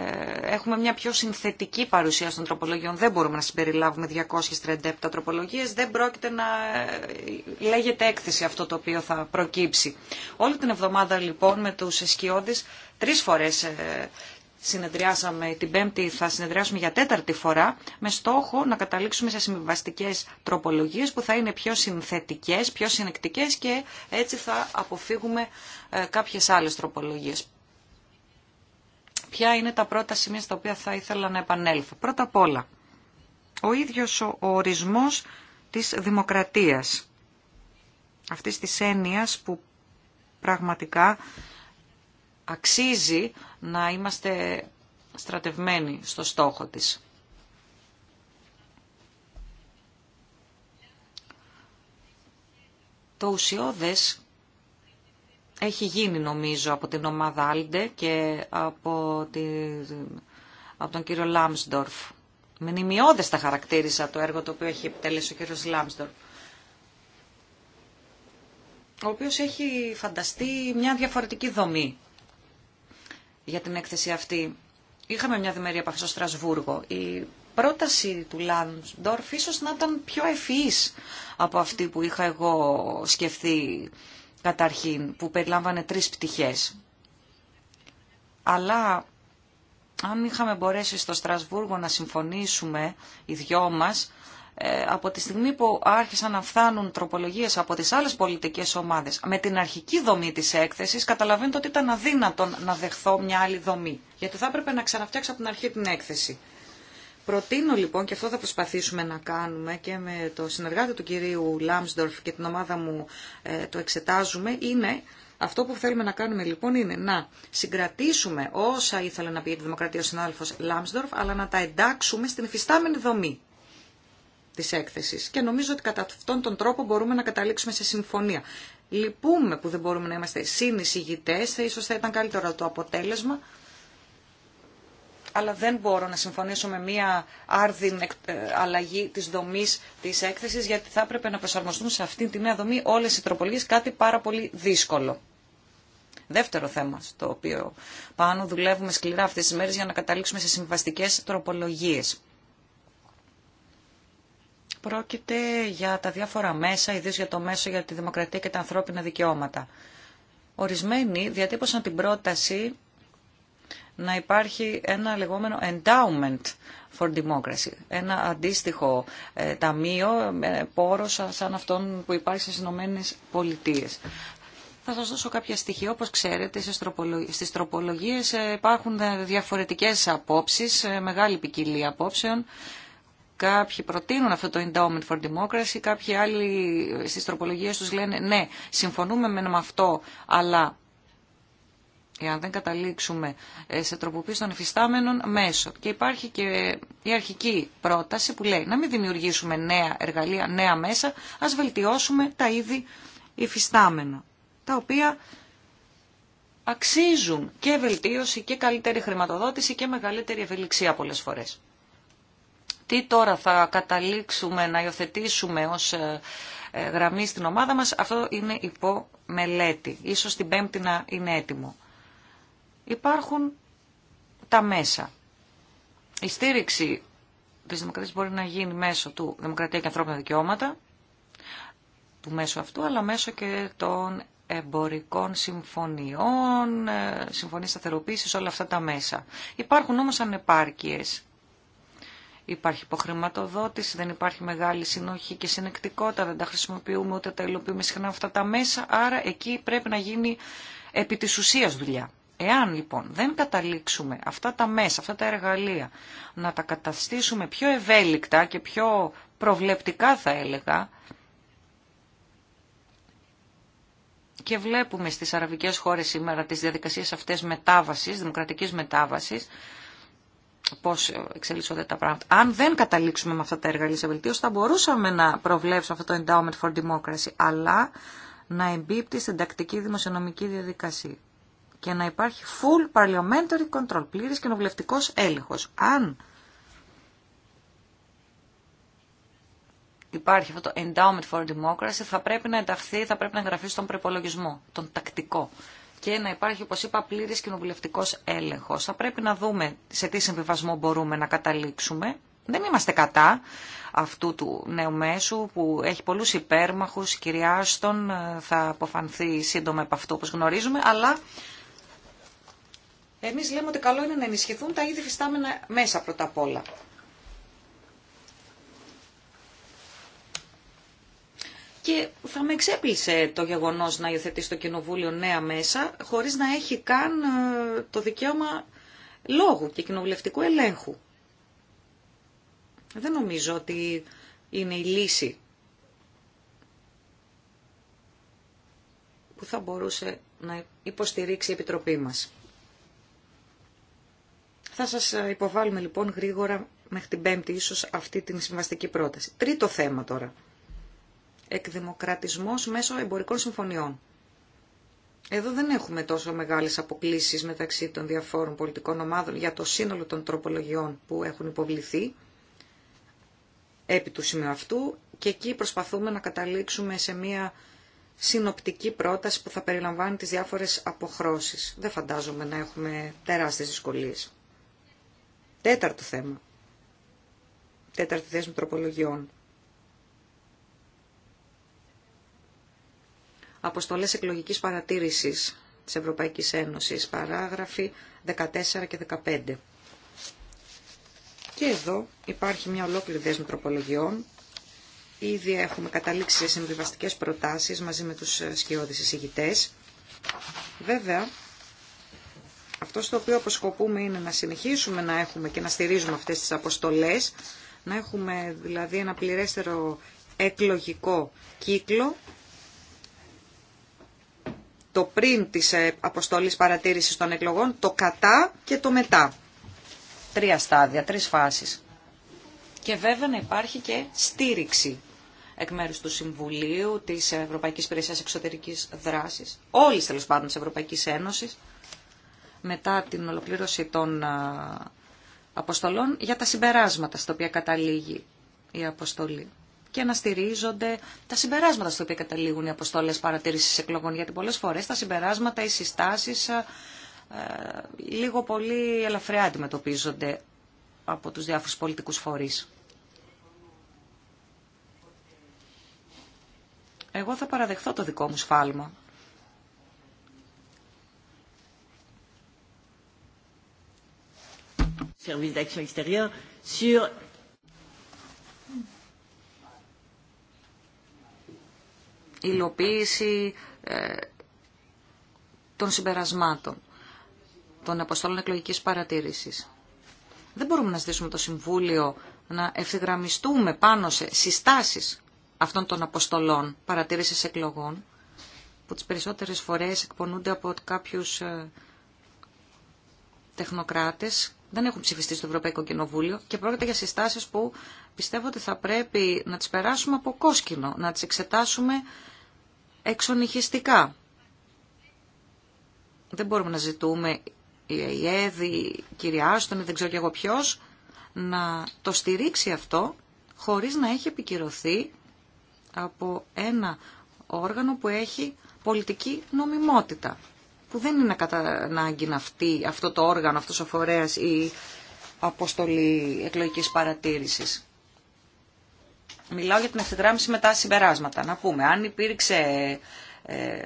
έχουμε μια πιο συνθετική παρουσία των τροπολογιών. Δεν μπορούμε να συμπεριλάβουμε 237 τροπολογίε. δεν πρόκειται να ε, λέγεται έκθεση αυτό το οποίο θα προκύψει. Όλη την εβδομάδα λοιπόν με τους σκιώδεις τρεις φορές ε, συνεδριάσαμε την Πέμπτη, θα συνεδριάσουμε για τέταρτη φορά, με στόχο να καταλήξουμε σε συμβιβαστικέ τροπολογίε που θα είναι πιο συνθετικέ, πιο συνεκτικέ και έτσι θα αποφύγουμε ε, κάποιε άλλε τροπολογίε. Ποια είναι τα πρώτα σημεία στα οποία θα ήθελα να επανέλθω. Πρώτα απ' όλα, ο ίδιος ο ορισμός της δημοκρατίας, αυτής της έννοιας που πραγματικά αξίζει να είμαστε στρατευμένοι στο στόχο της. Το ουσιώδες έχει γίνει νομίζω από την ομάδα Άλντε και από, από τον κύριο Λάμσντορφ. Μνημειώδες τα χαρακτήρισα το έργο το οποίο έχει επιτελέσει ο κύριος Λάμσντορφ ο οποίος έχει φανταστεί μια διαφορετική δομή για την έκθεση αυτή. Είχαμε μια διμερή επαφή στο Στρασβούργο. Η πρόταση του Λάνσντορφ ίσω να ήταν πιο ευφυή από αυτή που είχα εγώ σκεφτεί καταρχήν, που περιλάμβανε τρεις πτυχές. Αλλά αν είχαμε μπορέσει στο Στρασβούργο να συμφωνήσουμε οι δυο μας, ε, από τη στιγμή που άρχισαν να φτάνουν τροπολογίες από τις άλλες πολιτικές ομάδες με την αρχική δομή της έκθεσης καταλαβαίνετε ότι ήταν αδύνατον να δεχθώ μια άλλη δομή γιατί θα έπρεπε να ξαναφτιάξω από την αρχή την έκθεση. Προτείνω λοιπόν και αυτό θα προσπαθήσουμε να κάνουμε και με το συνεργάτη του κυρίου Λάμσντορφ και την ομάδα μου ε, το εξετάζουμε είναι αυτό που θέλουμε να κάνουμε λοιπόν είναι να συγκρατήσουμε όσα ήθελε να πει η Δημοκρατία ο συνάδελφος αλλά να τα εντάξουμε στην υφιστάμενη δομή της έκθεσης. Και νομίζω ότι κατά αυτόν τον τρόπο μπορούμε να καταλήξουμε σε συμφωνία. Λυπούμε που δεν μπορούμε να είμαστε θα ίσω θα ήταν καλύτερο το αποτέλεσμα, αλλά δεν μπορώ να συμφωνήσω με μία άρδιν ε, αλλαγή τη δομή τη έκθεση, γιατί θα έπρεπε να προσαρμοστούν σε αυτή τη νέα δομή όλε οι τροπολογίες, κάτι πάρα πολύ δύσκολο. Δεύτερο θέμα, στο οποίο πάνω δουλεύουμε σκληρά αυτές τις μέρες για να καταλήξουμε σε συμβαστικές τροπολογίες. Πρόκειται για τα διάφορα μέσα, ιδίω για το μέσο για τη δημοκρατία και τα ανθρώπινα δικαιώματα. Ορισμένοι διατύπωσαν την πρόταση να υπάρχει ένα λεγόμενο endowment for democracy, ένα αντίστοιχο ε, ταμείο, ε, πόρο σαν αυτόν που υπάρχει στις Ηνωμένε Πολιτείες. Θα σας δώσω κάποια στοιχεία. Όπως ξέρετε, στις τροπολογίες ε, υπάρχουν διαφορετικές απόψεις, μεγάλη ποικιλία απόψεων. Κάποιοι προτείνουν αυτό το Endowment for Democracy, κάποιοι άλλοι στις τροπολογίες τους λένε ναι, συμφωνούμε με αυτό, αλλά εάν δεν καταλήξουμε ε, σε τροποποίηση των εφιστάμενων μέσων. Και υπάρχει και η αρχική πρόταση που λέει να μην δημιουργήσουμε νέα εργαλεία, νέα μέσα, ας βελτιώσουμε τα ήδη υφιστάμενα, τα οποία αξίζουν και βελτίωση και καλύτερη χρηματοδότηση και μεγαλύτερη ευελιξία πολλές φορές τι τώρα θα καταλήξουμε να υιοθετήσουμε ως ε, ε, γραμμή στην ομάδα μας, αυτό είναι υπό μελέτη. Ίσως την πέμπτη να είναι έτοιμο. Υπάρχουν τα μέσα. Η στήριξη της δημοκρατίας μπορεί να γίνει μέσω του Δημοκρατία και Ανθρώπινα Δικαιώματα, του μέσου αυτού, αλλά μέσω και των εμπορικών συμφωνιών, ε, συμφωνίες σταθεροποίησης, όλα αυτά τα μέσα. Υπάρχουν όμως ανεπάρκειες υπάρχει υποχρηματοδότηση, δεν υπάρχει μεγάλη συνοχή και συνεκτικότητα, δεν τα χρησιμοποιούμε ούτε τα υλοποιούμε συχνά αυτά τα μέσα, άρα εκεί πρέπει να γίνει επί της ουσίας δουλειά. Εάν λοιπόν δεν καταλήξουμε αυτά τα μέσα, αυτά τα εργαλεία, να τα καταστήσουμε πιο ευέλικτα και πιο προβλεπτικά θα έλεγα, και βλέπουμε στις αραβικές χώρες σήμερα τις διαδικασίες αυτές μετάβασης, δημοκρατικής μετάβασης, πώς εξελίσσονται τα πράγματα. Αν δεν καταλήξουμε με αυτά τα εργαλεία σε βελτίωση, θα μπορούσαμε να προβλέψουμε αυτό το Endowment for Democracy, αλλά να εμπίπτει στην τακτική δημοσιονομική διαδικασία και να υπάρχει full parliamentary control, πλήρης κοινοβουλευτικό έλεγχος. Αν υπάρχει αυτό το Endowment for Democracy, θα πρέπει να ενταχθεί, θα πρέπει να εγγραφεί στον προπολογισμό, τον τακτικό και να υπάρχει, όπως είπα, πλήρης κοινοβουλευτικός έλεγχος. Θα πρέπει να δούμε σε τι συμβιβασμό μπορούμε να καταλήξουμε. Δεν είμαστε κατά αυτού του νέου μέσου που έχει πολλούς υπέρμαχους, κυριάστον, ε, θα αποφανθεί σύντομα από αυτό όπως γνωρίζουμε, αλλά εμείς λέμε ότι καλό είναι να ενισχυθούν τα ήδη φυστάμενα μέσα πρώτα απ' όλα. και θα με εξέπλησε το γεγονός να υιοθετεί στο Κοινοβούλιο νέα μέσα χωρίς να έχει καν ε, το δικαίωμα λόγου και κοινοβουλευτικού ελέγχου. Δεν νομίζω ότι είναι η λύση που θα μπορούσε να υποστηρίξει η Επιτροπή μας. Θα σας υποβάλουμε λοιπόν γρήγορα μέχρι την πέμπτη ίσως αυτή την συμβαστική πρόταση. Τρίτο θέμα τώρα εκδημοκρατισμός μέσω εμπορικών συμφωνιών. Εδώ δεν έχουμε τόσο μεγάλες αποκλήσεις μεταξύ των διαφόρων πολιτικών ομάδων για το σύνολο των τροπολογιών που έχουν υποβληθεί επί του σημείου αυτού και εκεί προσπαθούμε να καταλήξουμε σε μια συνοπτική πρόταση που θα περιλαμβάνει τις διάφορες αποχρώσεις. Δεν φαντάζομαι να έχουμε τεράστιες δυσκολίες. Τέταρτο θέμα. Τέταρτη θέση τροπολογιών. αποστολές εκλογικής παρατήρησης της Ευρωπαϊκής Ένωσης, παράγραφοι 14 και 15. Και εδώ υπάρχει μια ολόκληρη δέσμη τροπολογιών. Ήδη έχουμε καταλήξει σε συμβιβαστικές προτάσεις μαζί με τους ε, σκιώδεις εισηγητές. Βέβαια, αυτό στο οποίο αποσκοπούμε είναι να συνεχίσουμε να έχουμε και να στηρίζουμε αυτές τις αποστολές, να έχουμε δηλαδή ένα πληρέστερο εκλογικό κύκλο το πριν της ε, αποστολής παρατήρησης των εκλογών, το κατά και το μετά. Τρία στάδια, τρεις φάσεις. Και βέβαια να υπάρχει και στήριξη εκ μέρους του Συμβουλίου, της Ευρωπαϊκής Υπηρεσίας Εξωτερικής Δράσης, όλης τέλο πάντων της Ευρωπαϊκής Ένωσης, μετά την ολοκλήρωση των αποστολών, για τα συμπεράσματα στα οποία καταλήγει η αποστολή και να στηρίζονται τα συμπεράσματα στο οποίο καταλήγουν οι αποστολέ παρατήρηση εκλογών. Γιατί πολλέ φορέ τα συμπεράσματα, οι συστάσει ε, λίγο πολύ ελαφριά αντιμετωπίζονται από τους διάφορους πολιτικούς φορείς. Εγώ θα παραδεχθώ το δικό μου σφάλμα. Service d'action extérieure sur υλοποίηση ε, των συμπερασμάτων των αποστόλων εκλογικής παρατήρησης. Δεν μπορούμε να ζητήσουμε το Συμβούλιο να ευθυγραμμιστούμε πάνω σε συστάσεις αυτών των αποστολών παρατήρησης εκλογών, που τις περισσότερες φορές εκπονούνται από κάποιους ε, τεχνοκράτες, δεν έχουν ψηφιστεί στο Ευρωπαϊκό Κοινοβούλιο και πρόκειται για συστάσεις που πιστεύω ότι θα πρέπει να τις περάσουμε από κόσκινο, να τις εξετάσουμε εξονυχιστικά. Δεν μπορούμε να ζητούμε η ΕΕΔ, η κυρία Άστον, δεν ξέρω κι εγώ ποιο, να το στηρίξει αυτό χωρίς να έχει επικυρωθεί από ένα όργανο που έχει πολιτική νομιμότητα. Που δεν είναι κατά ανάγκη αυτή, αυτό το όργανο, αυτός ο φορέας η αποστολή εκλογικής παρατήρησης. Μιλάω για την ευθυγράμμιση με τα συμπεράσματα. Να πούμε, αν υπήρξε ε,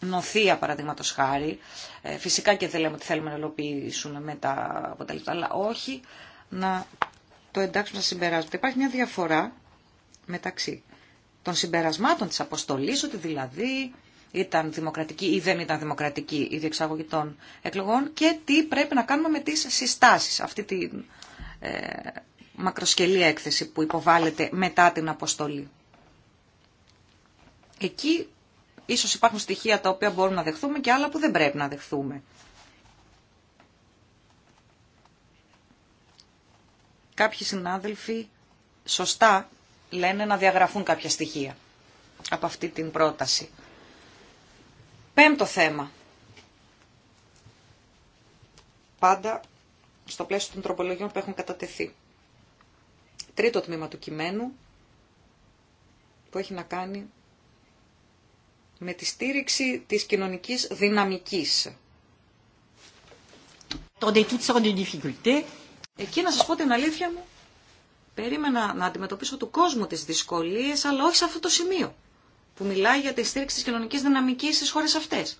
νοθεία παραδείγματο χάρη, ε, φυσικά και δεν λέμε ότι θέλουμε να ελοποιήσουμε με τα αποτελέσματα, αλλά όχι να το εντάξουμε στα συμπεράσματα. Υπάρχει μια διαφορά μεταξύ των συμπερασμάτων της αποστολής, ότι δηλαδή ήταν δημοκρατική ή δεν ήταν δημοκρατική η διεξαγωγή των εκλογών και τι πρέπει να κάνουμε με τις συστάσεις, αυτή την ε, μακροσκελή έκθεση που υποβάλλεται μετά την αποστολή. Εκεί ίσως υπάρχουν στοιχεία τα οποία μπορούμε να δεχθούμε και άλλα που δεν πρέπει να δεχθούμε. Κάποιοι συνάδελφοι σωστά λένε να διαγραφούν κάποια στοιχεία από αυτή την πρόταση. Πέμπτο θέμα. Πάντα στο πλαίσιο των τροπολογιών που έχουν κατατεθεί τρίτο τμήμα του κειμένου που έχει να κάνει με τη στήριξη της κοινωνικής δυναμικής. Εκεί να σας πω την αλήθεια μου, περίμενα να αντιμετωπίσω του κόσμου τις δυσκολίες, αλλά όχι σε αυτό το σημείο, που μιλάει για τη στήριξη της κοινωνικής δυναμικής στις χώρες αυτές.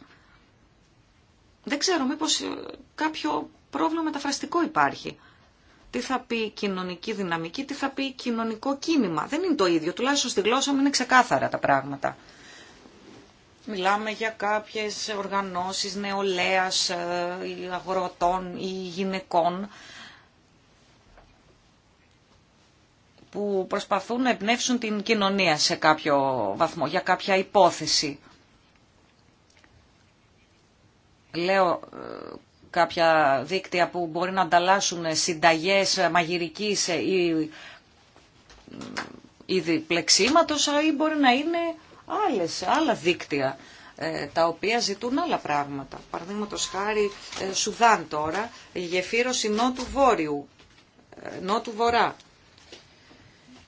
Δεν ξέρω, μήπως ε, κάποιο πρόβλημα μεταφραστικό υπάρχει τι θα πει κοινωνική δυναμική, τι θα πει κοινωνικό κίνημα. Δεν είναι το ίδιο, τουλάχιστον στη γλώσσα μου είναι ξεκάθαρα τα πράγματα. Μιλάμε για κάποιες οργανώσεις νεολαίας, ή ε, αγροτών ή γυναικών που προσπαθούν να εμπνεύσουν την κοινωνία σε κάποιο βαθμό, για κάποια υπόθεση. Λέω ε, κάποια δίκτυα που μπορεί να ανταλλάσσουν συνταγές μαγειρικής ή είδη πλεξίματος ή μπορεί να είναι άλλες, άλλα δίκτυα ε, τα οποία ζητούν άλλα πράγματα. Παραδείγματο χάρη ε, Σουδάν τώρα, η γεφύρωση νότου-βόρειου, ε, νότου-βορρά.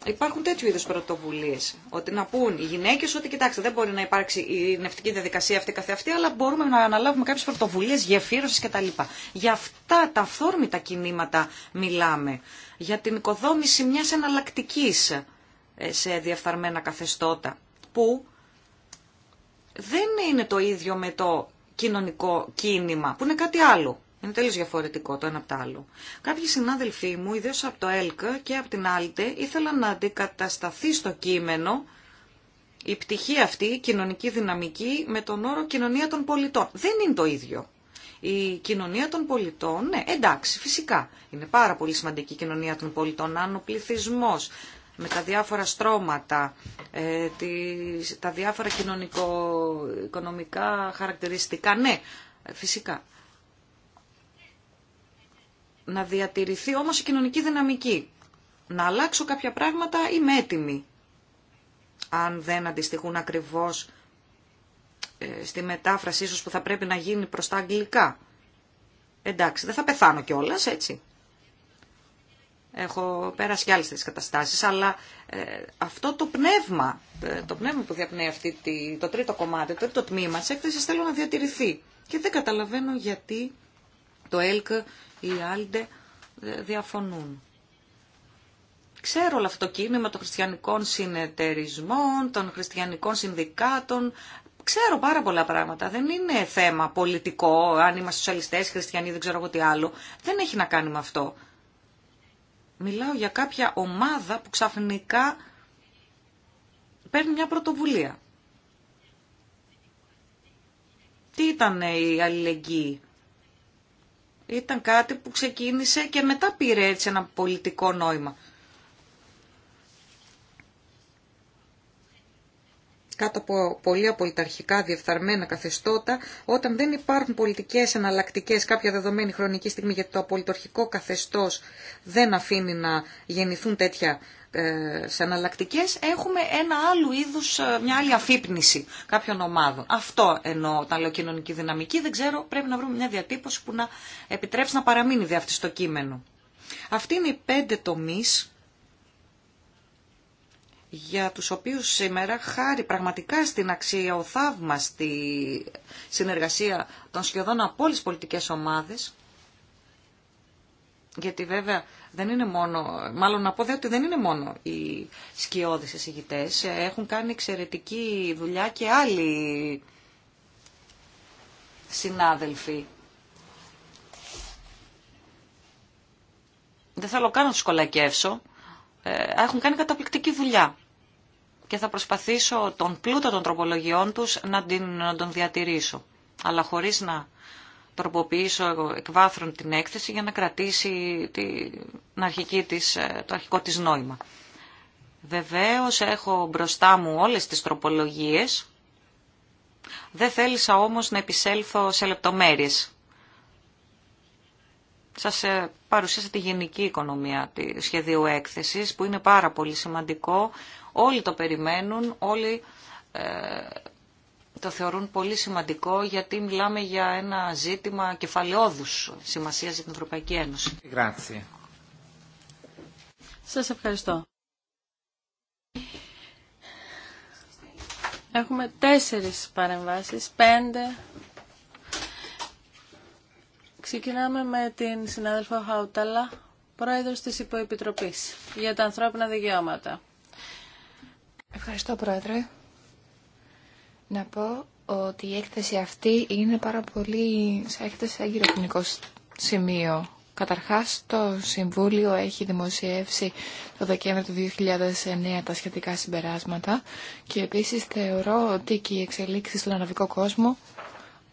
Υπάρχουν τέτοιου είδου πρωτοβουλίε. Ότι να πούν οι γυναίκε ότι κοιτάξτε, δεν μπορεί να υπάρξει η νευτική διαδικασία αυτή καθεαυτή, αλλά μπορούμε να αναλάβουμε κάποιε πρωτοβουλίε γεφύρωση κτλ. Για αυτά τα αυθόρμητα κινήματα μιλάμε. Για την οικοδόμηση μια εναλλακτική ε, σε διαφθαρμένα καθεστώτα. Που δεν είναι το ίδιο με το κοινωνικό κίνημα, που είναι κάτι άλλο. Είναι τέλος διαφορετικό το ένα από το άλλο. Κάποιοι συνάδελφοί μου, ιδίως από το ΕΛΚ και από την ΑΛΤΕ, ήθελαν να αντικατασταθεί στο κείμενο η πτυχή αυτή, η κοινωνική δυναμική, με τον όρο κοινωνία των πολιτών. Δεν είναι το ίδιο. Η κοινωνία των πολιτών, ναι, εντάξει, φυσικά. Είναι πάρα πολύ σημαντική η κοινωνία των πολιτών. Αν ο πληθυσμό με τα διάφορα στρώματα, ε, τις, τα διάφορα κοινωνικο-οικονομικά χαρακτηριστικά, ναι, φυσικά να διατηρηθεί όμως η κοινωνική δυναμική. Να αλλάξω κάποια πράγματα είμαι έτοιμη. Αν δεν αντιστοιχούν ακριβώς ε, στη μετάφραση ίσως που θα πρέπει να γίνει προς τα αγγλικά. Εντάξει, δεν θα πεθάνω κιόλα, έτσι. Έχω πέρασει κι άλλες τις καταστάσεις, αλλά ε, αυτό το πνεύμα, ε, το πνεύμα που διαπνέει αυτή, το τρίτο κομμάτι, το τρίτο τμήμα της έκθεσης θέλω να διατηρηθεί. Και δεν καταλαβαίνω γιατί το ΕΛΚ, η Άλντε ε, διαφωνούν. Ξέρω όλο αυτό το κίνημα των χριστιανικών συνεταιρισμών, των χριστιανικών συνδικάτων. Ξέρω πάρα πολλά πράγματα. Δεν είναι θέμα πολιτικό, αν είμαστε σοσιαλιστέ, χριστιανοί, δεν ξέρω εγώ τι άλλο. Δεν έχει να κάνει με αυτό. Μιλάω για κάποια ομάδα που ξαφνικά παίρνει μια πρωτοβουλία. Τι ήταν η αλληλεγγύη ήταν κάτι που ξεκίνησε και μετά πήρε έτσι ένα πολιτικό νόημα. κάτω από πολύ απολυταρχικά διεφθαρμένα καθεστώτα, όταν δεν υπάρχουν πολιτικέ εναλλακτικέ κάποια δεδομένη χρονική στιγμή, γιατί το απολυτορχικό καθεστώ δεν αφήνει να γεννηθούν τέτοια ε, σε έχουμε ένα άλλο είδους, ε, μια άλλη αφύπνιση κάποιων ομάδων. Αυτό εννοώ όταν λέω κοινωνική δυναμική. Δεν ξέρω, πρέπει να βρούμε μια διατύπωση που να επιτρέψει να παραμείνει δι' αυτή στο κείμενο. Αυτοί είναι οι πέντε τομείς για τους οποίους σήμερα χάρη πραγματικά στην αξία οθαύμαστη συνεργασία των σχεδόν από όλες πολιτικές ομάδες, γιατί βέβαια δεν είναι μόνο, μάλλον να πω δε ότι δεν είναι μόνο οι σκιώδεις εισηγητές, έχουν κάνει εξαιρετική δουλειά και άλλοι συνάδελφοι. Δεν θέλω καν να τους κολακεύσω, ε, έχουν κάνει καταπληκτική δουλειά και θα προσπαθήσω τον πλούτο των τροπολογιών τους να, την, να τον διατηρήσω. Αλλά χωρίς να τροποποιήσω εκ βάθρων την έκθεση για να κρατήσει την αρχική της, ε, το αρχικό της νόημα. Βεβαίως έχω μπροστά μου όλες τις τροπολογίες. Δεν θέλησα όμως να επισέλθω σε λεπτομέρειες. Σας ε, παρουσίασα τη γενική οικονομία του σχεδίου έκθεσης που είναι πάρα πολύ σημαντικό Όλοι το περιμένουν, όλοι ε, το θεωρούν πολύ σημαντικό γιατί μιλάμε για ένα ζήτημα κεφαλαιόδους σημασίας για την Ευρωπαϊκή Ένωση. Grazie. Σας ευχαριστώ. Έχουμε τέσσερις παρεμβάσεις, πέντε. Ξεκινάμε με την συνάδελφο Χαουτάλα, πρόεδρος της Υποεπιτροπής για τα ανθρώπινα δικαιώματα. Ευχαριστώ, Πρόεδρε. Να πω ότι η έκθεση αυτή είναι πάρα πολύ σε έκθεση σημείο. Καταρχάς, το Συμβούλιο έχει δημοσιεύσει το Δεκέμβριο του 2009 τα σχετικά συμπεράσματα και επίσης θεωρώ ότι και οι εξελίξεις στον αραβικό κόσμο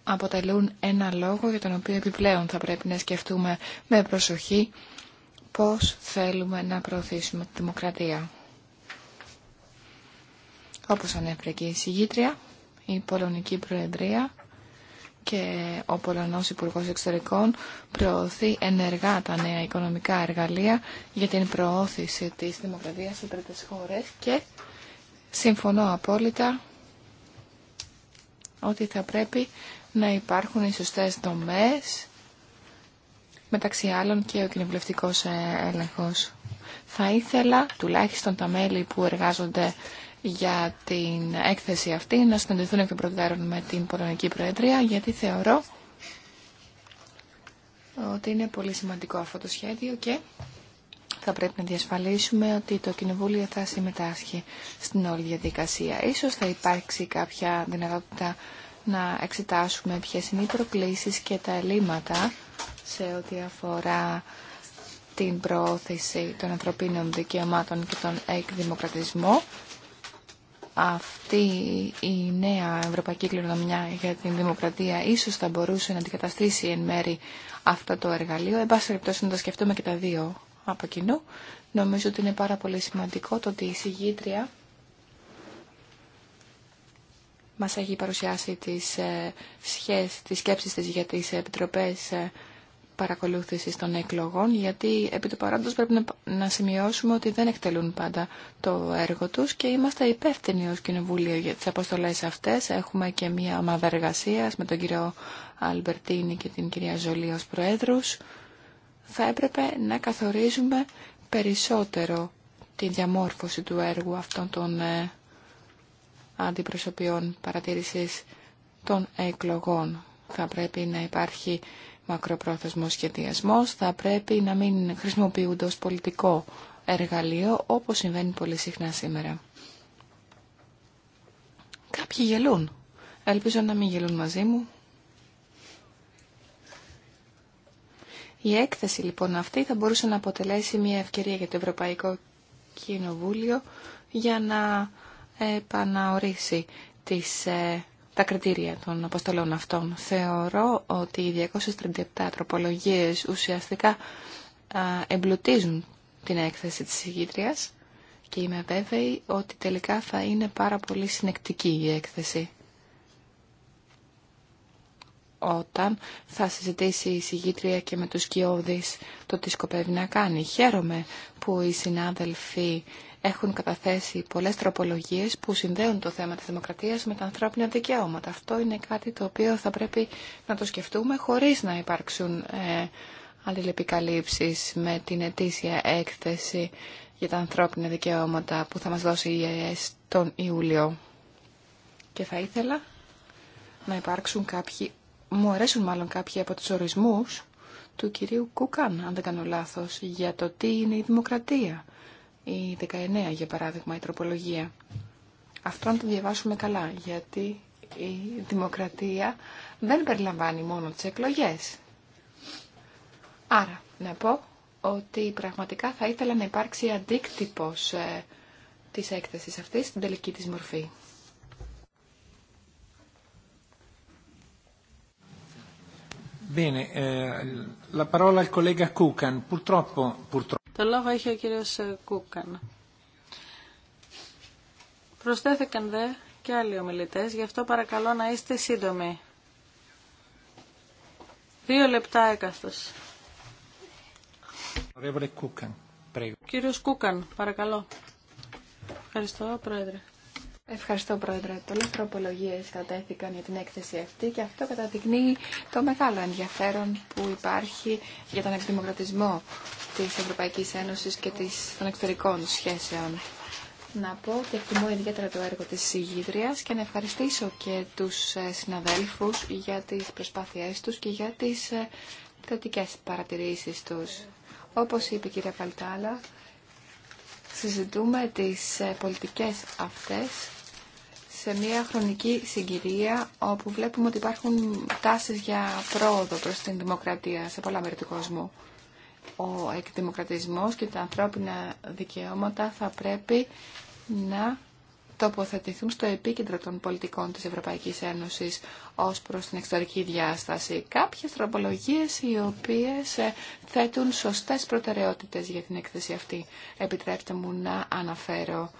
αποτελούν ένα λόγο για τον οποίο επιπλέον θα πρέπει να σκεφτούμε με προσοχή πώς θέλουμε να προωθήσουμε τη δημοκρατία. Όπως ανέφερε και η συγγήτρια, η Πολωνική Προεδρία και ο Πολωνός Υπουργός Εξωτερικών προωθεί ενεργά τα νέα οικονομικά εργαλεία για την προώθηση της δημοκρατίας σε τρίτες χώρες και συμφωνώ απόλυτα ότι θα πρέπει να υπάρχουν οι σωστές δομές μεταξύ άλλων και ο κοινοβουλευτικός έλεγχος. Θα ήθελα τουλάχιστον τα μέλη που εργάζονται για την έκθεση αυτή, να συναντηθούν εκ των με την Πολωνική Προεδρία, γιατί θεωρώ ότι είναι πολύ σημαντικό αυτό το σχέδιο και θα πρέπει να διασφαλίσουμε ότι το Κοινοβούλιο θα συμμετάσχει στην όλη διαδικασία. Ίσως θα υπάρξει κάποια δυνατότητα να εξετάσουμε ποιες είναι οι προκλήσεις και τα ελλείμματα σε ό,τι αφορά την προώθηση των ανθρωπίνων δικαιωμάτων και τον εκδημοκρατισμό αυτή η νέα ευρωπαϊκή κληρονομιά για την δημοκρατία ίσως θα μπορούσε να αντικαταστήσει εν μέρη αυτό το εργαλείο. Εν πάση περιπτώσει να τα σκεφτούμε και τα δύο από κοινού. Νομίζω ότι είναι πάρα πολύ σημαντικό το ότι η συγγήτρια μας έχει παρουσιάσει τις, ε, σχέσεις, τις σκέψεις της για τις επιτροπές ε, παρακολούθησης των εκλογών, γιατί επί του παρόντος πρέπει να σημειώσουμε ότι δεν εκτελούν πάντα το έργο τους και είμαστε υπεύθυνοι ως Κοινοβούλιο για τις αποστολές αυτές. Έχουμε και μία ομάδα εργασία με τον κύριο Αλμπερτίνη και την κυρία Ζολή ως Προέδρους. Θα έπρεπε να καθορίζουμε περισσότερο τη διαμόρφωση του έργου αυτών των ε, αντιπροσωπιών παρατήρησης των εκλογών. Θα πρέπει να υπάρχει μακροπρόθεσμος σχεδιασμό θα πρέπει να μην χρησιμοποιούνται ως πολιτικό εργαλείο όπως συμβαίνει πολύ συχνά σήμερα. Κάποιοι γελούν. Ελπίζω να μην γελούν μαζί μου. Η έκθεση λοιπόν αυτή θα μπορούσε να αποτελέσει μια ευκαιρία για το Ευρωπαϊκό Κοινοβούλιο για να επαναορίσει τις ε, τα κριτήρια των αποστολών αυτών. Θεωρώ ότι οι 237 τροπολογίες ουσιαστικά εμπλουτίζουν την έκθεση της συγκήτριας και είμαι βέβαιη ότι τελικά θα είναι πάρα πολύ συνεκτική η έκθεση όταν θα συζητήσει η συγγήτρια και με τους κοιόδης το τι σκοπεύει να κάνει. Χαίρομαι που οι συνάδελφοι έχουν καταθέσει πολλές τροπολογίες που συνδέουν το θέμα της δημοκρατίας με τα ανθρώπινα δικαιώματα. Αυτό είναι κάτι το οποίο θα πρέπει να το σκεφτούμε χωρίς να υπάρξουν ε, αλληλεπικαλύψεις με την ετήσια έκθεση για τα ανθρώπινα δικαιώματα που θα μας δώσει η ΕΕΣ τον Ιούλιο. Και θα ήθελα να υπάρξουν κάποιοι, μου αρέσουν μάλλον κάποιοι από τους ορισμούς του κυρίου Κουκάν, αν δεν κάνω λάθος, για το τι είναι η δημοκρατία η 19 για παράδειγμα, η τροπολογία. Αυτό να το διαβάσουμε καλά, γιατί η δημοκρατία δεν περιλαμβάνει μόνο τις εκλογές. Άρα, να πω ότι πραγματικά θα ήθελα να υπάρξει αντίκτυπος ε, της έκθεσης αυτής στην τελική της μορφή. Bene, eh, la parola al collega Kukan. Purtroppo, purtroppo. Το λόγο είχε ο κύριος ε, Κούκαν. Προσθέθηκαν δε και άλλοι ομιλητές, γι' αυτό παρακαλώ να είστε σύντομοι. Δύο λεπτά έκαστος. Κύριος Κούκαν, παρακαλώ. Ευχαριστώ, Πρόεδρε. Ευχαριστώ, Πρόεδρε. Πολλέ τροπολογίε κατέθηκαν για την έκθεση αυτή και αυτό καταδεικνύει το μεγάλο ενδιαφέρον που υπάρχει για τον εκδημοκρατισμό τη Ευρωπαϊκή Ένωση και των εξωτερικών σχέσεων. Να πω ότι εκτιμώ ιδιαίτερα το έργο της συγγύτριας και να ευχαριστήσω και τους ε, συναδέλφους για τις προσπάθειές τους και για τις ε, θετικές παρατηρήσεις τους. Όπως είπε η κυρία Καλτάλα, συζητούμε τις ε, πολιτικές αυτές σε μια χρονική συγκυρία όπου βλέπουμε ότι υπάρχουν τάσεις για πρόοδο προς την δημοκρατία σε πολλά μέρη του κόσμου. Ο εκδημοκρατισμός και τα ανθρώπινα δικαιώματα θα πρέπει να τοποθετηθούν στο επίκεντρο των πολιτικών της Ευρωπαϊκής Ένωσης ως προς την εξωτερική διάσταση. Κάποιες τροπολογίες οι οποίες ε, θέτουν σωστές προτεραιότητες για την έκθεση αυτή. Επιτρέψτε μου να αναφέρω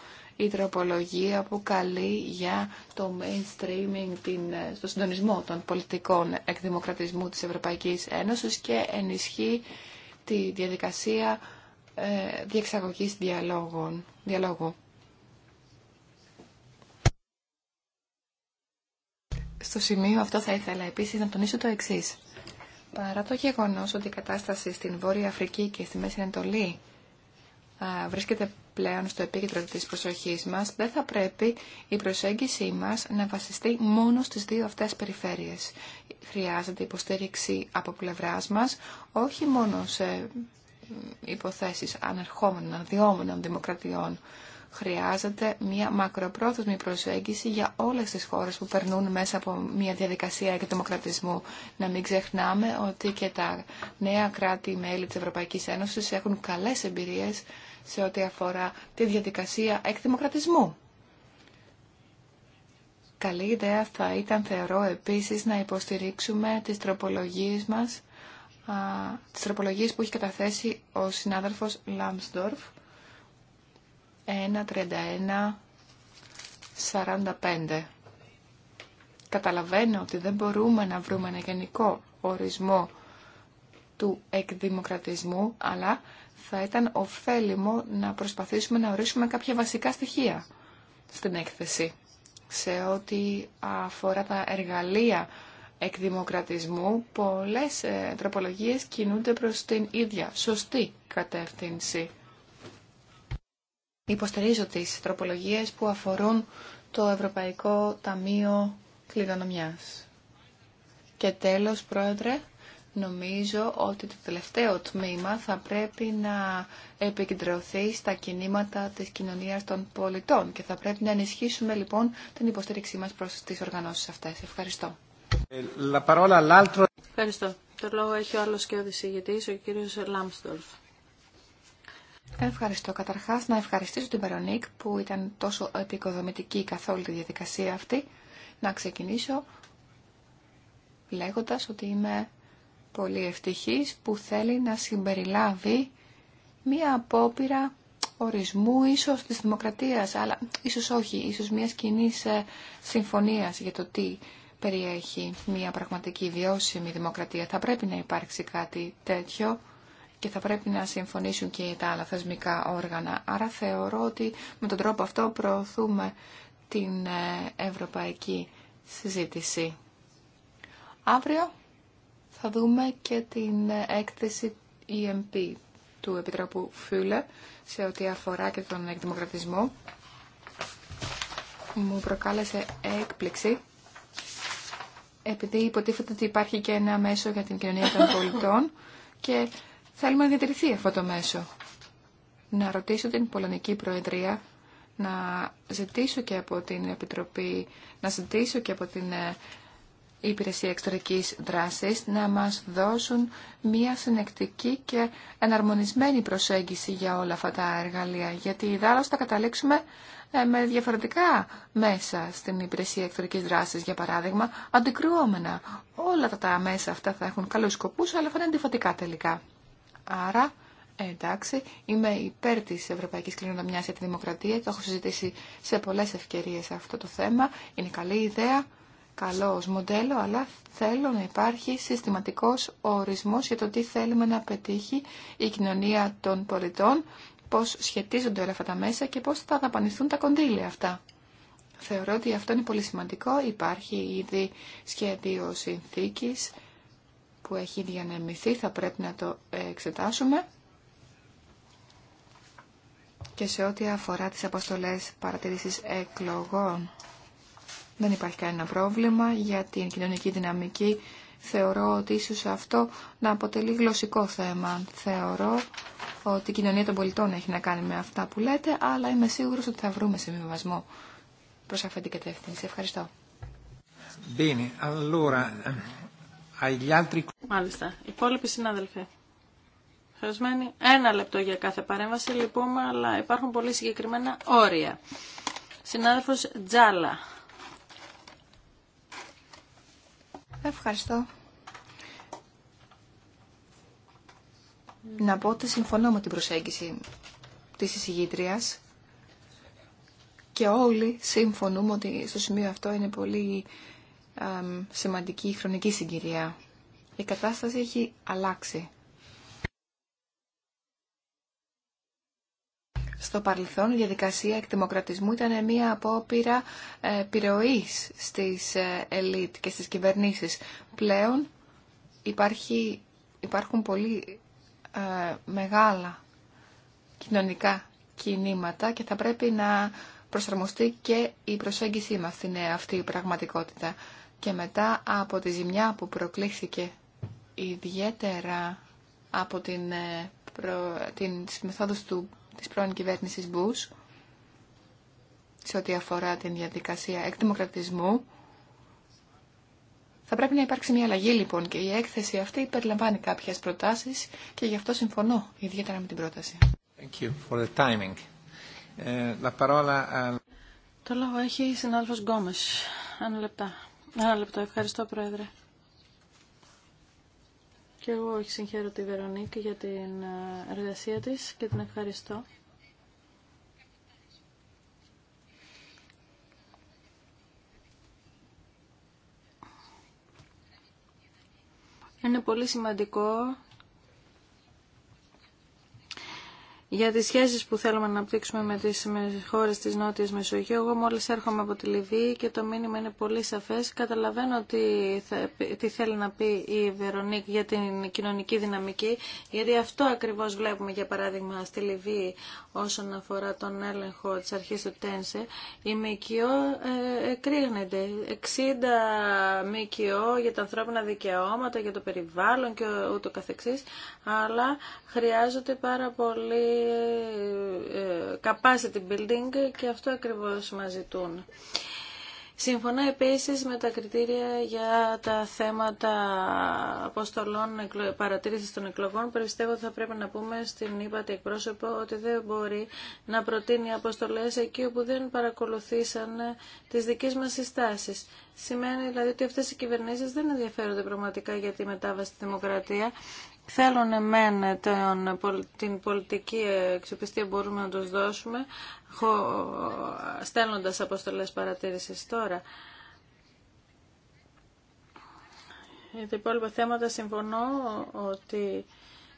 η τροπολογία που καλεί για το mainstreaming την, στο συντονισμό των πολιτικών εκδημοκρατισμού της Ευρωπαϊκής Ένωσης και ενισχύει τη διαδικασία ε, διεξαγωγής διαλόγων, διαλόγου. Στο σημείο αυτό θα ήθελα επίσης να τονίσω το εξής. Παρά το γεγονός ότι η κατάσταση στην Βόρεια Αφρική και στη Μέση Ανατολή βρίσκεται πλέον στο επίκεντρο της προσοχής μας, δεν θα πρέπει η προσέγγιση μας να βασιστεί μόνο στις δύο αυτές περιφέρειες. Χρειάζεται υποστήριξη από πλευρά μας, όχι μόνο σε υποθέσεις ανερχόμενων, ανδιόμενων δημοκρατιών. Χρειάζεται μια μακροπρόθεσμη προσέγγιση για όλες τις χώρες που περνούν μέσα από μια διαδικασία εκδημοκρατισμού. Να μην ξεχνάμε ότι και τα νέα κράτη-μέλη της Ευρωπαϊκής Ένωσης έχουν καλές εμπειρίες σε ό,τι αφορά τη διαδικασία εκδημοκρατισμού. Καλή ιδέα θα ήταν, θεωρώ, επίσης να υποστηρίξουμε τις τροπολογίες μας, τις τροπολογίες που έχει καταθέσει ο συνάδελφος Λάμσδορφ, 1.31.45. Καταλαβαίνω ότι δεν μπορούμε να βρούμε ένα γενικό ορισμό του εκδημοκρατισμού, αλλά θα ήταν ωφέλιμο να προσπαθήσουμε να ορίσουμε κάποια βασικά στοιχεία στην έκθεση σε ό,τι αφορά τα εργαλεία εκδημοκρατισμού, πολλές ε, τροπολογίες κινούνται προς την ίδια σωστή κατεύθυνση. Υποστηρίζω τις τροπολογίες που αφορούν το Ευρωπαϊκό Ταμείο Κληρονομιάς. Και τέλος, Πρόεδρε, Νομίζω ότι το τελευταίο τμήμα θα πρέπει να επικεντρωθεί στα κινήματα της κοινωνίας των πολιτών και θα πρέπει να ενισχύσουμε λοιπόν την υποστήριξή μας προς τις οργανώσεις αυτές. Ευχαριστώ. Ευχαριστώ. Το λόγο έχει ο άλλος και ο δισηγητής, ο κύριος Λάμπστορφ. Ευχαριστώ. Καταρχάς να ευχαριστήσω την Περονίκ που ήταν τόσο επικοδομητική καθ' όλη τη διαδικασία αυτή. Να ξεκινήσω λέγοντας ότι είμαι πολύ ευτυχής που θέλει να συμπεριλάβει μία απόπειρα ορισμού ίσως της δημοκρατίας, αλλά ίσως όχι, ίσως μία κοινή ε, συμφωνίας για το τι περιέχει μια πραγματική βιώσιμη δημοκρατία. Θα πρέπει να υπάρξει κάτι τέτοιο και θα πρέπει να συμφωνήσουν και τα άλλα θεσμικά όργανα. Άρα θεωρώ ότι με τον τρόπο αυτό προωθούμε την ε, ευρωπαϊκή συζήτηση. Αύριο θα δούμε και την έκθεση EMP του Επιτρόπου Φιούλε σε ό,τι αφορά και τον εκδημοκρατισμό. Μου προκάλεσε έκπληξη επειδή υποτίθεται ότι υπάρχει και ένα μέσο για την κοινωνία των [laughs] πολιτών και θέλουμε να διατηρηθεί αυτό το μέσο. Να ρωτήσω την Πολωνική Προεδρία να ζητήσω και από την Επιτροπή, να ζητήσω και από την ε, η Υπηρεσία Εξωτερικής Δράσης να μας δώσουν μια συνεκτική και εναρμονισμένη προσέγγιση για όλα αυτά τα εργαλεία, γιατί ιδάλλως θα καταλήξουμε ε, με διαφορετικά μέσα στην Υπηρεσία Εξωτερικής Δράσης, για παράδειγμα, αντικρουόμενα. Όλα τα, μέσα αυτά θα έχουν καλούς σκοπούς, αλλά θα είναι αντιφατικά τελικά. Άρα, εντάξει, είμαι υπέρ τη Ευρωπαϊκή Κληρονομιά για τη Δημοκρατία, το έχω συζητήσει σε πολλέ ευκαιρίε αυτό το θέμα, είναι καλή ιδέα καλό μοντέλο, αλλά θέλω να υπάρχει συστηματικός ορισμός για το τι θέλουμε να πετύχει η κοινωνία των πολιτών, πώς σχετίζονται όλα αυτά τα μέσα και πώς θα δαπανιστούν τα κονδύλια αυτά. Θεωρώ ότι αυτό είναι πολύ σημαντικό. Υπάρχει ήδη σχέδιο συνθήκης που έχει διανεμηθεί, θα πρέπει να το εξετάσουμε. Και σε ό,τι αφορά τις αποστολές παρατηρήσεις εκλογών, δεν υπάρχει κανένα πρόβλημα για την κοινωνική δυναμική. Θεωρώ ότι ίσως αυτό να αποτελεί γλωσσικό θέμα. Θεωρώ ότι η κοινωνία των πολιτών έχει να κάνει με αυτά που λέτε, αλλά είμαι σίγουρος ότι θα βρούμε συμβιβασμό προς αυτή την κατεύθυνση. Ευχαριστώ. Bene, allora, agli altri... Μάλιστα. Υπόλοιποι συνάδελφοι. Χρειασμένοι ένα λεπτό για κάθε παρέμβαση, λυπούμε, αλλά υπάρχουν πολύ συγκεκριμένα όρια. Συνάδελφος Τζάλα. Ευχαριστώ. Να πω ότι συμφωνώ με την προσέγγιση της εισηγήτριας και όλοι συμφωνούμε ότι στο σημείο αυτό είναι πολύ σημαντική η χρονική συγκυρία. Η κατάσταση έχει αλλάξει. Στο παρελθόν η διαδικασία εκδημοκρατισμού ήταν μια απόπειρα ε, επιρροή στις ε, ελίτ και στις κυβερνήσεις. Πλέον υπάρχει, υπάρχουν πολύ ε, μεγάλα κοινωνικά κινήματα και θα πρέπει να προσαρμοστεί και η προσέγγιση μας στην αυτή η πραγματικότητα. Και μετά από τη ζημιά που προκλήθηκε ιδιαίτερα από την, προ, την, τις μεθόδους του της πρώην κυβέρνησης Μπούς σε ό,τι αφορά την διαδικασία εκδημοκρατισμού. Θα πρέπει να υπάρξει μια αλλαγή λοιπόν και η έκθεση αυτή περιλαμβάνει κάποιες προτάσεις και γι' αυτό συμφωνώ ιδιαίτερα με την πρόταση. Thank you for the ε, Το λόγο έχει η Συνάλφος Γκόμες. Ένα λεπτά. Ένα λεπτό. Ευχαριστώ Πρόεδρε. Και εγώ συγχαίρω τη Βερονίκη για την ε, εργασία της και την ευχαριστώ. Είναι πολύ σημαντικό για τις σχέσεις που θέλουμε να αναπτύξουμε με τις χώρες της Νότιας Μεσογείου. Εγώ μόλις έρχομαι από τη Λιβύη και το μήνυμα είναι πολύ σαφές. Καταλαβαίνω τι, τι θέλει να πει η Βερονίκ για την κοινωνική δυναμική, γιατί αυτό ακριβώς βλέπουμε για παράδειγμα στη Λιβύη όσον αφορά τον έλεγχο της αρχής του Τένσε. Η ΜΚΟ ε, εκρήγνεται. 60 ΜΚΟ για τα ανθρώπινα δικαιώματα, για το περιβάλλον και ούτω καθεξής, αλλά χρειάζονται πάρα πολύ capacity building και αυτό ακριβώς μας ζητούν. Σύμφωνα επίσης με τα κριτήρια για τα θέματα αποστολών παρατήρησης των εκλογών, πιστεύω ότι θα πρέπει να πούμε στην ύπατη εκπρόσωπο ότι δεν μπορεί να προτείνει αποστολές εκεί όπου δεν παρακολουθήσαν τις δικές μας συστάσεις. Σημαίνει δηλαδή ότι αυτές οι κυβερνήσεις δεν ενδιαφέρονται πραγματικά για τη μετάβαση στη δημοκρατία. Θέλουν μεν τον, την πολιτική εξοπιστία μπορούμε να τους δώσουμε, στέλνοντας αποστολές παρατήρησης τώρα. Για τα υπόλοιπα θέματα συμφωνώ ότι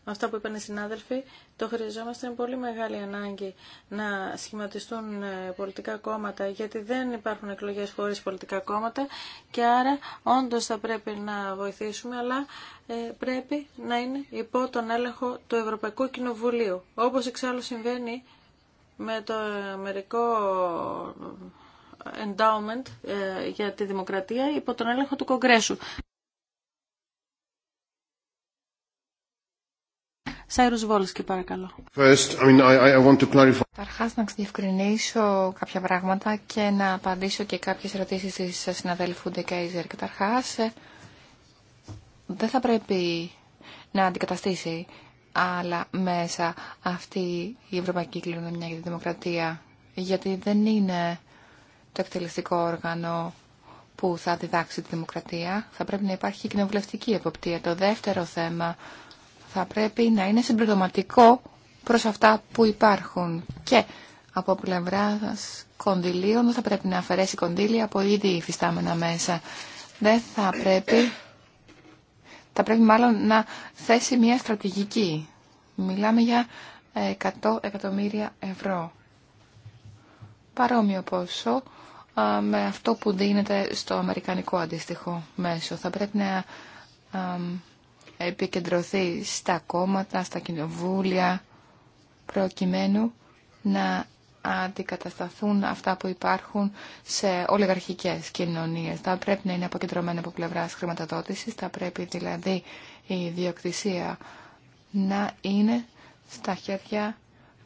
αυτά που είπαν οι συνάδελφοι, το χρειαζόμαστε είναι πολύ μεγάλη ανάγκη να σχηματιστούν ε, πολιτικά κόμματα, γιατί δεν υπάρχουν εκλογές χωρίς πολιτικά κόμματα και άρα όντως θα πρέπει να βοηθήσουμε, αλλά ε, πρέπει να είναι υπό τον έλεγχο του Ευρωπαϊκού Κοινοβουλίου, όπως εξάλλου συμβαίνει με το Αμερικό endowment ε, για τη δημοκρατία υπό τον έλεγχο του Κογκρέσου. Σάιρους και παρακαλώ. First, να ξεδιευκρινίσω κάποια πράγματα και να απαντήσω και κάποιες ερωτήσεις της συναδέλφου Ντεκέιζερ. Καταρχάς, ε, δεν θα πρέπει να αντικαταστήσει άλλα μέσα αυτή η Ευρωπαϊκή Κληρονομιά για τη Δημοκρατία, γιατί δεν είναι το εκτελεστικό όργανο που θα διδάξει τη δημοκρατία. Θα πρέπει να υπάρχει κοινοβουλευτική εποπτεία. Το δεύτερο θέμα θα πρέπει να είναι συμπληρωματικό προς αυτά που υπάρχουν. Και από πλευρά κονδυλίων θα πρέπει να αφαιρέσει κονδύλια από ήδη υφιστάμενα μέσα. Δεν θα πρέπει, θα πρέπει μάλλον να θέσει μια στρατηγική. Μιλάμε για 100 ε, εκατομμύρια ευρώ. Παρόμοιο ποσό με αυτό που δίνεται στο αμερικανικό αντίστοιχο μέσο. Θα πρέπει να επικεντρωθεί στα κόμματα, στα κοινοβούλια, προκειμένου να αντικατασταθούν αυτά που υπάρχουν σε ολιγαρχικές κοινωνίες. Θα πρέπει να είναι αποκεντρωμένα από πλευράς χρηματοδότησης, θα πρέπει δηλαδή η ιδιοκτησία να είναι στα χέρια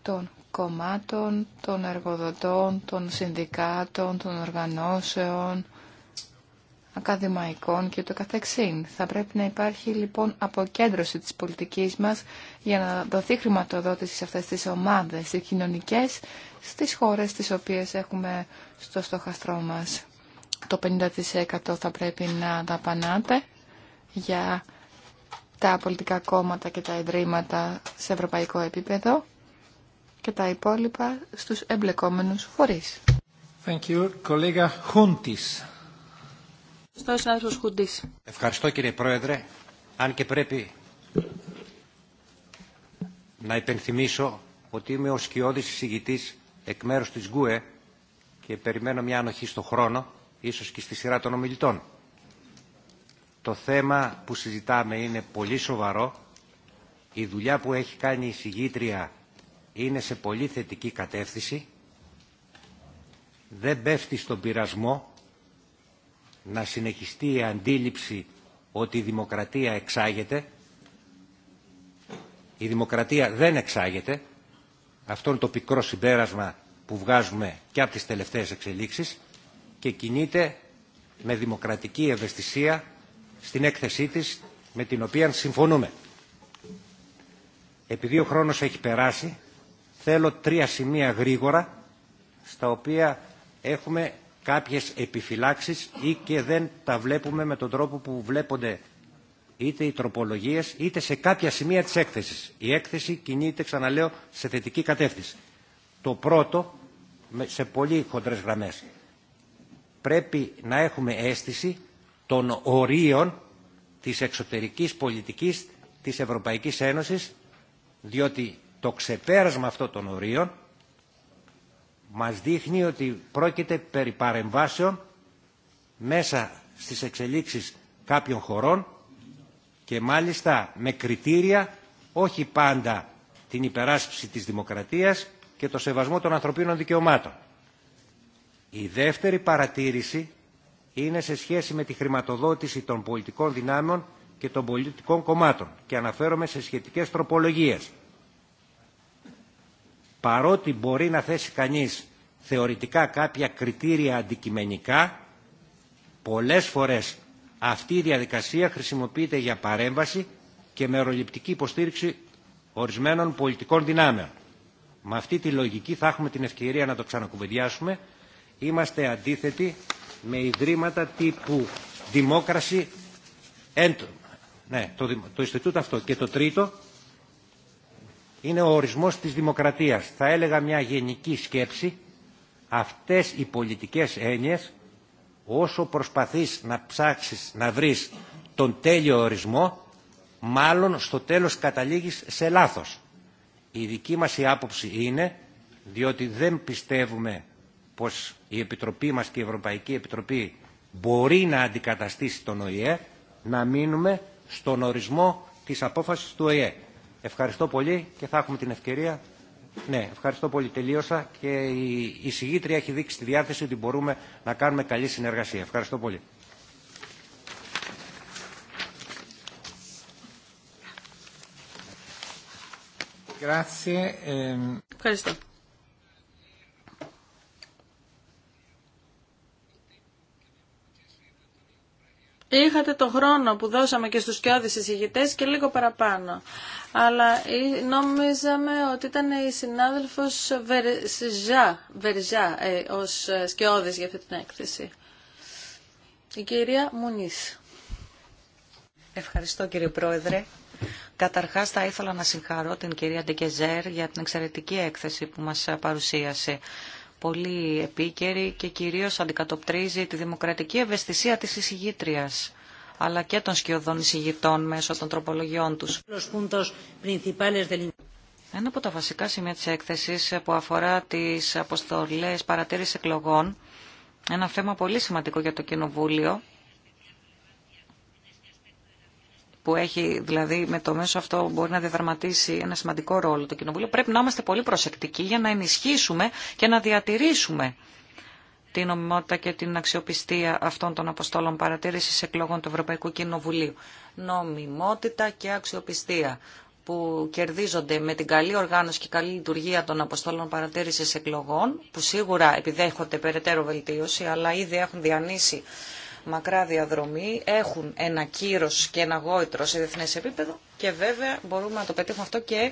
των κομμάτων, των εργοδοτών, των συνδικάτων, των οργανώσεων, ακαδημαϊκών και το καθεξήν. Θα πρέπει να υπάρχει λοιπόν αποκέντρωση της πολιτικής μας για να δοθεί χρηματοδότηση σε αυτές τις ομάδες, οι κοινωνικές, στις χώρες τις οποίες έχουμε στο στοχαστρό μας. Το 50% θα πρέπει να δαπανάτε για τα πολιτικά κόμματα και τα ιδρύματα σε ευρωπαϊκό επίπεδο και τα υπόλοιπα στους εμπλεκόμενους φορείς. Thank you. Ευχαριστώ κύριε Πρόεδρε. Αν και πρέπει να υπενθυμίσω ότι είμαι ο σκιώδης συζητητή εκ μέρους της ΓΚΟΕ και περιμένω μια ανοχή στο χρόνο, ίσως και στη σειρά των ομιλητών. Το θέμα που συζητάμε είναι πολύ σοβαρό. Η δουλειά που έχει κάνει η εισηγήτρια είναι σε πολύ θετική κατεύθυνση. Δεν πέφτει στον πειρασμό να συνεχιστεί η αντίληψη ότι η δημοκρατία εξάγεται. Η δημοκρατία δεν εξάγεται. Αυτό είναι το πικρό συμπέρασμα που βγάζουμε και από τις τελευταίες εξελίξεις και κινείται με δημοκρατική ευαισθησία στην έκθεσή της με την οποία συμφωνούμε. Επειδή ο χρόνος έχει περάσει, θέλω τρία σημεία γρήγορα στα οποία έχουμε κάποιες επιφυλάξεις ή και δεν τα βλέπουμε με τον τρόπο που βλέπονται είτε οι τροπολογίες είτε σε κάποια σημεία της έκθεσης. Η έκθεση κινείται, ξαναλέω, σε θετική κατεύθυνση. Το πρώτο, σε πολύ χοντρές γραμμές, πρέπει να έχουμε αίσθηση των ορίων της εξωτερικής πολιτικής της Ευρωπαϊκής Ένωσης, διότι το ξεπέρασμα αυτών των ορίων μας δείχνει ότι πρόκειται περί παρεμβάσεων μέσα στις εξελίξεις κάποιων χωρών και μάλιστα με κριτήρια όχι πάντα την υπεράσπιση της δημοκρατίας και το σεβασμό των ανθρωπίνων δικαιωμάτων. Η δεύτερη παρατήρηση είναι σε σχέση με τη χρηματοδότηση των πολιτικών δυνάμεων και των πολιτικών κομμάτων και αναφέρομαι σε σχετικές τροπολογίες παρότι μπορεί να θέσει κανείς θεωρητικά κάποια κριτήρια αντικειμενικά, πολλές φορές αυτή η διαδικασία χρησιμοποιείται για παρέμβαση και μεροληπτική υποστήριξη ορισμένων πολιτικών δυνάμεων. Με αυτή τη λογική θα έχουμε την ευκαιρία να το ξανακουβεντιάσουμε. Είμαστε αντίθετοι με ιδρύματα τύπου Δημόκραση. Ναι, το, το αυτό. Και το τρίτο, είναι ο ορισμός της δημοκρατίας. Θα έλεγα μια γενική σκέψη, αυτές οι πολιτικές έννοιες, όσο προσπαθείς να ψάξεις να βρεις τον τέλειο ορισμό, μάλλον στο τέλος καταλήγεις σε λάθος. Η δική μας η άποψη είναι, διότι δεν πιστεύουμε πως η Επιτροπή μας και η Ευρωπαϊκή Επιτροπή μπορεί να αντικαταστήσει τον ΟΗΕ, να μείνουμε στον ορισμό της απόφασης του ΟΗΕ. Ευχαριστώ πολύ και θα έχουμε την ευκαιρία. Ναι, ευχαριστώ πολύ. Τελείωσα και η συγγήτρια έχει δείξει τη διάθεση ότι μπορούμε να κάνουμε καλή συνεργασία. Ευχαριστώ πολύ. Ehm. Ευχαριστώ. Είχατε το χρόνο που δώσαμε και στους κοιόδης εισηγητές και λίγο παραπάνω. Αλλά ε, νόμιζαμε ότι ήταν η συνάδελφος Βερζά, Βερζά ε, ως ε, σκιώδης για αυτή την έκθεση. Η κυρία Μουνής. Ευχαριστώ κύριε Πρόεδρε. Καταρχάς θα ήθελα να συγχαρώ την κυρία Ντεκεζέρ για την εξαιρετική έκθεση που μας παρουσίασε πολύ επίκαιρη και κυρίως αντικατοπτρίζει τη δημοκρατική ευαισθησία της εισηγήτριας αλλά και των σκιωδών εισηγητών μέσω των τροπολογιών τους. Ένα από τα βασικά σημεία της έκθεσης που αφορά τις αποστολές παρατήρησης εκλογών, ένα θέμα πολύ σημαντικό για το Κοινοβούλιο, που έχει δηλαδή με το μέσο αυτό μπορεί να διαδραματίσει ένα σημαντικό ρόλο το Κοινοβούλιο, πρέπει να είμαστε πολύ προσεκτικοί για να ενισχύσουμε και να διατηρήσουμε την νομιμότητα και την αξιοπιστία αυτών των αποστόλων παρατήρηση εκλογών του Ευρωπαϊκού Κοινοβουλίου. Νομιμότητα και αξιοπιστία που κερδίζονται με την καλή οργάνωση και καλή λειτουργία των αποστόλων παρατήρηση εκλογών, που σίγουρα επιδέχονται περαιτέρω βελτίωση, αλλά ήδη έχουν διανύσει μακρά διαδρομή, έχουν ένα κύρος και ένα γόητρο σε διεθνές επίπεδο και βέβαια μπορούμε να το πετύχουμε αυτό και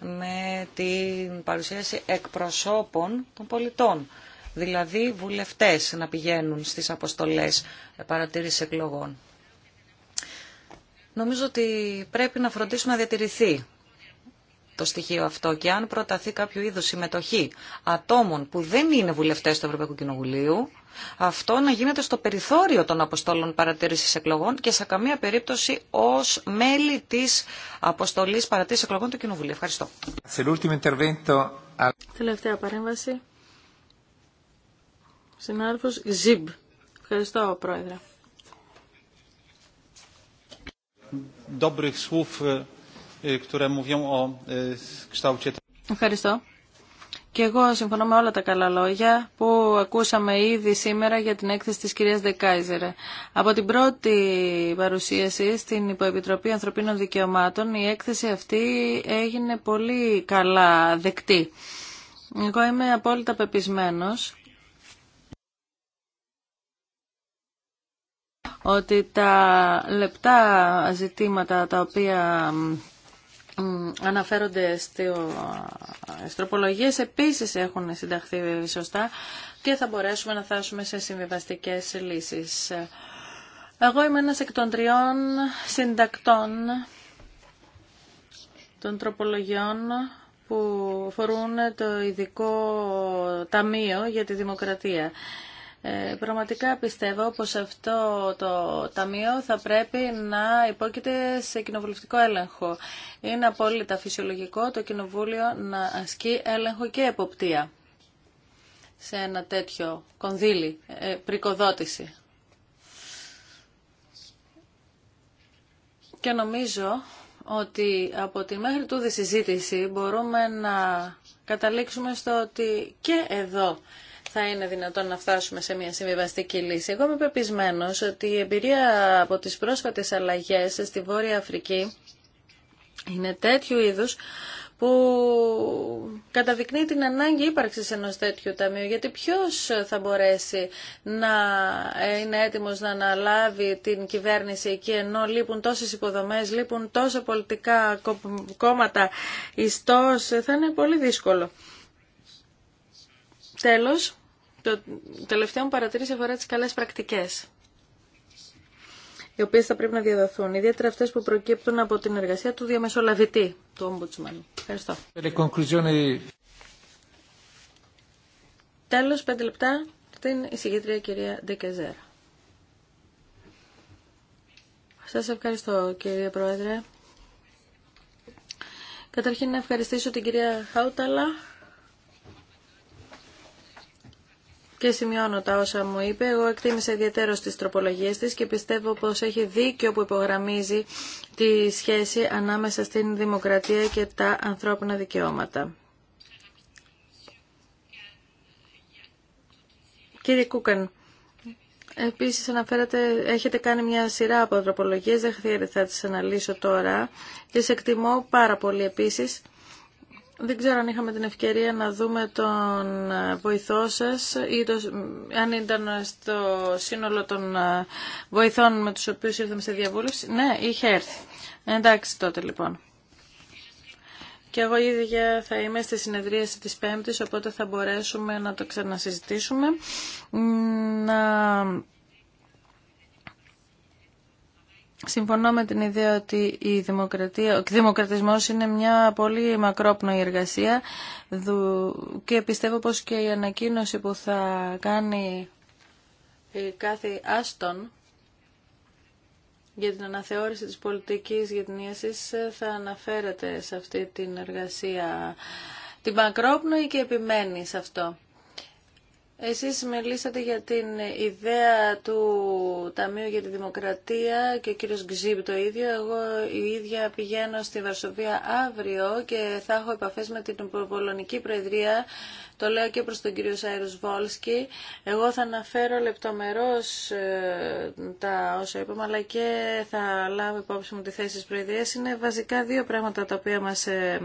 με την παρουσίαση εκπροσώπων των πολιτών. Δηλαδή βουλευτές να πηγαίνουν στις αποστολές παρατήρησης εκλογών. Νομίζω ότι πρέπει να φροντίσουμε να διατηρηθεί το στοιχείο αυτό και αν προταθεί κάποιο είδος συμμετοχή ατόμων που δεν είναι βουλευτές του Ευρωπαϊκού Κοινοβουλίου, αυτό να γίνεται στο περιθώριο των αποστόλων παρατήρησης εκλογών και σε καμία περίπτωση ως μέλη της αποστολής παρατήρησης εκλογών του Κοινοβουλίου. Ευχαριστώ. Τελευταία παρέμβαση. Συνάδελφος Ζιμπ. Ευχαριστώ, Πρόεδρε. Dobrych słów, które mówią o kształcie. Ευχαριστώ. Και εγώ συμφωνώ με όλα τα καλά λόγια που ακούσαμε ήδη σήμερα για την έκθεση της κυρίας Δεκάιζερ. Από την πρώτη παρουσίαση στην Υποεπιτροπή Ανθρωπίνων Δικαιωμάτων η έκθεση αυτή έγινε πολύ καλά δεκτή. Εγώ είμαι απόλυτα πεπισμένος ότι τα λεπτά ζητήματα τα οποία αναφέρονται στις τροπολογίες επίσης έχουν συνταχθεί σωστά και θα μπορέσουμε να φτάσουμε σε συμβιβαστικές λύσεις. Εγώ είμαι ένας εκ των τριών συντακτών των τροπολογιών που φορούν το ειδικό ταμείο για τη δημοκρατία. Ε, πραγματικά πιστεύω πως αυτό το ταμείο θα πρέπει να υπόκειται σε κοινοβουλευτικό έλεγχο. Είναι απόλυτα φυσιολογικό το κοινοβούλιο να ασκεί έλεγχο και εποπτεία σε ένα τέτοιο κονδύλι, ε, πρικοδότηση. Και νομίζω ότι από τη μέχρι τούδη συζήτηση μπορούμε να καταλήξουμε στο ότι και εδώ θα είναι δυνατόν να φτάσουμε σε μια συμβιβαστική λύση. Εγώ είμαι πεπισμένο ότι η εμπειρία από τις πρόσφατες αλλαγές στη Βόρεια Αφρική είναι τέτοιου είδους που καταδεικνύει την ανάγκη ύπαρξης ενός τέτοιου ταμείου, γιατί ποιος θα μπορέσει να είναι έτοιμος να αναλάβει την κυβέρνηση εκεί, ενώ λείπουν τόσες υποδομές, λείπουν τόσα πολιτικά κόμματα, ιστός, θα είναι πολύ δύσκολο. Τέλος, το τελευταίο μου παρατήρηση αφορά τι καλές πρακτικές οι οποίε θα πρέπει να διαδοθούν, ιδιαίτερα αυτέ που προκύπτουν από την εργασία του διαμεσολαβητή, του Ombudsman. Ευχαριστώ. Τέλος, πέντε λεπτά, στην εισηγήτρια κυρία Ντεκεζέρα. Σα ευχαριστώ κύριε Πρόεδρε. Καταρχήν να ευχαριστήσω την κυρία Χάουταλα και σημειώνω τα όσα μου είπε. Εγώ εκτίμησα ιδιαίτερο τι τροπολογίε τη και πιστεύω πω έχει δίκιο που υπογραμμίζει τη σχέση ανάμεσα στην δημοκρατία και τα ανθρώπινα δικαιώματα. Κύριε Κούκαν, επίσης αναφέρατε, έχετε κάνει μια σειρά από τροπολογίες, δεν θα τι αναλύσω τώρα. Τι εκτιμώ πάρα πολύ επίση. Δεν ξέρω αν είχαμε την ευκαιρία να δούμε τον ε, βοηθό σας ή το, αν ήταν στο σύνολο των ε, βοηθών με τους οποίους ήρθαμε σε διαβούλευση. Ναι, είχε έρθει. Εντάξει τότε λοιπόν. Και εγώ ίδια θα είμαι στη συνεδρίαση της Πέμπτης, οπότε θα μπορέσουμε να το ξανασυζητήσουμε. Να Συμφωνώ με την ιδέα ότι η δημοκρατία, ο δημοκρατισμός είναι μια πολύ μακρόπνοη εργασία και πιστεύω πως και η ανακοίνωση που θα κάνει κάθε Άστον για την αναθεώρηση της πολιτικής γετνίασης ε, θα αναφέρεται σε αυτή την εργασία την μακρόπνοη και επιμένει σε αυτό. Εσείς μιλήσατε για την ιδέα του Ταμείου για τη Δημοκρατία και ο κύριος Γκζίμπ το ίδιο. Εγώ η ίδια πηγαίνω στη Βαρσοβία αύριο και θα έχω επαφές με την Πολωνική Προεδρία. Το λέω και προς τον κύριο Σάιρος Βόλσκι. Εγώ θα αναφέρω λεπτομερώς ε, τα όσα είπαμε, αλλά και θα λάβω υπόψη μου τη θέση της Προεδρίας. Είναι βασικά δύο πράγματα τα οποία μας ε,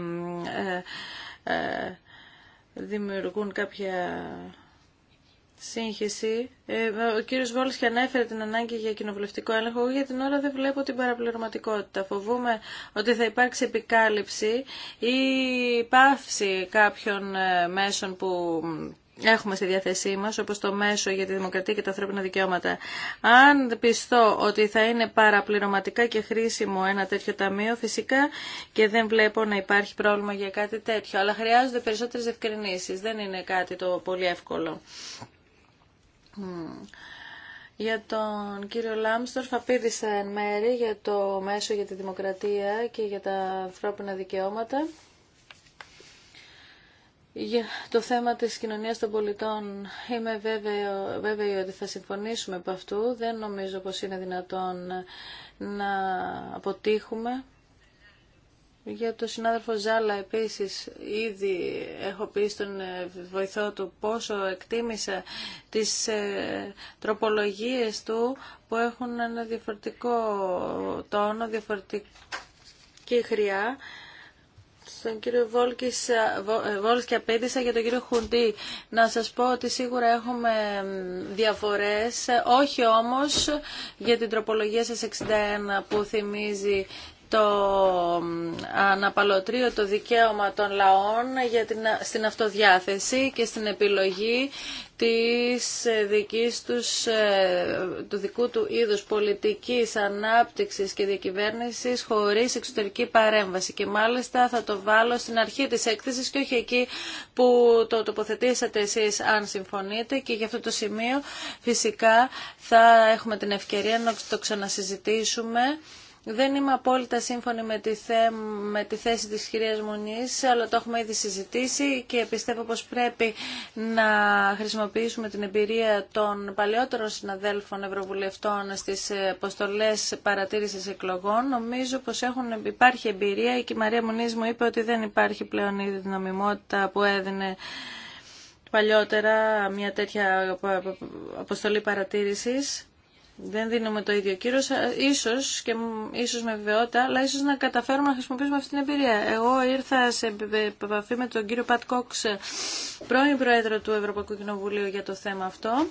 ε, δημιουργούν κάποια σύγχυση. Ε, ο κύριος Βόλης και ανέφερε την ανάγκη για κοινοβουλευτικό έλεγχο. για την ώρα δεν βλέπω την παραπληρωματικότητα. Φοβούμαι ότι θα υπάρξει επικάλυψη ή πάυση κάποιων ε, μέσων που έχουμε στη διάθεσή μας, όπως το μέσο για τη δημοκρατία και τα ανθρώπινα δικαιώματα. Αν πιστώ ότι θα είναι παραπληρωματικά και χρήσιμο ένα τέτοιο ταμείο, φυσικά και δεν βλέπω να υπάρχει πρόβλημα για κάτι τέτοιο. Αλλά χρειάζονται περισσότερες ευκρινήσεις. Δεν είναι κάτι το πολύ εύκολο. Για τον κύριο Λάμστορφ απίδησα εν μέρη για το μέσο για τη δημοκρατία και για τα ανθρώπινα δικαιώματα. Για το θέμα της κοινωνίας των πολιτών είμαι βέβαιο, βέβαιη ότι θα συμφωνήσουμε από αυτού. Δεν νομίζω πως είναι δυνατόν να αποτύχουμε. Για τον συνάδελφο Ζάλα επίσης ήδη έχω πει στον ε, βοηθό του πόσο εκτίμησα τις ε, τροπολογίες του που έχουν ένα διαφορετικό τόνο, διαφορετική χρειά. Στον κύριο Βόλκης, ε, Βόλκη απέντησα για τον κύριο Χουντή. Να σας πω ότι σίγουρα έχουμε διαφορές, όχι όμως για την τροπολογία σας 61 που θυμίζει το αναπαλωτρίο το δικαίωμα των λαών για την, στην αυτοδιάθεση και στην επιλογή της ε, δικής τους, ε, του δικού του είδους πολιτικής ανάπτυξης και διακυβέρνησης χωρίς εξωτερική παρέμβαση. Και μάλιστα θα το βάλω στην αρχή της έκθεσης και όχι εκεί που το τοποθετήσατε εσείς αν συμφωνείτε και για αυτό το σημείο φυσικά θα έχουμε την ευκαιρία να το ξανασυζητήσουμε δεν είμαι απόλυτα σύμφωνη με τη, τη θέση της κυρίας Μονής, αλλά το έχουμε ήδη συζητήσει και πιστεύω πως πρέπει να χρησιμοποιήσουμε την εμπειρία των παλαιότερων συναδέλφων ευρωβουλευτών στις αποστολέ παρατήρησης εκλογών. Νομίζω πως έχουν, υπάρχει εμπειρία και η Μαρία Μονής μου είπε ότι δεν υπάρχει πλέον η δυναμιμότητα που έδινε παλιότερα μια τέτοια αποστολή παρατήρησης δεν δίνουμε το ίδιο κύριο, ίσως και ίσως με βεβαιότητα, αλλά ίσω να καταφέρουμε να χρησιμοποιήσουμε αυτή την εμπειρία. Εγώ ήρθα σε επαφή με τον κύριο Πατ Κόξ, πρώην Πρόεδρο του Ευρωπαϊκού Κοινοβουλίου για το θέμα αυτό.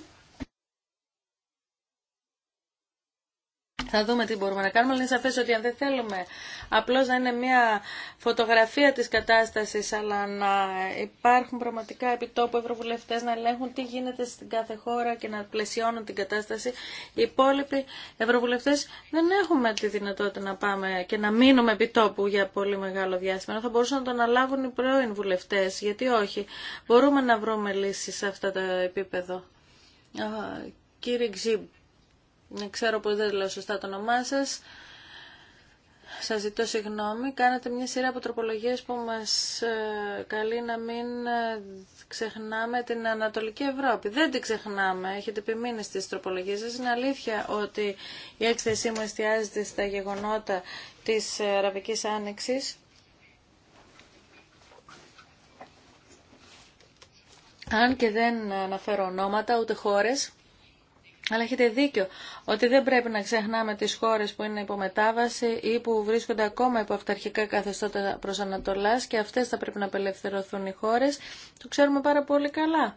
Θα δούμε τι μπορούμε να κάνουμε, αλλά είναι σαφές ότι αν δεν θέλουμε απλώς να είναι μια φωτογραφία της κατάστασης, αλλά να υπάρχουν πραγματικά επιτόπου ευρωβουλευτές να ελέγχουν τι γίνεται στην κάθε χώρα και να πλαισιώνουν την κατάσταση, οι υπόλοιποι ευρωβουλευτές δεν έχουμε τη δυνατότητα να πάμε και να μείνουμε επιτόπου για πολύ μεγάλο διάστημα. Θα μπορούσαν να το αναλάβουν οι πρώην βουλευτές, γιατί όχι. Μπορούμε να βρούμε λύσεις σε αυτό το επίπεδο. Κύριε Ξύμπ, ναι, ξέρω πως δεν λέω σωστά το όνομά σας. Σας ζητώ συγγνώμη. Κάνατε μια σειρά από τροπολογίες που μας ε, καλεί να μην ε, ξεχνάμε την Ανατολική Ευρώπη. Δεν την ξεχνάμε. Έχετε επιμείνει στις τροπολογίες σας. Είναι αλήθεια ότι η έκθεσή μου εστιάζεται στα γεγονότα της Αραβικής Άνοιξης. Αν και δεν αναφέρω ονόματα ούτε χώρες, αλλά έχετε δίκιο ότι δεν πρέπει να ξεχνάμε τις χώρες που είναι υπομετάβαση ή που βρίσκονται ακόμα υπό αυταρχικά καθεστώτα προς Ανατολάς και αυτές θα πρέπει να απελευθερωθούν οι χώρες. Το ξέρουμε πάρα πολύ καλά.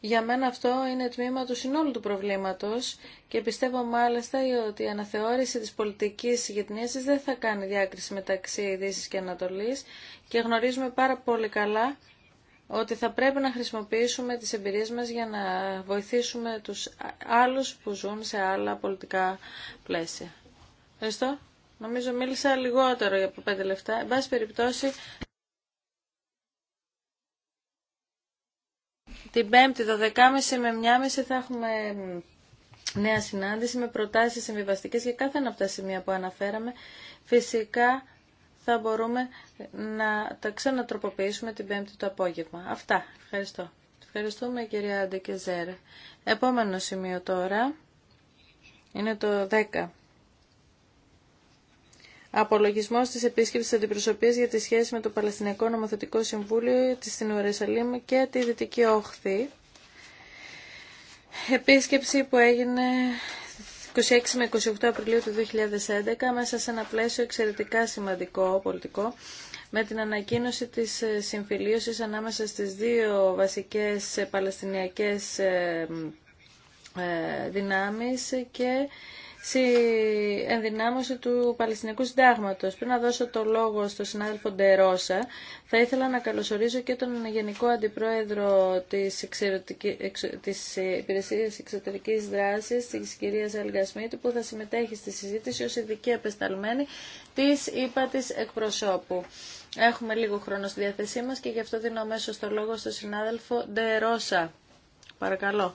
Για μένα αυτό είναι τμήμα του συνόλου του προβλήματος και πιστεύω μάλιστα ότι η αναθεώρηση της πολιτικής συγκεκρινήσης δεν θα κάνει διάκριση μεταξύ Δύσης και Ανατολής και γνωρίζουμε πάρα πολύ καλά ότι θα πρέπει να χρησιμοποιήσουμε τις εμπειρίες μας για να βοηθήσουμε τους άλλους που ζουν σε άλλα πολιτικά πλαίσια. Ευχαριστώ. Νομίζω μίλησα λιγότερο για πέντε λεφτά. Εν πάση περιπτώσει, την Πέμπτη, το δεκάμιση με 1.30 θα έχουμε νέα συνάντηση με προτάσεις συμβιβαστικές για κάθε ένα από τα σημεία που αναφέραμε. Φυσικά, θα μπορούμε να τα ξανατροποποιήσουμε την Πέμπτη το απόγευμα. Αυτά. Ευχαριστώ. Ευχαριστούμε κυρία Αντεκεζέρ. Επόμενο σημείο τώρα είναι το 10. Απολογισμό τη επίσκεψη αντιπροσωπεία για τη σχέση με το Παλαιστινιακό Νομοθετικό Συμβούλιο τη στην και τη Δυτική Όχθη. Επίσκεψη που έγινε 26 με 28 Απριλίου του 2011 μέσα σε ένα πλαίσιο εξαιρετικά σημαντικό πολιτικό με την ανακοίνωση της ε, συμφιλίωσης ανάμεσα στις δύο βασικές ε, παλαιστινιακές ε, δυνάμεις και ενδυνάμωση του Παλαιστινικού Συντάγματος. Πριν να δώσω το λόγο στον συνάδελφο Ντερόσα, θα ήθελα να καλωσορίσω και τον Γενικό Αντιπρόεδρο της, της Υπηρεσίας Εξωτερικής Δράσης, της κυρίας Αλγασμίτου, που θα συμμετέχει στη συζήτηση ως ειδική επεσταλμένη της ΥΠΑ της εκπροσώπου. Έχουμε λίγο χρόνο στη διάθεσή μας και γι' αυτό δίνω αμέσως στο λόγο στον συνάδελφο Ντερόσα. Παρακαλώ.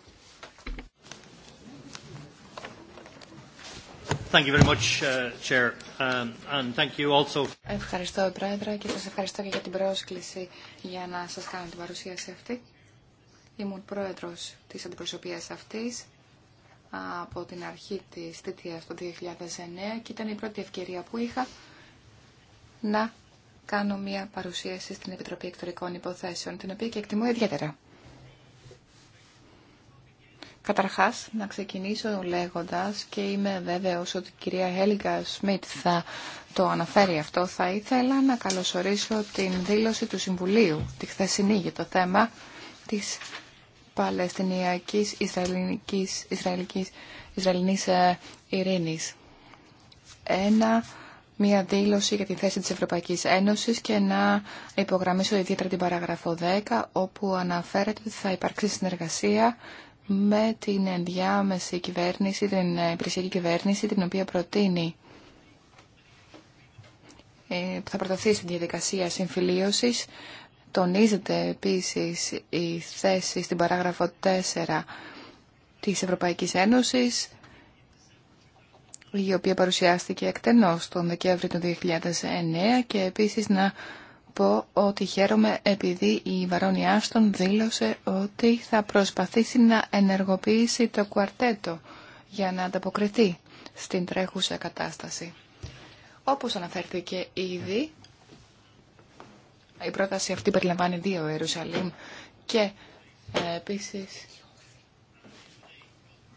Thank you very much, uh, Chair. Um, and thank you also. Ευχαριστώ, Πρόεδρε, και σας ευχαριστώ και για την πρόσκληση για να σας κάνω την παρουσίαση αυτή. Ήμουν πρόεδρος της αντιπροσωπείας αυτής από την αρχή της θητείας το 2009 και ήταν η πρώτη ευκαιρία που είχα να κάνω μια παρουσίαση στην Επιτροπή Εκτορικών Υποθέσεων, την οποία και εκτιμώ ιδιαίτερα. Καταρχάς, να ξεκινήσω λέγοντας και είμαι βέβαιος ότι η κυρία Έλγα Σμιτ θα το αναφέρει αυτό. Θα ήθελα να καλωσορίσω την δήλωση του Συμβουλίου, τη χθεσινή για το θέμα της Παλαιστινιακής Ισραηλικής, Ισραηλικής, Ισραηλινής ε, Ειρήνης. Ένα μια δήλωση για τη θέση της Ευρωπαϊκής Ένωσης και να υπογραμμίσω ιδιαίτερα την παράγραφο 10 όπου αναφέρεται ότι θα υπάρξει συνεργασία με την ενδιάμεση κυβέρνηση, την υπηρεσιακή κυβέρνηση, την οποία προτείνει ε, θα προταθεί στην διαδικασία συμφιλίωσης. Τονίζεται επίσης η θέση στην παράγραφο 4 της Ευρωπαϊκής Ένωσης, η οποία παρουσιάστηκε εκτενώς τον Δεκέμβρη του 2009 και επίσης να πω ότι χαίρομαι επειδή η Βαρόνι Άστον δήλωσε ότι θα προσπαθήσει να ενεργοποιήσει το κουαρτέτο για να ανταποκριθεί στην τρέχουσα κατάσταση. Όπως αναφέρθηκε ήδη, η πρόταση αυτή περιλαμβάνει δύο Ιερουσαλήμ και ε, επίσης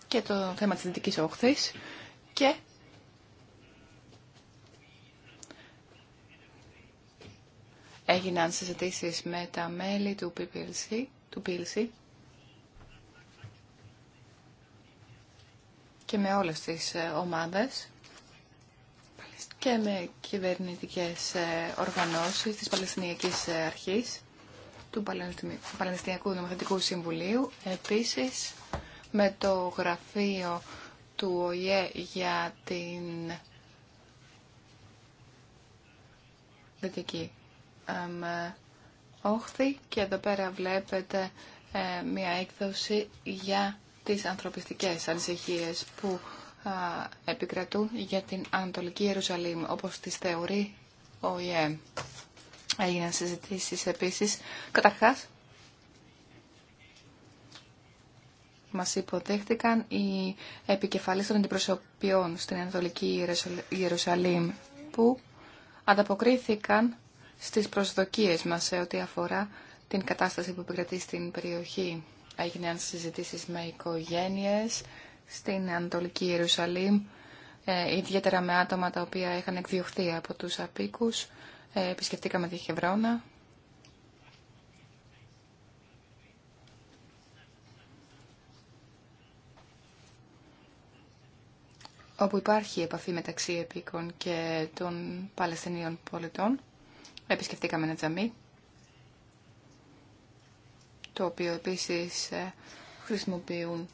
και το θέμα της Δυτικής Όχθης και έγιναν συζητήσεις με τα μέλη του PPLC, του PLC και με όλες τις ε, ομάδες και με κυβερνητικές ε, οργανώσεις της Παλαιστινιακής ε, Αρχής, του Παλαιστινιακού Νομοθετικού Συμβουλίου, επίσης με το γραφείο του ΟΗΕ για την Δυτική ε, όχθη και εδώ πέρα βλέπετε ε, μια έκδοση για τις ανθρωπιστικές ανησυχίες που επικρατούν για την Ανατολική Ιερουσαλήμ, όπως τις θεωρεί ο ΙΕΜ. Έγιναν συζητήσεις επίσης. Καταρχάς, μας υποδέχτηκαν οι επικεφαλής των αντιπροσωπιών στην Ανατολική Ιερουσαλήμ, που ανταποκρίθηκαν στις προσδοκίες μας σε ό,τι αφορά την κατάσταση που επικρατεί στην περιοχή. Έγιναν συζητήσεις με οικογένειες στην Ανατολική Ιερουσαλήμ, ε, ιδιαίτερα με άτομα τα οποία είχαν εκδιωχθεί από τους απίκους. Ε, επισκεφτήκαμε τη Χευρώνα. όπου υπάρχει επαφή μεταξύ επίκων και των Παλαιστινίων πολιτών επισκεφτήκαμε ένα τζαμί, το οποίο επίσης ε, χρησιμοποιούν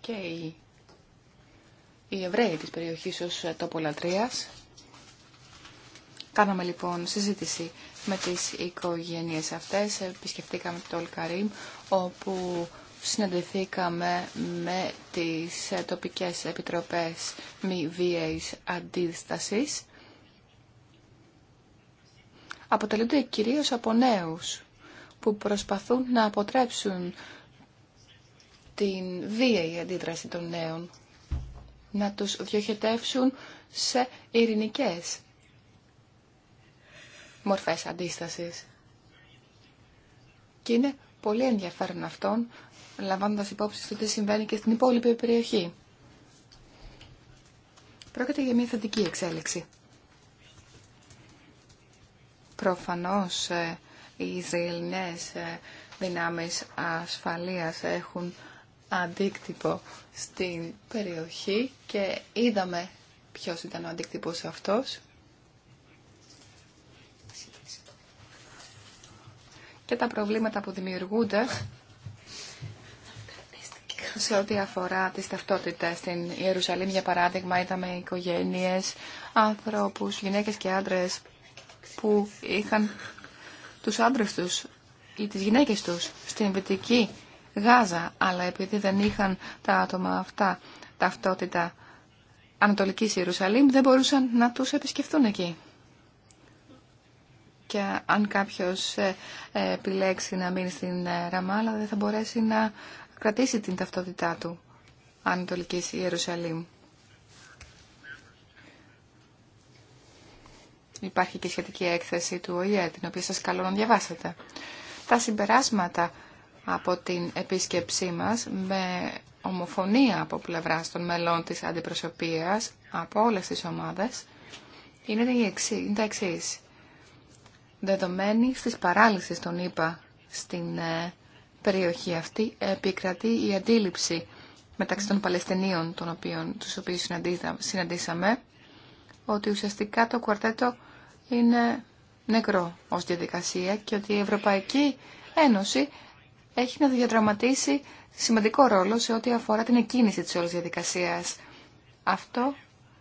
και οι, οι Εβραίοι της περιοχής ως ε, τόπο λατρείας. Κάναμε λοιπόν συζήτηση με τις οικογένειες αυτές, επισκεφτήκαμε το Ολκαρίμ, όπου συναντηθήκαμε με τις ε, τοπικές επιτροπές μη βίαιης αντίστασης αποτελούνται κυρίως από νέους που προσπαθούν να αποτρέψουν την βίαιη αντίδραση των νέων, να τους διοχετεύσουν σε ειρηνικές μορφές αντίστασης. Και είναι πολύ ενδιαφέρον αυτόν, λαμβάνοντας υπόψη στο τι συμβαίνει και στην υπόλοιπη περιοχή. Πρόκειται για μια θετική εξέλιξη. Προφανώς ε, οι Ισραηλινές ε, δυνάμεις ασφαλείας έχουν αντίκτυπο στην περιοχή και είδαμε ποιος ήταν ο αντίκτυπος αυτός. Και τα προβλήματα που δημιουργούνται σε ό,τι αφορά τις ταυτότητες στην Ιερουσαλήμ, για παράδειγμα, είδαμε οικογένειες, άνθρωπους, γυναίκες και άντρες που είχαν τους άντρες τους ή τις γυναίκες τους στην Βυτική Γάζα, αλλά επειδή δεν είχαν τα άτομα αυτά ταυτότητα Ανατολικής Ιερουσαλήμ, δεν μπορούσαν να τους επισκεφθούν εκεί. Και αν κάποιος ε, ε, επιλέξει να μείνει στην ε, Ραμάλα, δεν θα μπορέσει να κρατήσει την ταυτότητά του Ανατολικής Ιερουσαλήμ. Υπάρχει και σχετική έκθεση του ΟΗΕ, την οποία σας καλώ να διαβάσετε. Τα συμπεράσματα από την επίσκεψή μας με ομοφωνία από πλευρά των μελών της αντιπροσωπείας από όλες τις ομάδες είναι τα εξή. Δεδομένη στις παράλυσης των ΗΠΑ στην ε, περιοχή αυτή επικρατεί η αντίληψη μεταξύ των Παλαιστινίων, των οποίων, τους οποίους συναντήσαμε, ότι ουσιαστικά το κουαρτέτο είναι νεκρό ως διαδικασία και ότι η Ευρωπαϊκή Ένωση έχει να διαδραματίσει σημαντικό ρόλο σε ό,τι αφορά την εκκίνηση της όλης διαδικασίας. Αυτό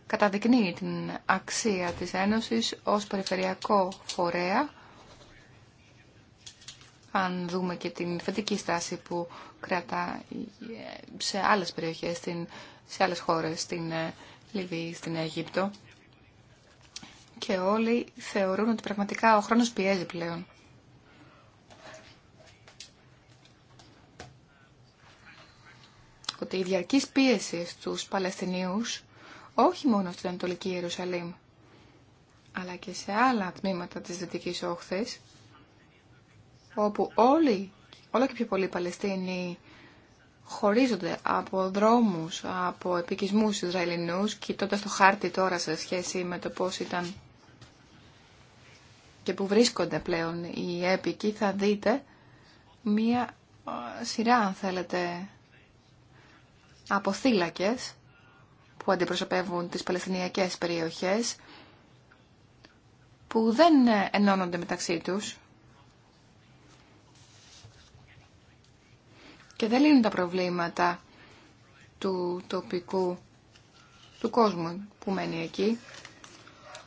καταδεικνύει την αξία της Ένωσης ως περιφερειακό φορέα, αν δούμε και την θετική στάση που κρατά ε, σε άλλες περιοχές, σε άλλες χώρες, στην ε, Λιβύη, στην Αίγυπτο και όλοι θεωρούν ότι πραγματικά ο χρόνος πιέζει πλέον. Ότι η διαρκής πίεση στους Παλαιστινίους, όχι μόνο στην Ανατολική Ιερουσαλήμ, αλλά και σε άλλα τμήματα της Δυτικής Όχθης, όπου όλοι, όλο και πιο πολλοί Παλαιστίνοι χωρίζονται από δρόμους, από επικισμούς Ισραηλινούς, κοιτώντας το χάρτη τώρα σε σχέση με το πώς ήταν και που βρίσκονται πλέον οι έπικοι θα δείτε μία σειρά αν θέλετε από που αντιπροσωπεύουν τις Παλαιστινιακές περιοχές που δεν ενώνονται μεταξύ τους και δεν λύνουν τα προβλήματα του τοπικού του κόσμου που μένει εκεί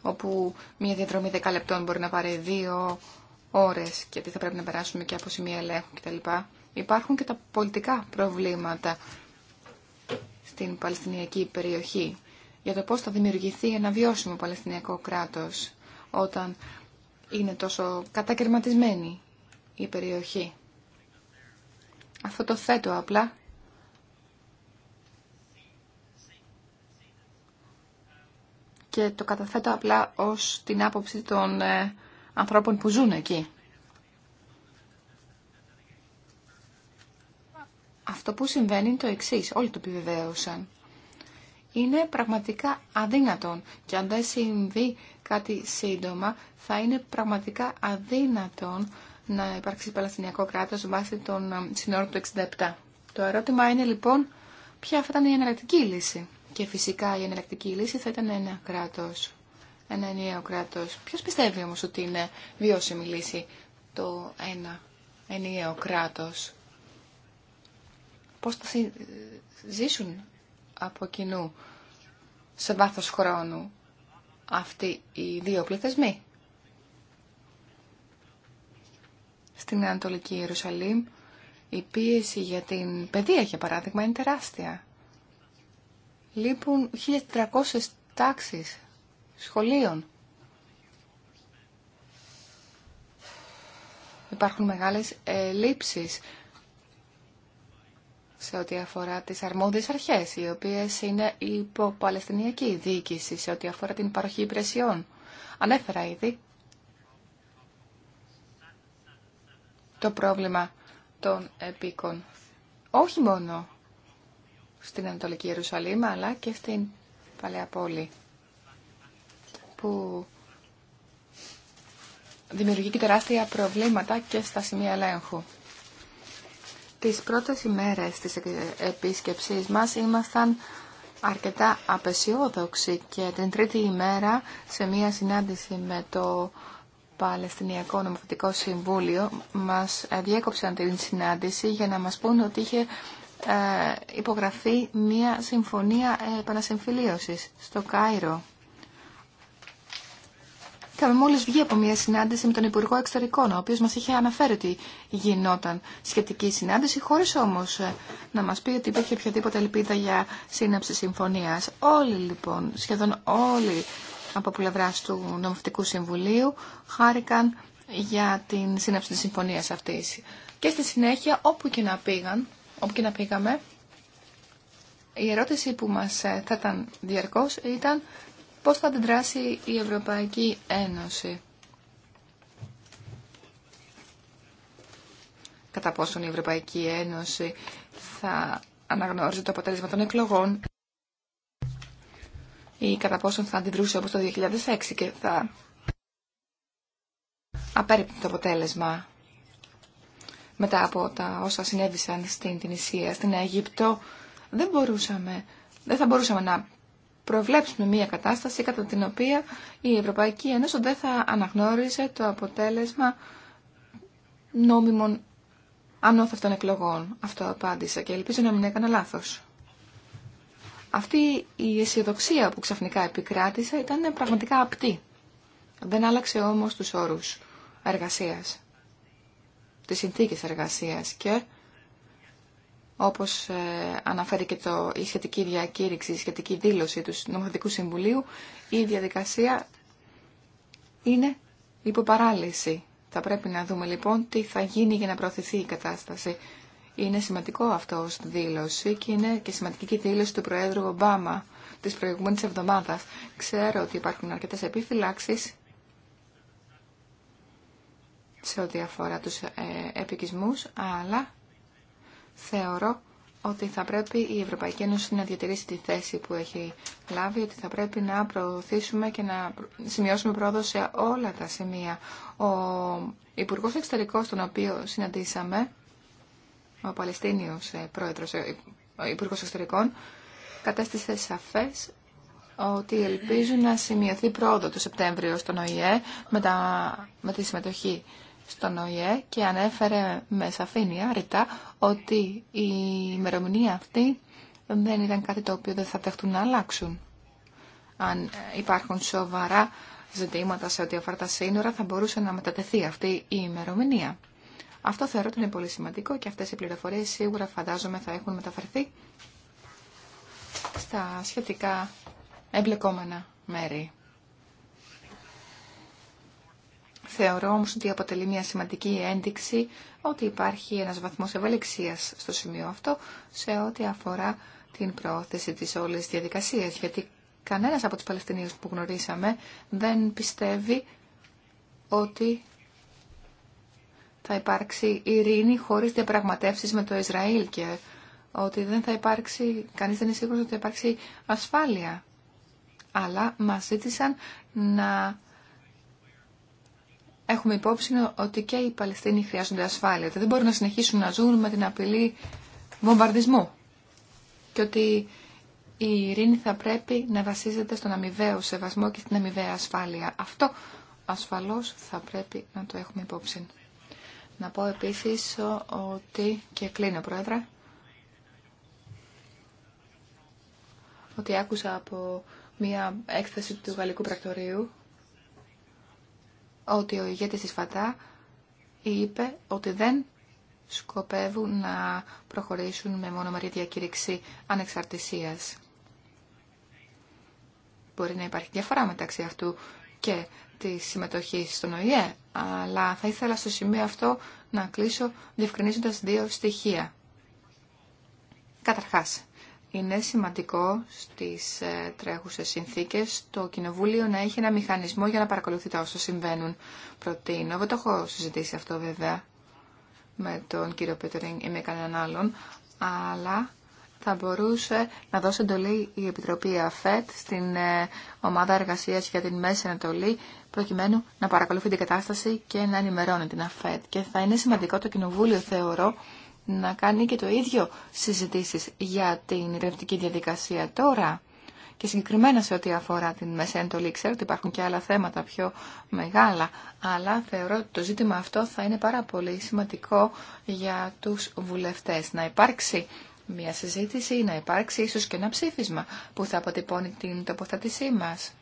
όπου μια διαδρομή 10 λεπτών μπορεί να πάρει 2 ώρες και τι θα πρέπει να περάσουμε και από σημεία ελέγχου κτλ. Υπάρχουν και τα πολιτικά προβλήματα στην Παλαιστινιακή περιοχή για το πώς θα δημιουργηθεί ένα βιώσιμο Παλαιστινιακό κράτος όταν είναι τόσο κατακαιρματισμένη η περιοχή. Αυτό το θέτω απλά και το καταθέτω απλά ως την άποψη των ε, ανθρώπων που ζουν εκεί. Αυτό που συμβαίνει είναι το εξής, όλοι το επιβεβαίωσαν. Είναι πραγματικά αδύνατον και αν δεν συμβεί κάτι σύντομα θα είναι πραγματικά αδύνατον να υπάρξει Παλαιστινιακό κράτος βάσει των ε, συνόρων του 67. Το ερώτημα είναι λοιπόν ποια θα ήταν η εναλλακτική λύση. Και φυσικά η εναλλακτική λύση θα ήταν ένα κράτος, ένα ενιαίο κράτος. Ποιος πιστεύει όμως ότι είναι βιώσιμη λύση το ένα ενιαίο κράτος. Πώς θα ζήσουν από κοινού σε βάθος χρόνου αυτοί οι δύο πληθυσμοί. Στην Ανατολική Ιερουσαλήμ η πίεση για την παιδεία, για παράδειγμα, είναι τεράστια λείπουν 1.300 τάξεις σχολείων. Υπάρχουν μεγάλες λήψεις σε ό,τι αφορά τις αρμόδιες αρχές, οι οποίες είναι η υποπαλαιστινιακή διοίκηση σε ό,τι αφορά την παροχή υπηρεσιών. Ανέφερα ήδη το πρόβλημα των επίκων. Όχι μόνο στην Ανατολική Ιερουσαλήμ αλλά και στην Παλαιά Πόλη που δημιουργεί και τεράστια προβλήματα και στα σημεία ελέγχου. Τις πρώτες ημέρες της επίσκεψής μας ήμασταν αρκετά απεσιόδοξοι και την τρίτη ημέρα σε μία συνάντηση με το Παλαιστινιακό Νομοθετικό Συμβούλιο μας διέκοψαν την συνάντηση για να μας πούν ότι είχε ε, Υπογραφή μια συμφωνία ε, επανασυμφιλίωσης στο Κάιρο. Είχαμε μόλις βγει από μια συνάντηση με τον Υπουργό Εξωτερικών, ο οποίος μας είχε αναφέρει ότι γινόταν σχετική συνάντηση, χωρίς όμως ε, να μας πει ότι υπήρχε οποιαδήποτε ελπίδα για σύναψη συμφωνίας. Όλοι λοιπόν, σχεδόν όλοι από πλευρά του Νομοθετικού Συμβουλίου, χάρηκαν για την σύναψη της συμφωνίας αυτής. Και στη συνέχεια, όπου και να πήγαν, όπου και να πήγαμε, η ερώτηση που μας ε, θα ήταν διαρκώς ήταν πώς θα αντιδράσει η Ευρωπαϊκή Ένωση. Κατά πόσον η Ευρωπαϊκή Ένωση θα αναγνώριζε το αποτέλεσμα των εκλογών ή κατά πόσον θα αντιδρούσε όπως το 2006 και θα απέρριπτε το αποτέλεσμα μετά από τα όσα συνέβησαν στην Τινησία, στην Αιγύπτο, δεν μπορούσαμε, δεν θα μπορούσαμε να προβλέψουμε μια κατάσταση κατά την οποία η Ευρωπαϊκή Ένωση δεν θα αναγνώριζε το αποτέλεσμα νόμιμων ανώθευτων εκλογών. Αυτό απάντησα και ελπίζω να μην έκανα λάθος. Αυτή η αισιοδοξία που ξαφνικά επικράτησε ήταν πραγματικά απτή. Δεν άλλαξε όμως τους όρους εργασίας τις συνθήκες εργασίας και όπως ε, αναφέρει και το, η σχετική διακήρυξη, η σχετική δήλωση του Νομοθετικού Συμβουλίου, η διαδικασία είναι υποπαράλυση. Θα πρέπει να δούμε λοιπόν τι θα γίνει για να προωθηθεί η κατάσταση. Είναι σημαντικό αυτό ως δήλωση και είναι και σημαντική και δήλωση του Προέδρου Ομπάμα της προηγούμενης εβδομάδας. Ξέρω ότι υπάρχουν αρκετές επιφυλάξεις σε ό,τι αφορά τους ε, επικισμούς, αλλά θεωρώ ότι θα πρέπει η Ευρωπαϊκή Ένωση να διατηρήσει τη θέση που έχει λάβει, ότι θα πρέπει να προωθήσουμε και να σημειώσουμε πρόοδο σε όλα τα σημεία. Ο Υπουργός Εξωτερικός, τον οποίο συναντήσαμε, ο Παλαιστίνιος ε, Πρόεδρος, ε, ο Υπουργός Εξωτερικών, κατέστησε σαφές ότι ελπίζουν να σημειωθεί πρόοδο το Σεπτέμβριο στον ΟΗΕ με, τα, με τη συμμετοχή στον ΟΗΕ και ανέφερε με σαφήνεια ρητά ότι η ημερομηνία αυτή δεν ήταν κάτι το οποίο δεν θα δεχτούν να αλλάξουν. Αν υπάρχουν σοβαρά ζητήματα σε ό,τι αφορά τα σύνορα θα μπορούσε να μετατεθεί αυτή η ημερομηνία. Αυτό θεωρώ ότι είναι πολύ σημαντικό και αυτές οι πληροφορίες σίγουρα φαντάζομαι θα έχουν μεταφερθεί στα σχετικά εμπλεκόμενα μέρη. Θεωρώ όμως ότι αποτελεί μια σημαντική ένδειξη ότι υπάρχει ένας βαθμός ευελιξίας στο σημείο αυτό σε ό,τι αφορά την πρόθεση της όλης διαδικασίας, γιατί κανένας από τους Παλαιστινίους που γνωρίσαμε δεν πιστεύει ότι θα υπάρξει ειρήνη χωρίς διαπραγματεύσεις με το Ισραήλ και ότι δεν θα υπάρξει, κανείς δεν είναι σίγουρος ότι θα υπάρξει ασφάλεια. Αλλά μας ζήτησαν να έχουμε υπόψη ότι και οι Παλαιστίνοι χρειάζονται ασφάλεια. Δεν μπορούν να συνεχίσουν να ζουν με την απειλή βομβαρδισμού. Και ότι η ειρήνη θα πρέπει να βασίζεται στον αμοιβαίο σεβασμό και στην αμοιβαία ασφάλεια. Αυτό ασφαλώς θα πρέπει να το έχουμε υπόψη. Να πω επίσης ότι, και κλείνω πρόεδρε, ότι άκουσα από μια έκθεση του Γαλλικού Πρακτορείου ότι ο ηγέτης της ΦΑΤΑ είπε ότι δεν σκοπεύουν να προχωρήσουν με μονομερή διακήρυξη ανεξαρτησίας. Μπορεί να υπάρχει διαφορά μεταξύ αυτού και τη συμμετοχή στον ΟΗΕ, αλλά θα ήθελα στο σημείο αυτό να κλείσω διευκρινίζοντας δύο στοιχεία. Καταρχάς, είναι σημαντικό στις ε, τρέχουσες συνθήκες το Κοινοβούλιο να έχει ένα μηχανισμό για να παρακολουθεί τα όσα συμβαίνουν. Προτείνω, εγώ το έχω συζητήσει αυτό βέβαια με τον κύριο Πέτερινγκ ή με κανέναν άλλον, αλλά θα μπορούσε να δώσει εντολή η Επιτροπή ΑΦΕΤ στην ε, Ομάδα Εργασίας για την Μέση Ανατολή προκειμένου να παρακολουθεί την κατάσταση και να ενημερώνει την ΑΦΕΤ. Και θα είναι σημαντικό το Κοινοβούλιο, θεωρώ, να κάνει και το ίδιο συζητήσεις για την ερευνητική διαδικασία τώρα και συγκεκριμένα σε ό,τι αφορά την μεσέντολη. Ξέρω ότι υπάρχουν και άλλα θέματα πιο μεγάλα, αλλά θεωρώ ότι το ζήτημα αυτό θα είναι πάρα πολύ σημαντικό για τους βουλευτές. Να υπάρξει μια συζήτηση ή να υπάρξει ίσως και ένα ψήφισμα που θα αποτυπώνει την τοποθέτησή μας.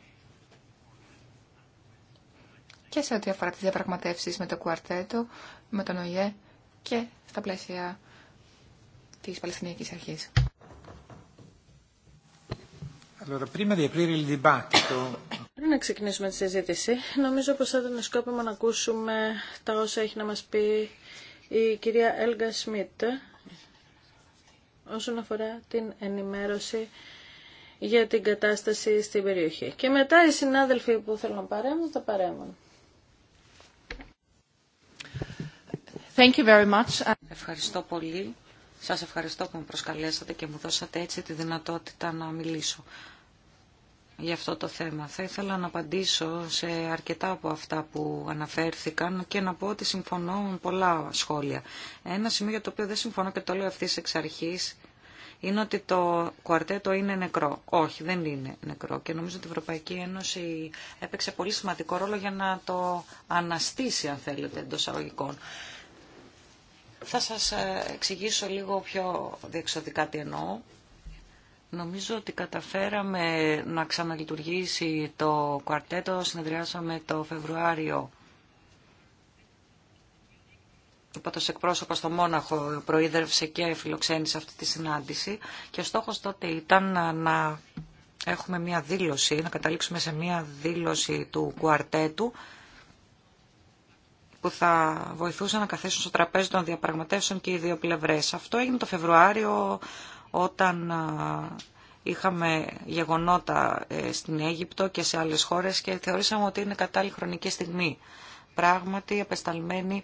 Και σε ό,τι αφορά τις διαπραγματεύσεις με το κουαρτέτο, με τον ΟΙΕ, και στα πλαίσια της Παλαιστινιακής Αρχής. Πριν να ξεκινήσουμε τη συζήτηση, νομίζω πως θα ήταν σκόπιμο να ακούσουμε τα όσα έχει να μας πει η κυρία Έλγα Σμιτ όσον αφορά την ενημέρωση για την κατάσταση στην περιοχή. Και μετά οι συνάδελφοι που θέλουν να παρέμβουν θα Ευχαριστώ πολύ. Σας ευχαριστώ που με προσκαλέσατε και μου δώσατε έτσι τη δυνατότητα να μιλήσω για αυτό το θέμα. Θα ήθελα να απαντήσω σε αρκετά από αυτά που αναφέρθηκαν και να πω ότι συμφωνώ με πολλά σχόλια. Ένα σημείο για το οποίο δεν συμφωνώ και το λέω αυτής εξ αρχής είναι ότι το κουαρτέτο είναι νεκρό. Όχι, δεν είναι νεκρό. Και νομίζω ότι η Ευρωπαϊκή Ένωση έπαιξε πολύ σημαντικό ρόλο για να το αναστήσει, αν θέλετε, εντό αγωγικών. Θα σας ε, εξηγήσω λίγο πιο διεξοδικά τι εννοώ. Νομίζω ότι καταφέραμε να ξαναλειτουργήσει το κουαρτέτο. Συνεδριάσαμε το Φεβρουάριο. Οπότε το εκπρόσωπο στο Μόναχο προείδρευσε και φιλοξένησε αυτή τη συνάντηση και ο στόχος τότε ήταν να έχουμε μια δήλωση, να καταλήξουμε σε μια δήλωση του κουαρτέτου που θα βοηθούσαν να καθίσουν στο τραπέζι των διαπραγματεύσεων και οι δύο πλευρές. Αυτό έγινε το Φεβρουάριο όταν είχαμε γεγονότα ε, στην Αίγυπτο και σε άλλες χώρες και θεωρήσαμε ότι είναι κατάλληλη χρονική στιγμή. Πράγματι, απεσταλμένοι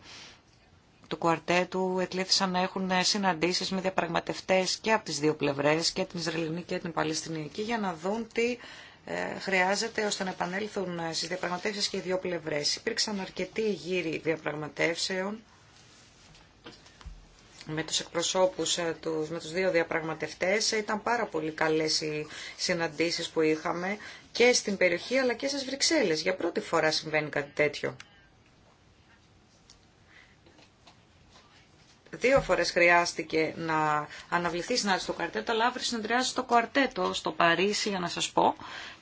του κουαρτέτου εκλήθησαν να έχουν ε, συναντήσεις με διαπραγματευτές και από τις δύο πλευρές, και την Ισραηλινή και την Παλαιστινιακή, για να δουν τι ε, χρειάζεται ώστε να επανέλθουν ε, στις διαπραγματεύσεις και οι δύο πλευρές. Υπήρξαν αρκετοί γύροι διαπραγματεύσεων με τους εκπροσώπους, ε, τους, με τους δύο διαπραγματευτές. Ήταν πάρα πολύ καλές οι συναντήσεις που είχαμε και στην περιοχή αλλά και στις Βρυξέλλες. Για πρώτη φορά συμβαίνει κάτι τέτοιο. Δύο φορές χρειάστηκε να αναβληθεί η συνάντηση του κουαρτέτο, αλλά αύριο συνεδριάζει στο κουαρτέτο, στο Παρίσι, για να σας πω.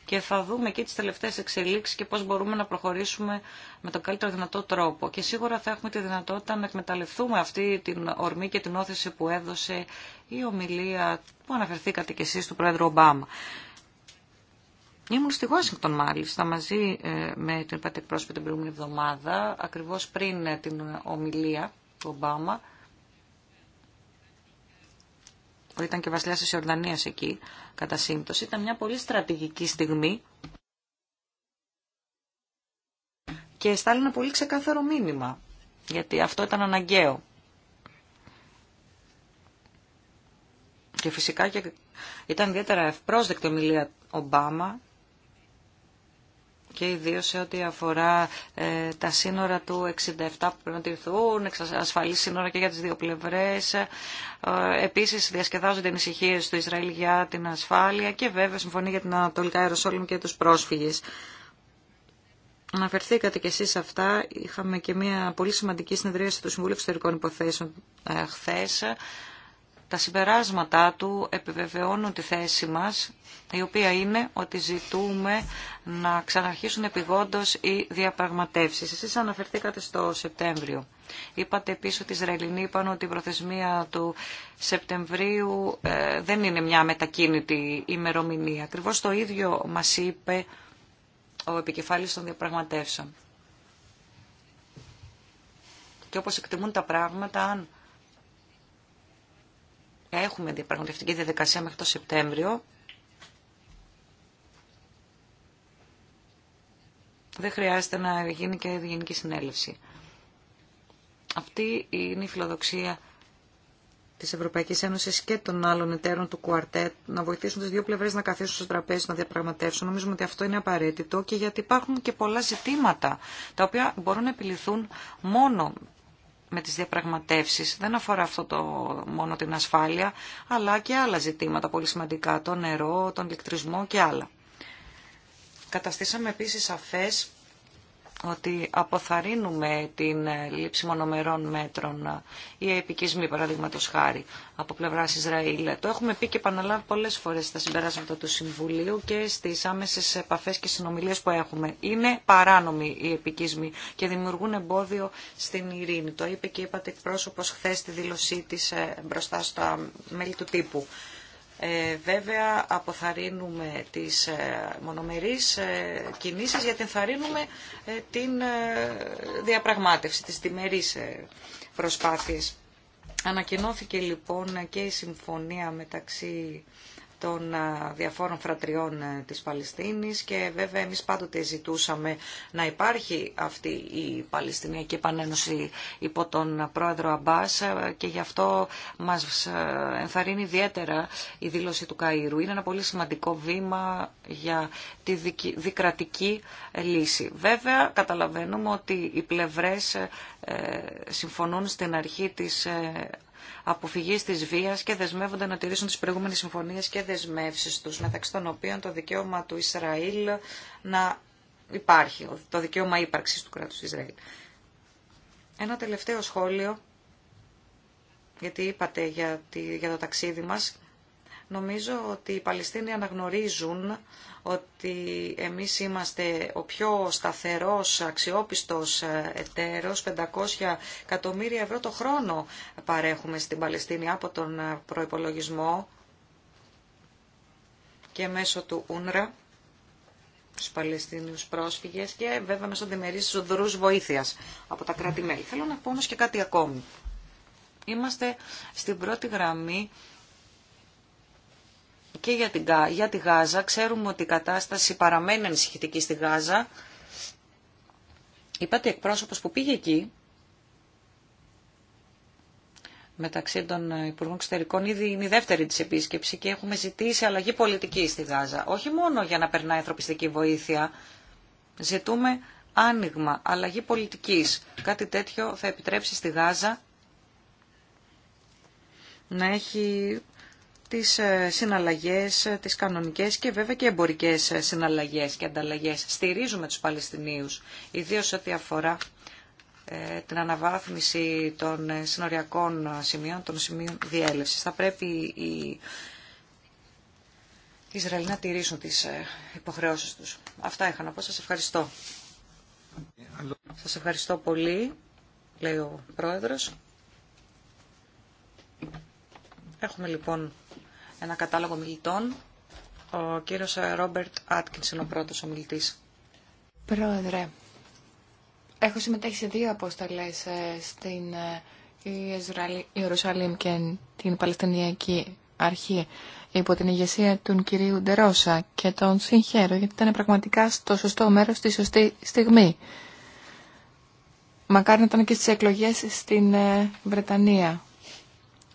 Και θα δούμε και τις τελευταίες εξελίξεις και πώς μπορούμε να προχωρήσουμε με τον καλύτερο δυνατό τρόπο. Και σίγουρα θα έχουμε τη δυνατότητα να εκμεταλλευτούμε αυτή την ορμή και την όθεση που έδωσε η ομιλία που αναφερθήκατε κι εσείς του Πρόεδρου Ομπάμα. Ήμουν στη Γόσιγκτον, μάλιστα μαζί ε, με την πατεκπρόσωπη την προηγούμενη εβδομάδα, ακριβώς πριν ε, την ομιλία του Ομπάμα ήταν και βασιλιάς της Ιορδανίας εκεί, κατά σύμπτωση, ήταν μια πολύ στρατηγική στιγμή και στάλει ένα πολύ ξεκάθαρο μήνυμα, γιατί αυτό ήταν αναγκαίο. Και φυσικά και ήταν ιδιαίτερα ευπρόσδεκτη ομιλία Ομπάμα και ιδίω σε ό,τι αφορά ε, τα σύνορα του 67 που πρέπει να τηρηθούν, ασφαλή σύνορα και για τις δύο πλευρές. Ε, επίσης διασκεδάζονται ανησυχίε του Ισραήλ για την ασφάλεια και βέβαια συμφωνεί για την Ανατολικά Ιεροσόλυμ και τους πρόσφυγες. Αναφερθήκατε και εσείς αυτά. Είχαμε και μια πολύ σημαντική συνεδρίαση του Συμβουλίου Εξωτερικών Υποθέσεων ε, τα συμπεράσματά του επιβεβαιώνουν τη θέση μας, η οποία είναι ότι ζητούμε να ξαναρχίσουν επιγόντως οι διαπραγματεύσεις. Εσείς αναφερθήκατε στο Σεπτέμβριο. Είπατε επίσης ότι οι Ισραηλινοί είπαν ότι η προθεσμία του Σεπτεμβρίου ε, δεν είναι μια μετακίνητη ημερομηνία. Ακριβώς το ίδιο μας είπε ο επικεφάλης των διαπραγματεύσεων. Και όπως εκτιμούν τα πράγματα, αν Έχουμε διαπραγματευτική διαδικασία μέχρι το Σεπτέμβριο. Δεν χρειάζεται να γίνει και η Γενική Συνέλευση. Αυτή είναι η φιλοδοξία τη Ευρωπαϊκή Ένωση και των άλλων εταίρων του Κουαρτέτ να βοηθήσουν τι δύο πλευρέ να καθίσουν στο τραπέζι να διαπραγματεύσουν. Νομίζουμε ότι αυτό είναι απαραίτητο και γιατί υπάρχουν και πολλά ζητήματα τα οποία μπορούν να επιληθούν μόνο με τις διαπραγματεύσεις. Δεν αφορά αυτό το, μόνο την ασφάλεια, αλλά και άλλα ζητήματα πολύ σημαντικά, το νερό, τον ηλεκτρισμό και άλλα. Καταστήσαμε επίσης σαφές ότι αποθαρρύνουμε την λήψη μονομερών μέτρων ή επικισμή παραδείγματος χάρη από πλευράς Ισραήλ. Το έχουμε πει και επαναλάβει πολλές φορές στα συμπεράσματα του Συμβουλίου και στις άμεσες επαφές και συνομιλίες που έχουμε. Είναι παράνομοι οι επικισμοί και δημιουργούν εμπόδιο στην ειρήνη. Το είπε και είπατε εκπρόσωπος χθε στη δήλωσή της ε, μπροστά στα μέλη του τύπου. Ε, βέβαια αποθαρρύνουμε τις ε, μονομερείς ε, κινήσεις γιατί ενθαρρύνουμε ε, την ε, διαπραγμάτευση, τις διμερείς ε, προσπάθειες. Ανακοινώθηκε λοιπόν και η συμφωνία μεταξύ των διαφόρων φρατριών ε, της Παλαιστίνης και βέβαια εμείς πάντοτε ζητούσαμε να υπάρχει αυτή η Παλαιστινιακή Επανένωση υπό τον πρόεδρο Αμπάς ε, και γι' αυτό μας ε, ενθαρρύνει ιδιαίτερα η δήλωση του Καΐρου. Είναι ένα πολύ σημαντικό βήμα για τη δικρατική λύση. Βέβαια καταλαβαίνουμε ότι οι πλευρές συμφωνούν στην αρχή της Αποφυγή τη βία και δεσμεύονται να τηρήσουν τις προηγούμενες συμφωνίες και δεσμεύσει τους, μεταξύ των οποίων το δικαίωμα του Ισραήλ να υπάρχει, το δικαίωμα ύπαρξης του κράτους Ισραήλ. Ένα τελευταίο σχόλιο, γιατί είπατε για, για το ταξίδι μας Νομίζω ότι οι Παλαιστίνοι αναγνωρίζουν ότι εμείς είμαστε ο πιο σταθερός, αξιόπιστος ε, εταίρος. 500 εκατομμύρια ευρώ το χρόνο παρέχουμε στην Παλαιστίνη από τον ε, προϋπολογισμό και μέσω του Ούνρα στους Παλαιστίνιους πρόσφυγες και βέβαια μέσω διμερής οδρούς βοήθειας από τα κράτη-μέλη. Θέλω να πω όμως και κάτι ακόμη. Είμαστε στην πρώτη γραμμή και για, την, τη Γάζα. Ξέρουμε ότι η κατάσταση παραμένει ανησυχητική στη Γάζα. Είπατε εκπρόσωπος που πήγε εκεί, μεταξύ των Υπουργών Εξωτερικών, ήδη είναι η δεύτερη της επίσκεψη και έχουμε ζητήσει αλλαγή πολιτική στη Γάζα. Όχι μόνο για να περνάει ανθρωπιστική βοήθεια, ζητούμε άνοιγμα, αλλαγή πολιτικής. Κάτι τέτοιο θα επιτρέψει στη Γάζα να έχει τις ε, συναλλαγές, ε, τις κανονικές και βέβαια και εμπορικές ε, συναλλαγές και ανταλλαγές. Στηρίζουμε τους Παλαιστινίους, ιδίως ό,τι αφορά την αναβάθμιση των συνοριακών σημείων, των σημείων διέλευσης. Θα πρέπει οι Ισραήλ να τηρήσουν τις υποχρεώσεις τους. Αυτά είχα να πω. Σας ευχαριστώ. Σας ευχαριστώ πολύ, λέει ο Πρόεδρος. Έχουμε λοιπόν ένα κατάλογο μιλητών. Ο κύριος Ρόμπερτ Άτκινς είναι ο πρώτος ομιλητής. Πρόεδρε, έχω συμμετέχει σε δύο αποστολές ε, στην ε, Ιερουσαλήμ και την Παλαιστινιακή Αρχή υπό την ηγεσία του κυρίου Ντερόσα και τον συγχαίρω γιατί ήταν πραγματικά στο σωστό μέρος στη σωστή στιγμή. Μακάρι να ήταν και στις εκλογές στην ε, Βρετανία.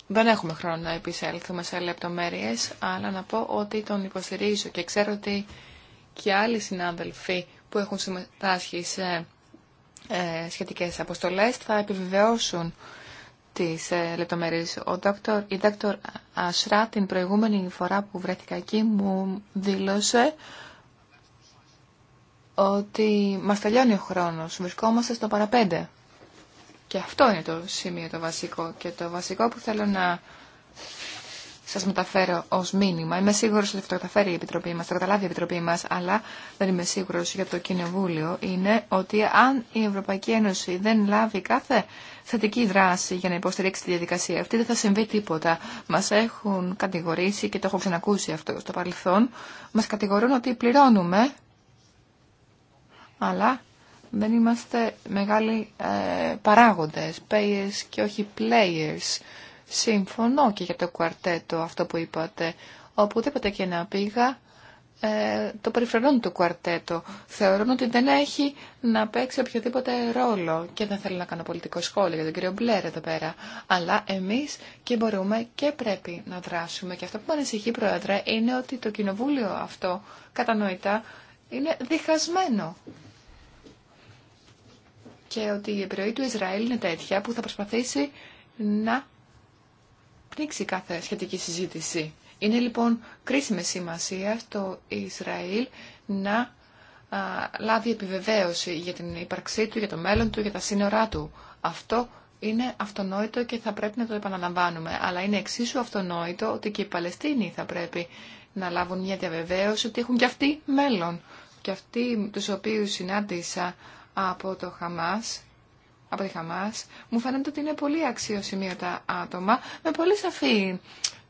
Δεν έχουμε χρόνο να επισέλθουμε σε λεπτομέρειες, αλλά να πω ότι τον υποστηρίζω και ξέρω ότι και άλλοι συνάδελφοι που έχουν συμμετάσχει σε ε, σχετικές αποστολές θα επιβεβαιώσουν τις ε, λεπτομέρειες. Ο δόκτωρ, η δόκτωρ Ασρά την προηγούμενη φορά που βρέθηκα εκεί μου δήλωσε ότι μας τελειώνει ο χρόνος. Βρισκόμαστε στο παραπέντε. Και αυτό είναι το σημείο το βασικό και το βασικό που θέλω να σας μεταφέρω ως μήνυμα. Είμαι σίγουρος ότι αυτό καταφέρει η Επιτροπή μας, το καταλάβει η Επιτροπή μας, αλλά δεν είμαι σίγουρος για το Κοινοβούλιο, είναι ότι αν η Ευρωπαϊκή Ένωση δεν λάβει κάθε θετική δράση για να υποστηρίξει τη διαδικασία αυτή, δεν θα συμβεί τίποτα. Μας έχουν κατηγορήσει και το έχω ξανακούσει αυτό στο παρελθόν, μας κατηγορούν ότι πληρώνουμε, αλλά δεν είμαστε μεγάλοι ε, παράγοντες, payers και όχι players. Συμφωνώ και για το κουαρτέτο αυτό που είπατε. Οπουδήποτε και να πήγα, ε, το περιφερόν του κουαρτέτο. Θεωρούν ότι δεν έχει να παίξει οποιοδήποτε ρόλο και δεν θέλω να κάνω πολιτικό σχόλιο για τον κύριο Μπλερ εδώ πέρα. Αλλά εμείς και μπορούμε και πρέπει να δράσουμε. Και αυτό που με ανησυχεί, Πρόεδρε, είναι ότι το κοινοβούλιο αυτό κατανοητά είναι διχασμένο και ότι η επιρροή του Ισραήλ είναι τέτοια που θα προσπαθήσει να πνίξει κάθε σχετική συζήτηση. Είναι λοιπόν κρίσιμη σημασία στο Ισραήλ να λάβει επιβεβαίωση για την ύπαρξή του, για το μέλλον του, για τα σύνορά του. Αυτό είναι αυτονόητο και θα πρέπει να το επαναλαμβάνουμε. Αλλά είναι εξίσου αυτονόητο ότι και οι Παλαιστίνοι θα πρέπει να λάβουν μια διαβεβαίωση ότι έχουν και αυτοί μέλλον. Και αυτοί τους οποίους συνάντησα από το Χαμάς, από τη Χαμάς, μου φαίνεται ότι είναι πολύ αξιοσημείωτα άτομα με πολύ σαφή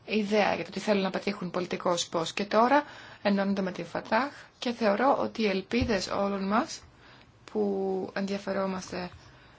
ιδέα για το τι θέλουν να πετύχουν πολιτικό πώς. Και τώρα ενώνονται με τη Φατάχ και θεωρώ ότι οι ελπίδες όλων μας που ενδιαφερόμαστε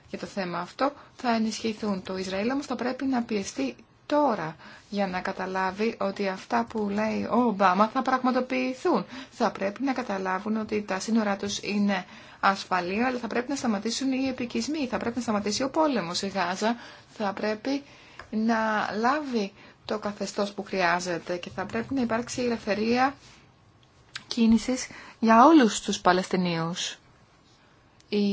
για το θέμα αυτό θα ενισχυθούν. Το Ισραήλ όμως θα πρέπει να πιεστεί τώρα για να καταλάβει ότι αυτά που λέει ο Ομπάμα θα πραγματοποιηθούν. Θα πρέπει να καταλάβουν ότι τα σύνορά τους είναι ασφαλή, αλλά θα πρέπει να σταματήσουν οι επικισμοί, θα πρέπει να σταματήσει ο πόλεμος η Γάζα, θα πρέπει να λάβει το καθεστώς που χρειάζεται και θα πρέπει να υπάρξει ελευθερία κίνησης για όλους τους Παλαιστινίους. Οι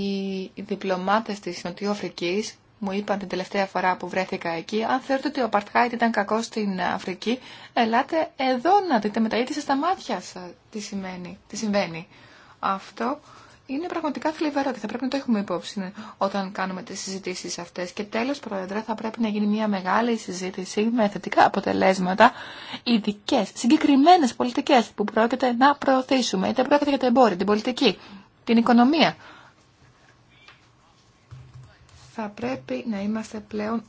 διπλωμάτες της Νοτιοαφρικής μου είπαν την τελευταία φορά που βρέθηκα εκεί, αν θεωρείτε ότι ο Απαρτχάιτ ήταν κακό στην Αφρική, ελάτε εδώ να δείτε με τα ίδια στα μάτια σας τι, σημαίνει, τι συμβαίνει. Αυτό είναι πραγματικά θλιβερό και θα πρέπει να το έχουμε υπόψη όταν κάνουμε τι συζητήσεις αυτέ. Και τέλο, Πρόεδρε, θα πρέπει να γίνει μια μεγάλη συζήτηση με θετικά αποτελέσματα, ειδικέ, συγκεκριμένε πολιτικέ που πρόκειται να προωθήσουμε. Είτε πρόκειται για το εμπόριο, την πολιτική, την οικονομία, θα πρέπει να είμαστε πλέον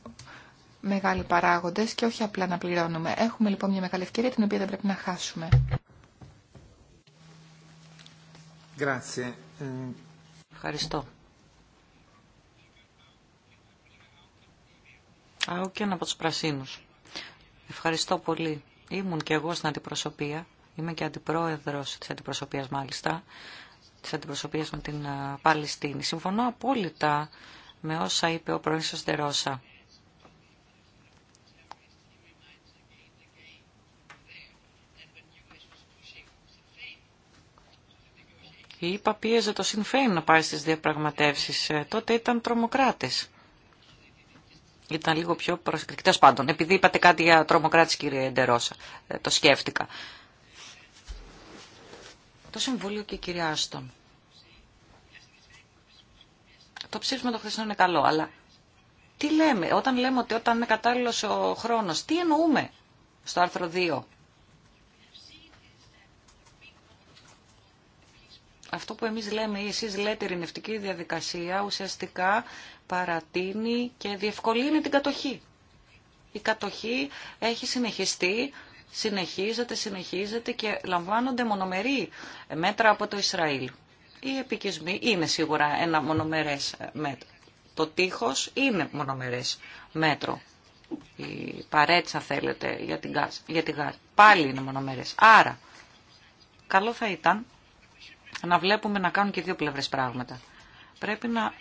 μεγάλοι παράγοντες και όχι απλά να πληρώνουμε. Έχουμε λοιπόν μια μεγάλη ευκαιρία την οποία δεν πρέπει να χάσουμε. Ευχαριστώ. ένα από τους Πρασίνους. Ευχαριστώ πολύ. Ήμουν και εγώ στην αντιπροσωπεία. Είμαι και αντιπρόεδρος της αντιπροσωπείας μάλιστα. Της αντιπροσωπείας με την Παλαιστίνη. Συμφωνώ απόλυτα με όσα είπε ο πρόεδρος Ντερόσα. Η ΕΠΑ πίεζε το Συνφέιν να πάει στις διαπραγματεύσεις. Ε, τότε ήταν τρομοκράτες. Ήταν λίγο πιο προσεκτικές πάντων. Επειδή είπατε κάτι για τρομοκράτες κύριε Ντερόσα, ε, το σκέφτηκα. Το Συμβούλιο και η κυρία Άστον. Το ψήφισμα των είναι καλό, αλλά τι λέμε, όταν λέμε ότι όταν είναι κατάλληλο ο χρόνο, τι εννοούμε στο άρθρο 2. Αυτό που εμείς λέμε ή εσείς λέτε ειρηνευτική διαδικασία ουσιαστικά παρατείνει και διευκολύνει την κατοχή. Η κατοχή έχει συνεχιστεί, συνεχίζεται, συνεχίζεται και λαμβάνονται μονομερή μέτρα από το Ισραήλ οι επικισμοί είναι σίγουρα ένα μονομερές μέτρο. Το τείχος είναι μονομερές μέτρο. Η παρέτσα θέλετε για την για τη γάζ. Πάλι είναι μονομερές. Άρα, καλό θα ήταν να βλέπουμε να κάνουν και δύο πλευρές πράγματα. Πρέπει να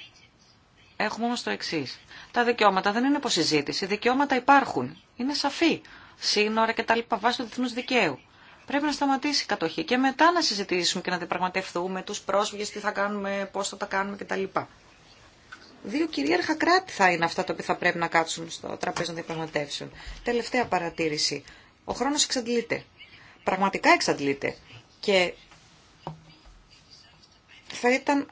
έχουμε όμως το εξή. Τα δικαιώματα δεν είναι υποσυζήτηση. Δικαιώματα υπάρχουν. Είναι σαφή. Σύνορα και τα λοιπά βάσει του διεθνούς δικαίου. Πρέπει να σταματήσει η κατοχή και μετά να συζητήσουμε και να διαπραγματευτούμε τους πρόσφυγε τι θα κάνουμε, πώς θα τα κάνουμε κτλ. Δύο κυρίαρχα κράτη θα είναι αυτά τα οποία θα πρέπει να κάτσουν στο τραπέζι των διαπραγματεύσεων. Τελευταία παρατήρηση. Ο χρόνος εξαντλείται. Πραγματικά εξαντλείται. Και θα ήταν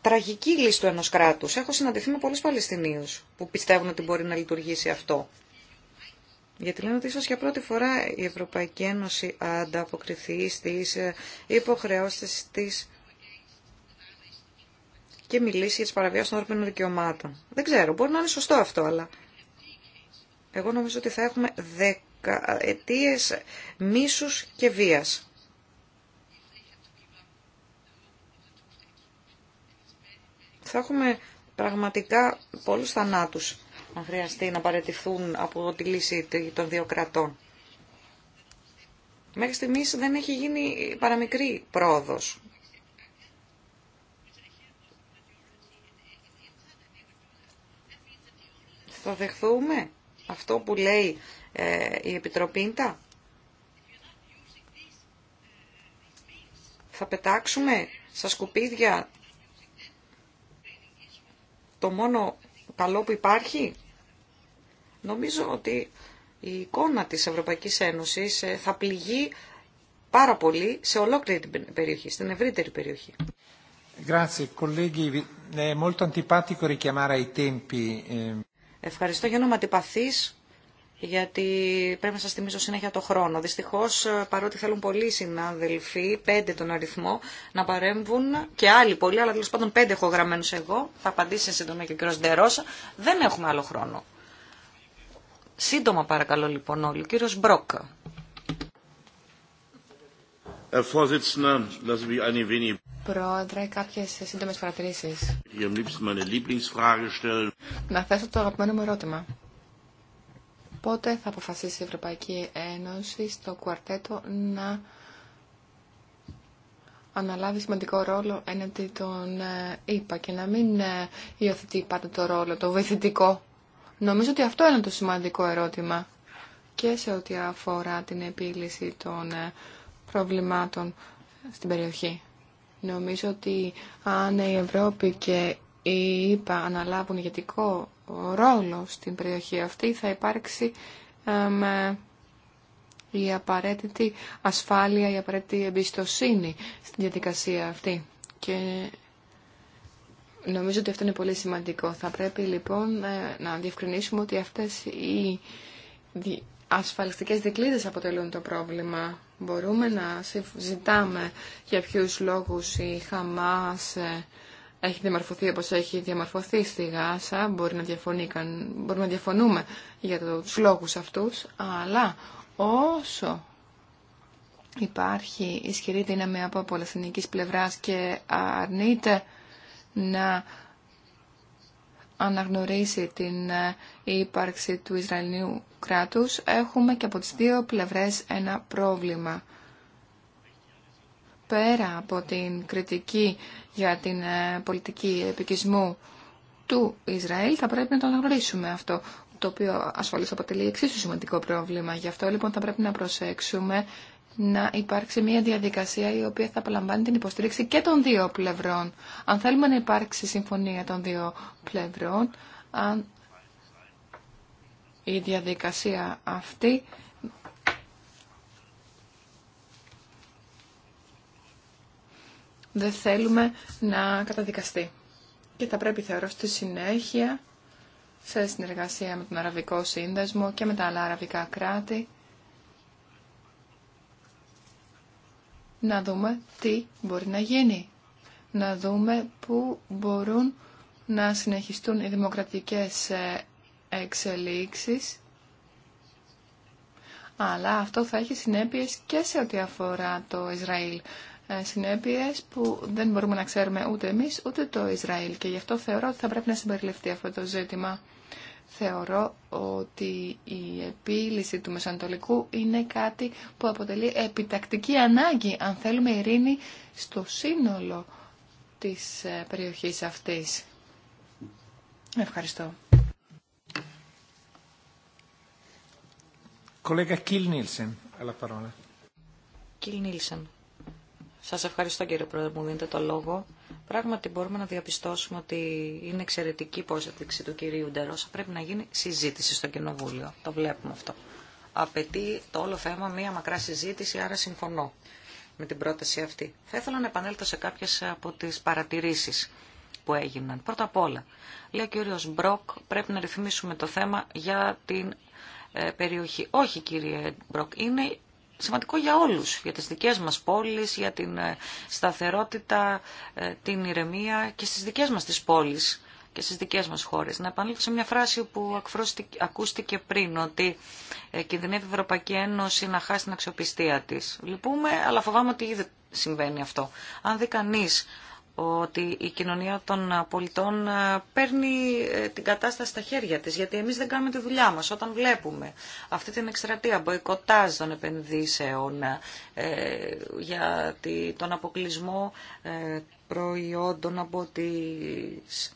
τραγική λύση του ενός κράτους. Έχω συναντηθεί με πολλούς Παλαιστινίους που πιστεύουν ότι μπορεί να λειτουργήσει αυτό. Γιατί λένε ότι ίσως για πρώτη φορά η Ευρωπαϊκή Ένωση ανταποκριθεί στις ε, υποχρεώσεις της και μιλήσει για τις παραβιάσεις των ανθρωπίνων δικαιωμάτων. Δεν ξέρω, μπορεί να είναι σωστό αυτό, αλλά εγώ νομίζω ότι θα έχουμε δεκαετίες μίσους και βίας. Θα έχουμε πραγματικά πολλούς θανάτους αν χρειαστεί να παραιτηθούν από τη λύση των δύο κρατών. Μέχρι στιγμής δεν έχει γίνει παραμικρή πρόοδος. Θα δεχθούμε αυτό που λέει ε, η Επιτροπή Θα πετάξουμε στα σκουπίδια το μόνο καλό που υπάρχει. Νομίζω ότι η εικόνα της Ευρωπαϊκής Ένωσης ε, θα πληγεί πάρα πολύ σε ολόκληρη την περιοχή, στην ευρύτερη περιοχή. Ehm. Ευχαριστώ για όνομα αντιπαθείς γιατί πρέπει να σας θυμίσω συνέχεια το χρόνο. Δυστυχώς, παρότι θέλουν πολλοί συνάδελφοι, πέντε τον αριθμό, να παρέμβουν και άλλοι πολλοί, αλλά τέλο πάντων πέντε έχω γραμμένους εγώ, θα απαντήσει σε σύντομα και ο κύριος Ντερόσα, δεν έχουμε άλλο χρόνο. Σύντομα παρακαλώ λοιπόν όλοι, ο κύριος Μπρόκ. Πρόεδρε, κάποιε σύντομε παρατηρήσει. Να θέσω το αγαπημένο μου ερώτημα πότε θα αποφασίσει η Ευρωπαϊκή Ένωση στο κουαρτέτο να αναλάβει σημαντικό ρόλο έναντι των ΙΠΑ ε, και να μην ε, υιοθετεί πάντα το ρόλο, το βοηθητικό. Νομίζω ότι αυτό είναι το σημαντικό ερώτημα και σε ό,τι αφορά την επίλυση των ε, προβλημάτων στην περιοχή. Νομίζω ότι αν η Ευρώπη και οι ΗΠΑ αναλάβουν ηγετικό ρόλο στην περιοχή αυτή θα υπάρξει η απαραίτητη ασφάλεια, η απαραίτητη εμπιστοσύνη στην διαδικασία αυτή. Και νομίζω ότι αυτό είναι πολύ σημαντικό. Θα πρέπει λοιπόν ε, να διευκρινίσουμε ότι αυτές οι ασφαλιστικές δικλείδες αποτελούν το πρόβλημα. Μπορούμε να ζητάμε για ποιους λόγους η Χαμάς ε, έχει διαμορφωθεί όπως έχει διαμορφωθεί στη Γάσα. Μπορεί να μπορούμε να διαφωνούμε για τους λόγους αυτούς, αλλά όσο υπάρχει ισχυρή δύναμη από πολυεθνικής πλευράς και αρνείται να αναγνωρίσει την ε, ύπαρξη του Ισραηλινού κράτους, έχουμε και από τις δύο πλευρές ένα πρόβλημα πέρα από την κριτική για την ε, πολιτική επικισμού του Ισραήλ, θα πρέπει να το αναγνωρίσουμε αυτό, το οποίο ασφαλώς αποτελεί εξίσου σημαντικό πρόβλημα. Γι' αυτό λοιπόν θα πρέπει να προσέξουμε να υπάρξει μια διαδικασία η οποία θα απολαμβάνει την υποστήριξη και των δύο πλευρών. Αν θέλουμε να υπάρξει συμφωνία των δύο πλευρών, αν η διαδικασία αυτή δεν θέλουμε να καταδικαστεί. Και θα πρέπει θεωρώ στη συνέχεια, σε συνεργασία με τον Αραβικό Σύνδεσμο και με τα άλλα αραβικά κράτη, να δούμε τι μπορεί να γίνει. Να δούμε πού μπορούν να συνεχιστούν οι δημοκρατικές ε, εξελίξεις. Αλλά αυτό θα έχει συνέπειες και σε ό,τι αφορά το Ισραήλ. Ε, συνέπειες που δεν μπορούμε να ξέρουμε ούτε εμείς ούτε το Ισραήλ και γι' αυτό θεωρώ ότι θα πρέπει να συμπεριληφθεί αυτό το ζήτημα. Θεωρώ ότι η επίλυση του Μεσανατολικού είναι κάτι που αποτελεί επιτακτική ανάγκη αν θέλουμε ειρήνη στο σύνολο της ε, περιοχής αυτής. Ευχαριστώ. Κολέγα Κιλ Νίλσεν, παρόλα. Κιλ Νίλσεν. Σας ευχαριστώ κύριε Πρόεδρε μου δίνετε το λόγο. Πράγματι μπορούμε να διαπιστώσουμε ότι είναι εξαιρετική η του κυρίου Ντερόσα. Πρέπει να γίνει συζήτηση στο Κοινοβούλιο. Το βλέπουμε αυτό. Απαιτεί το όλο θέμα μία μακρά συζήτηση, άρα συμφωνώ με την πρόταση αυτή. Θα ήθελα να επανέλθω σε κάποιε από τι παρατηρήσει που έγιναν. Πρώτα απ' όλα, λέει ο κύριο Μπροκ, πρέπει να ρυθμίσουμε το θέμα για την ε, περιοχή. Όχι κύριε Μπροκ, είναι σημαντικό για όλους, για τις δικές μας πόλεις, για την ε, σταθερότητα, ε, την ηρεμία και στις δικές μας τις πόλεις και στις δικές μας χώρες. Να επανέλθω σε μια φράση που ακούστηκε πριν, ότι ε, κινδυνεύει η Ευρωπαϊκή Ένωση να χάσει την αξιοπιστία της. Λυπούμε, αλλά φοβάμαι ότι ήδη συμβαίνει αυτό. Αν δει κανείς ότι η κοινωνία των πολιτών ε, παίρνει ε, την κατάσταση στα χέρια της, γιατί εμείς δεν κάνουμε τη δουλειά μας. Όταν βλέπουμε αυτή την εκστρατεία μποϊκοτάζ των επενδύσεων ε, για τον αποκλεισμό προϊόντων από τις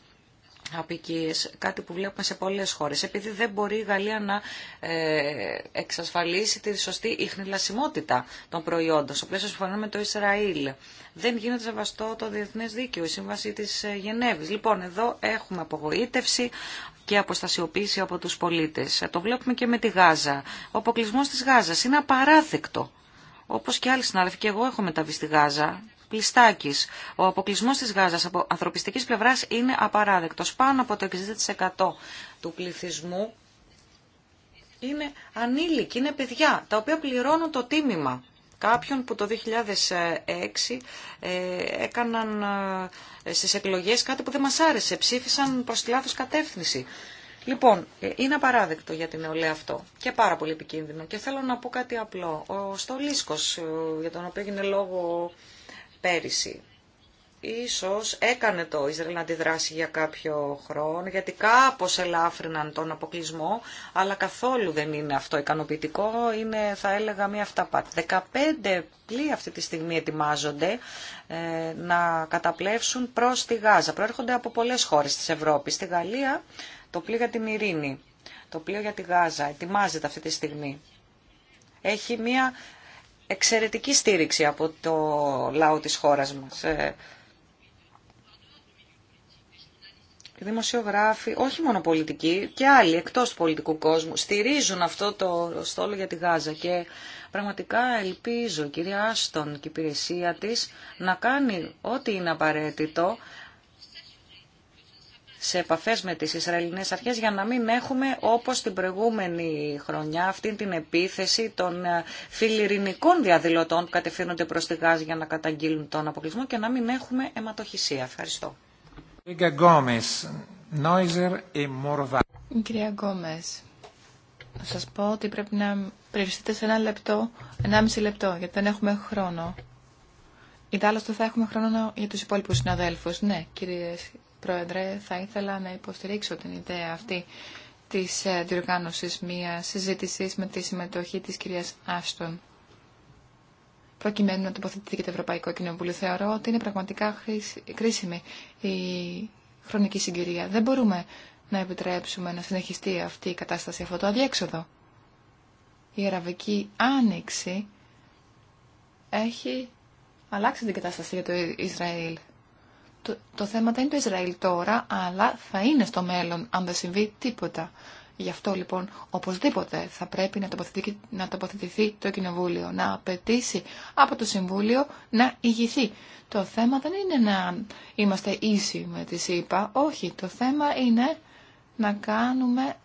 απικίες, κάτι που βλέπουμε σε πολλές χώρες, επειδή δεν μπορεί η Γαλλία να ε, εξασφαλίσει τη σωστή ιχνηλασιμότητα των προϊόντων, στο πλαίσιο με το Ισραήλ. Δεν γίνεται σεβαστό το διεθνές δίκαιο, η σύμβαση της ε, Γενέβης. Λοιπόν, εδώ έχουμε απογοήτευση και αποστασιοποίηση από τους πολίτες. Ε, το βλέπουμε και με τη Γάζα. Ο αποκλεισμό της Γάζας είναι απαράδεκτο. Όπως και άλλοι συνάδελφοι, και εγώ έχω μεταβεί στη Γάζα Πλιστάκη. Ο αποκλεισμό τη Γάζας από ανθρωπιστική πλευρά είναι απαράδεκτος. Πάνω από το 60% του πληθυσμού είναι ανήλικοι, είναι παιδιά, τα οποία πληρώνουν το τίμημα κάποιων που το 2006 ε, έκαναν ε, στις εκλογές κάτι που δεν μας άρεσε, ψήφισαν προς τη λάθος κατεύθυνση. Λοιπόν, ε, είναι απαράδεκτο για την νεολαία αυτό και πάρα πολύ επικίνδυνο. Και θέλω να πω κάτι απλό. Ο Στολίσκος, για τον οποίο έγινε λόγο πέρυσι. Ίσως έκανε το Ισραήλ να αντιδράσει για κάποιο χρόνο, γιατί κάπως ελάφρυναν τον αποκλεισμό, αλλά καθόλου δεν είναι αυτό ικανοποιητικό, είναι θα έλεγα μία αυταπάτη. 15 πλοία αυτή τη στιγμή ετοιμάζονται ε, να καταπλέψουν προς τη Γάζα. Προέρχονται από πολλές χώρες της Ευρώπης. Στη Γαλλία το πλοίο για την Ειρήνη, το πλοίο για τη Γάζα ετοιμάζεται αυτή τη στιγμή έχει μια εξαιρετική στήριξη από το λαό της χώρας μας. Ε, δημοσιογράφοι, όχι μόνο πολιτικοί και άλλοι εκτός του πολιτικού κόσμου, στηρίζουν αυτό το στόλο για τη Γάζα και πραγματικά ελπίζω κυρία Άστον και η υπηρεσία της να κάνει ό,τι είναι απαραίτητο σε επαφές με τις Ισραηλινές αρχές για να μην έχουμε όπως την προηγούμενη χρονιά αυτή την επίθεση των ε, φιλιρινικών διαδηλωτών που κατευθύνονται προς τη Γάζη για να καταγγείλουν τον αποκλεισμό και να μην έχουμε αιματοχυσία. Ευχαριστώ. Κυρία Γκόμες, να σας πω ότι πρέπει να περιοριστείτε σε ένα λεπτό, ένα μισή λεπτό, γιατί δεν έχουμε χρόνο. Ιδάλλως άλλωστε θα έχουμε χρόνο για τους υπόλοιπους συναδέλφους. Ναι, κύριε Πρόεδρε, θα ήθελα να υποστηρίξω την ιδέα αυτή της ε, διοργάνωσης μιας συζήτησης με τη συμμετοχή της κυρίας Άστον. Προκειμένου να τοποθετηθεί και το Ευρωπαϊκό Κοινοβούλιο, θεωρώ ότι είναι πραγματικά κρίσιμη η χρονική συγκυρία. Δεν μπορούμε να επιτρέψουμε να συνεχιστεί αυτή η κατάσταση, αυτό το αδιέξοδο. Η Αραβική Άνοιξη έχει αλλάξει την κατάσταση για το Ισραήλ. Το, θέμα δεν είναι το Ισραήλ τώρα, αλλά θα είναι στο μέλλον αν δεν συμβεί τίποτα. Γι' αυτό λοιπόν οπωσδήποτε θα πρέπει να τοποθετηθεί, να τοποθετηθεί το Κοινοβούλιο, να απαιτήσει από το Συμβούλιο να ηγηθεί. Το θέμα δεν είναι να είμαστε ίσοι με τη ΣΥΠΑ, όχι. Το θέμα είναι να κάνουμε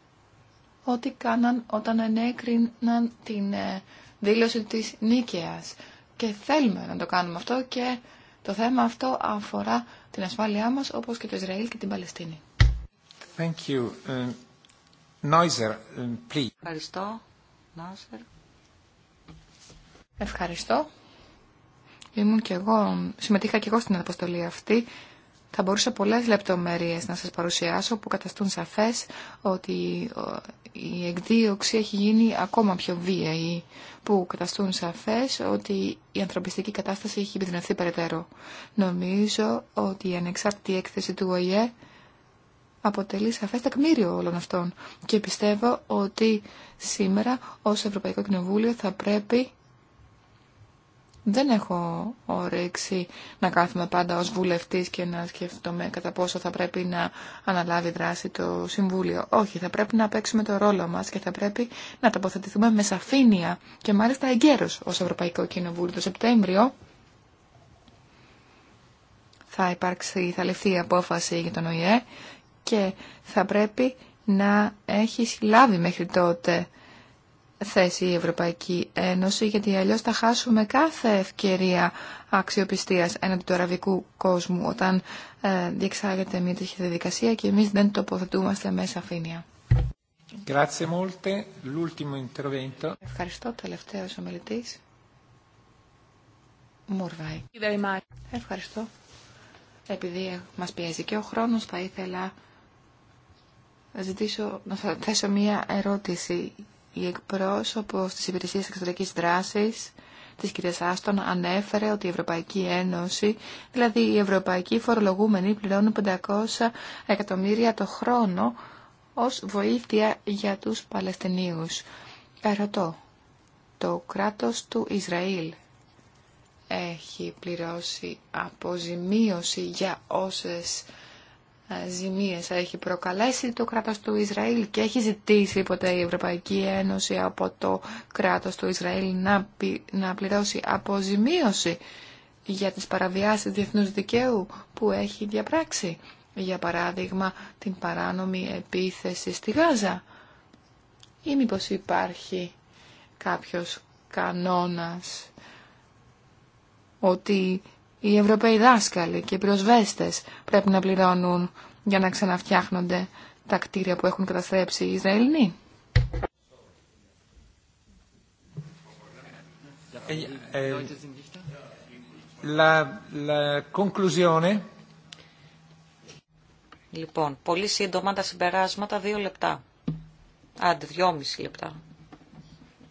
ό,τι κάναν όταν ενέκριναν την ε, δήλωση της Νίκαιας. Και θέλουμε να το κάνουμε αυτό και το θέμα αυτό αφορά την ασφάλειά μας, όπως και το Ισραήλ και την Παλαιστίνη. Thank you. Noiser, ε, ε, please. Ευχαριστώ. Ευχαριστώ. Ήμουν και εγώ, συμμετείχα και εγώ στην αποστολή αυτή θα μπορούσα πολλές λεπτομέρειες να σας παρουσιάσω που καταστούν σαφές ότι η εκδίωξη έχει γίνει ακόμα πιο βίαιη, που καταστούν σαφές ότι η ανθρωπιστική κατάσταση έχει επιδεινωθεί περαιτέρω. Νομίζω ότι η ανεξάρτητη έκθεση του ΟΗΕ αποτελεί σαφές τεκμήριο όλων αυτών και πιστεύω ότι σήμερα ως Ευρωπαϊκό Κοινοβούλιο θα πρέπει δεν έχω όρεξη να κάθομαι πάντα ως βουλευτής και να σκεφτόμαι κατά πόσο θα πρέπει να αναλάβει δράση το Συμβούλιο. Όχι, θα πρέπει να παίξουμε το ρόλο μας και θα πρέπει να τοποθετηθούμε με σαφήνεια και μάλιστα εγκαίρως ως Ευρωπαϊκό Κοινοβούλιο. Το Σεπτέμβριο θα υπάρξει, θα ληφθεί η απόφαση για τον ΟΗΕ και θα πρέπει να έχει λάβει μέχρι τότε θέση η Ευρωπαϊκή Ένωση, γιατί αλλιώς θα χάσουμε κάθε ευκαιρία αξιοπιστίας έναντι του αραβικού κόσμου όταν ε, διεξάγεται μια τέτοια διαδικασία και εμείς δεν τοποθετούμαστε με σαφήνεια. Ευχαριστώ. Τελευταίος ο μελητής. Ευχαριστώ. Επειδή μας πιέζει και ο χρόνος, θα ήθελα να ζητήσω, να θέσω μία ερώτηση η εκπρόσωπο τη Υπηρεσία Εξωτερικής Δράση, της κυρία Άστον ανέφερε ότι η Ευρωπαϊκή Ένωση, δηλαδή οι ευρωπαϊκοί φορολογούμενοι πληρώνουν 500 εκατομμύρια το χρόνο ως βοήθεια για τους Παλαιστινίους. Ερωτώ, το κράτος του Ισραήλ έχει πληρώσει αποζημίωση για όσες ε, ζημίες έχει προκαλέσει το κράτος του Ισραήλ και έχει ζητήσει ποτέ η Ευρωπαϊκή Ένωση από το κράτος του Ισραήλ να, να πληρώσει αποζημίωση για τις παραβιάσεις διεθνούς δικαίου που έχει διαπράξει. Για παράδειγμα, την παράνομη επίθεση στη Γάζα. Ή μήπως υπάρχει κάποιος κανόνας ότι οι Ευρωπαίοι δάσκαλοι και οι προσβέστε πρέπει να πληρώνουν για να ξαναφτιάχνονται τα κτίρια που έχουν καταστρέψει οι Ισραηλοί. Λοιπόν, πολύ σύντομα τα συμπεράσματα, δύο λεπτά. Άντε, δυόμιση λεπτά.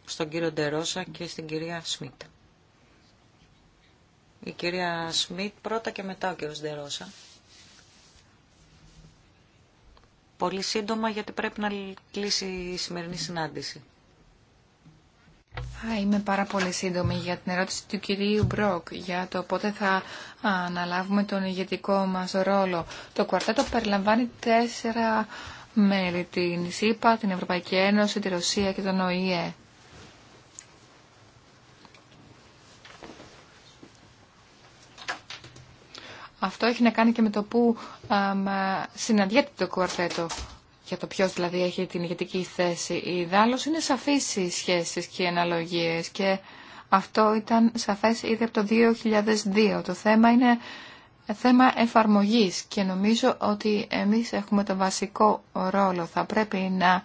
Στον κύριο Ντερόσα και στην κυρία Σμιτ. Η κυρία Σμιτ πρώτα και μετά ο κύριος Ντερόσα. Πολύ σύντομα γιατί πρέπει να κλείσει η σημερινή συνάντηση. Α, είμαι πάρα πολύ σύντομη για την ερώτηση του κυρίου Μπροκ για το πότε θα αναλάβουμε τον ηγετικό μας ρόλο. Το κουαρτέτο περιλαμβάνει τέσσερα μέλη, την ΣΥΠΑ, την Ευρωπαϊκή Ένωση, τη Ρωσία και τον ΟΗΕ. Αυτό έχει να κάνει και με το που συναντιέται το κουαρτέτο, για το ποιο δηλαδή έχει την ηγετική θέση. Η δάλος είναι σαφής οι σχέσεις και οι αναλογίες και αυτό ήταν σαφές ήδη από το 2002. Το θέμα είναι θέμα εφαρμογής και νομίζω ότι εμείς έχουμε το βασικό ρόλο. Θα πρέπει να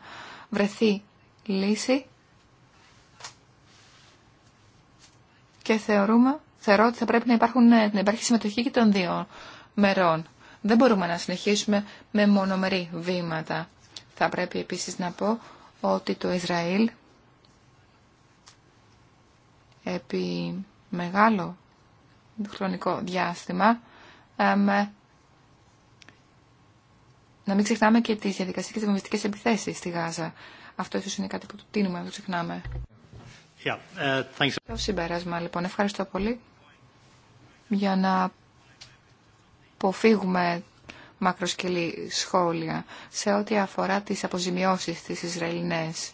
βρεθεί λύση και θεωρούμε θεωρώ ότι θα πρέπει να, υπάρχουν, να υπάρχει συμμετοχή και των δύο μερών. Δεν μπορούμε να συνεχίσουμε με μονομερή βήματα. Θα πρέπει επίσης να πω ότι το Ισραήλ επί μεγάλο χρονικό διάστημα να μην ξεχνάμε και τις διαδικασίες και τις επιθέσεις στη Γάζα. Αυτό ίσως είναι κάτι που το τίνουμε να το ξεχνάμε. Yeah, uh, συμπέρασμα λοιπόν. Ευχαριστώ πολύ για να αποφύγουμε μακροσκελή σχόλια σε ό,τι αφορά τις αποζημιώσεις της Ισραηλινές.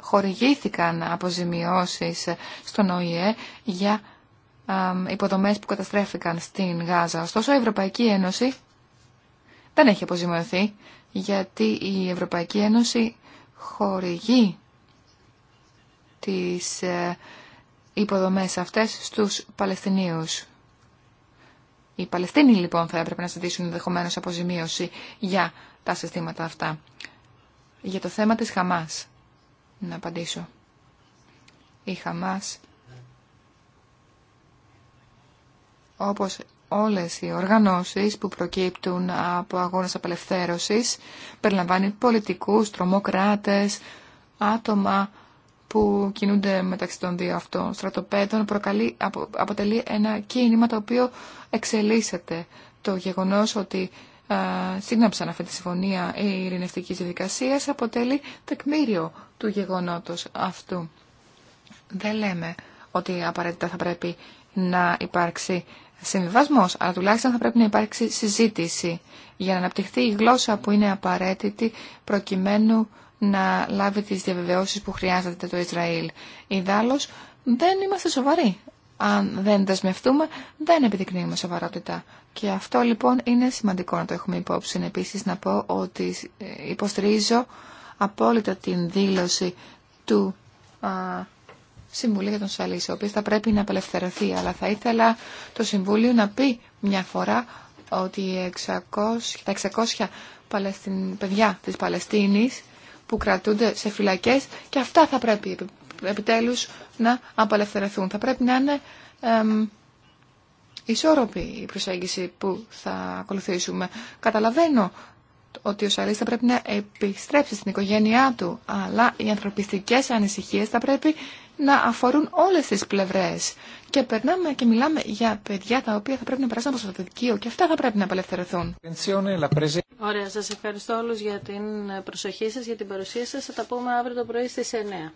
Χορηγήθηκαν αποζημιώσεις στον ΟΗΕ για υποδομές που καταστρέφηκαν στην Γάζα. Ωστόσο, η Ευρωπαϊκή Ένωση δεν έχει αποζημιωθεί, γιατί η Ευρωπαϊκή Ένωση χορηγεί τις ε, υποδομές αυτές στους Παλαιστινίους. Οι Παλαιστίνοι λοιπόν θα έπρεπε να ζητήσουν ενδεχομένω αποζημίωση για τα συστήματα αυτά. Για το θέμα της Χαμάς, να απαντήσω. Η Χαμάς, όπως όλες οι οργανώσεις που προκύπτουν από αγώνες απελευθέρωσης, περιλαμβάνει πολιτικούς, τρομοκράτες, άτομα που κινούνται μεταξύ των δύο αυτών στρατοπέδων αποτελεί ένα κίνημα το οποίο εξελίσσεται. Το γεγονός ότι α, σύναψαν αυτή τη συμφωνία η ειρηνευτική διαδικασία αποτελεί τεκμήριο του γεγονότος αυτού. Δεν λέμε ότι απαραίτητα θα πρέπει να υπάρξει συμβιβασμό, αλλά τουλάχιστον θα πρέπει να υπάρξει συζήτηση για να αναπτυχθεί η γλώσσα που είναι απαραίτητη προκειμένου να λάβει τις διαβεβαιώσεις που χρειάζεται το Ισραήλ. Ιδάλλως, δεν είμαστε σοβαροί. Αν δεν δεσμευτούμε, δεν επιδεικνύουμε σοβαρότητα. Και αυτό λοιπόν είναι σημαντικό να το έχουμε υπόψη. Επίσης να πω ότι ε, υποστηρίζω απόλυτα την δήλωση του α, Συμβουλίου για τον Σαλής, ο οποίος θα πρέπει να απελευθερωθεί. Αλλά θα ήθελα το Συμβούλιο να πει μια φορά ότι τα 600 παιδιά της Παλαιστίνης που κρατούνται σε φυλακές και αυτά θα πρέπει επιτέλους να απελευθερωθούν. Θα πρέπει να είναι ε, ισόρροπη η προσέγγιση που θα ακολουθήσουμε. Καταλαβαίνω ότι ο Σαλής θα πρέπει να επιστρέψει στην οικογένειά του, αλλά οι ανθρωπιστικές ανησυχίες θα πρέπει να αφορούν όλες τις πλευρές. Και περνάμε και μιλάμε για παιδιά τα οποία θα πρέπει να περάσουν από δικείο και αυτά θα πρέπει να απελευθερωθούν. Ωραία, σας ευχαριστώ όλους για την προσοχή σας, για την παρουσία σας. Θα τα πούμε αύριο το πρωί στις 9.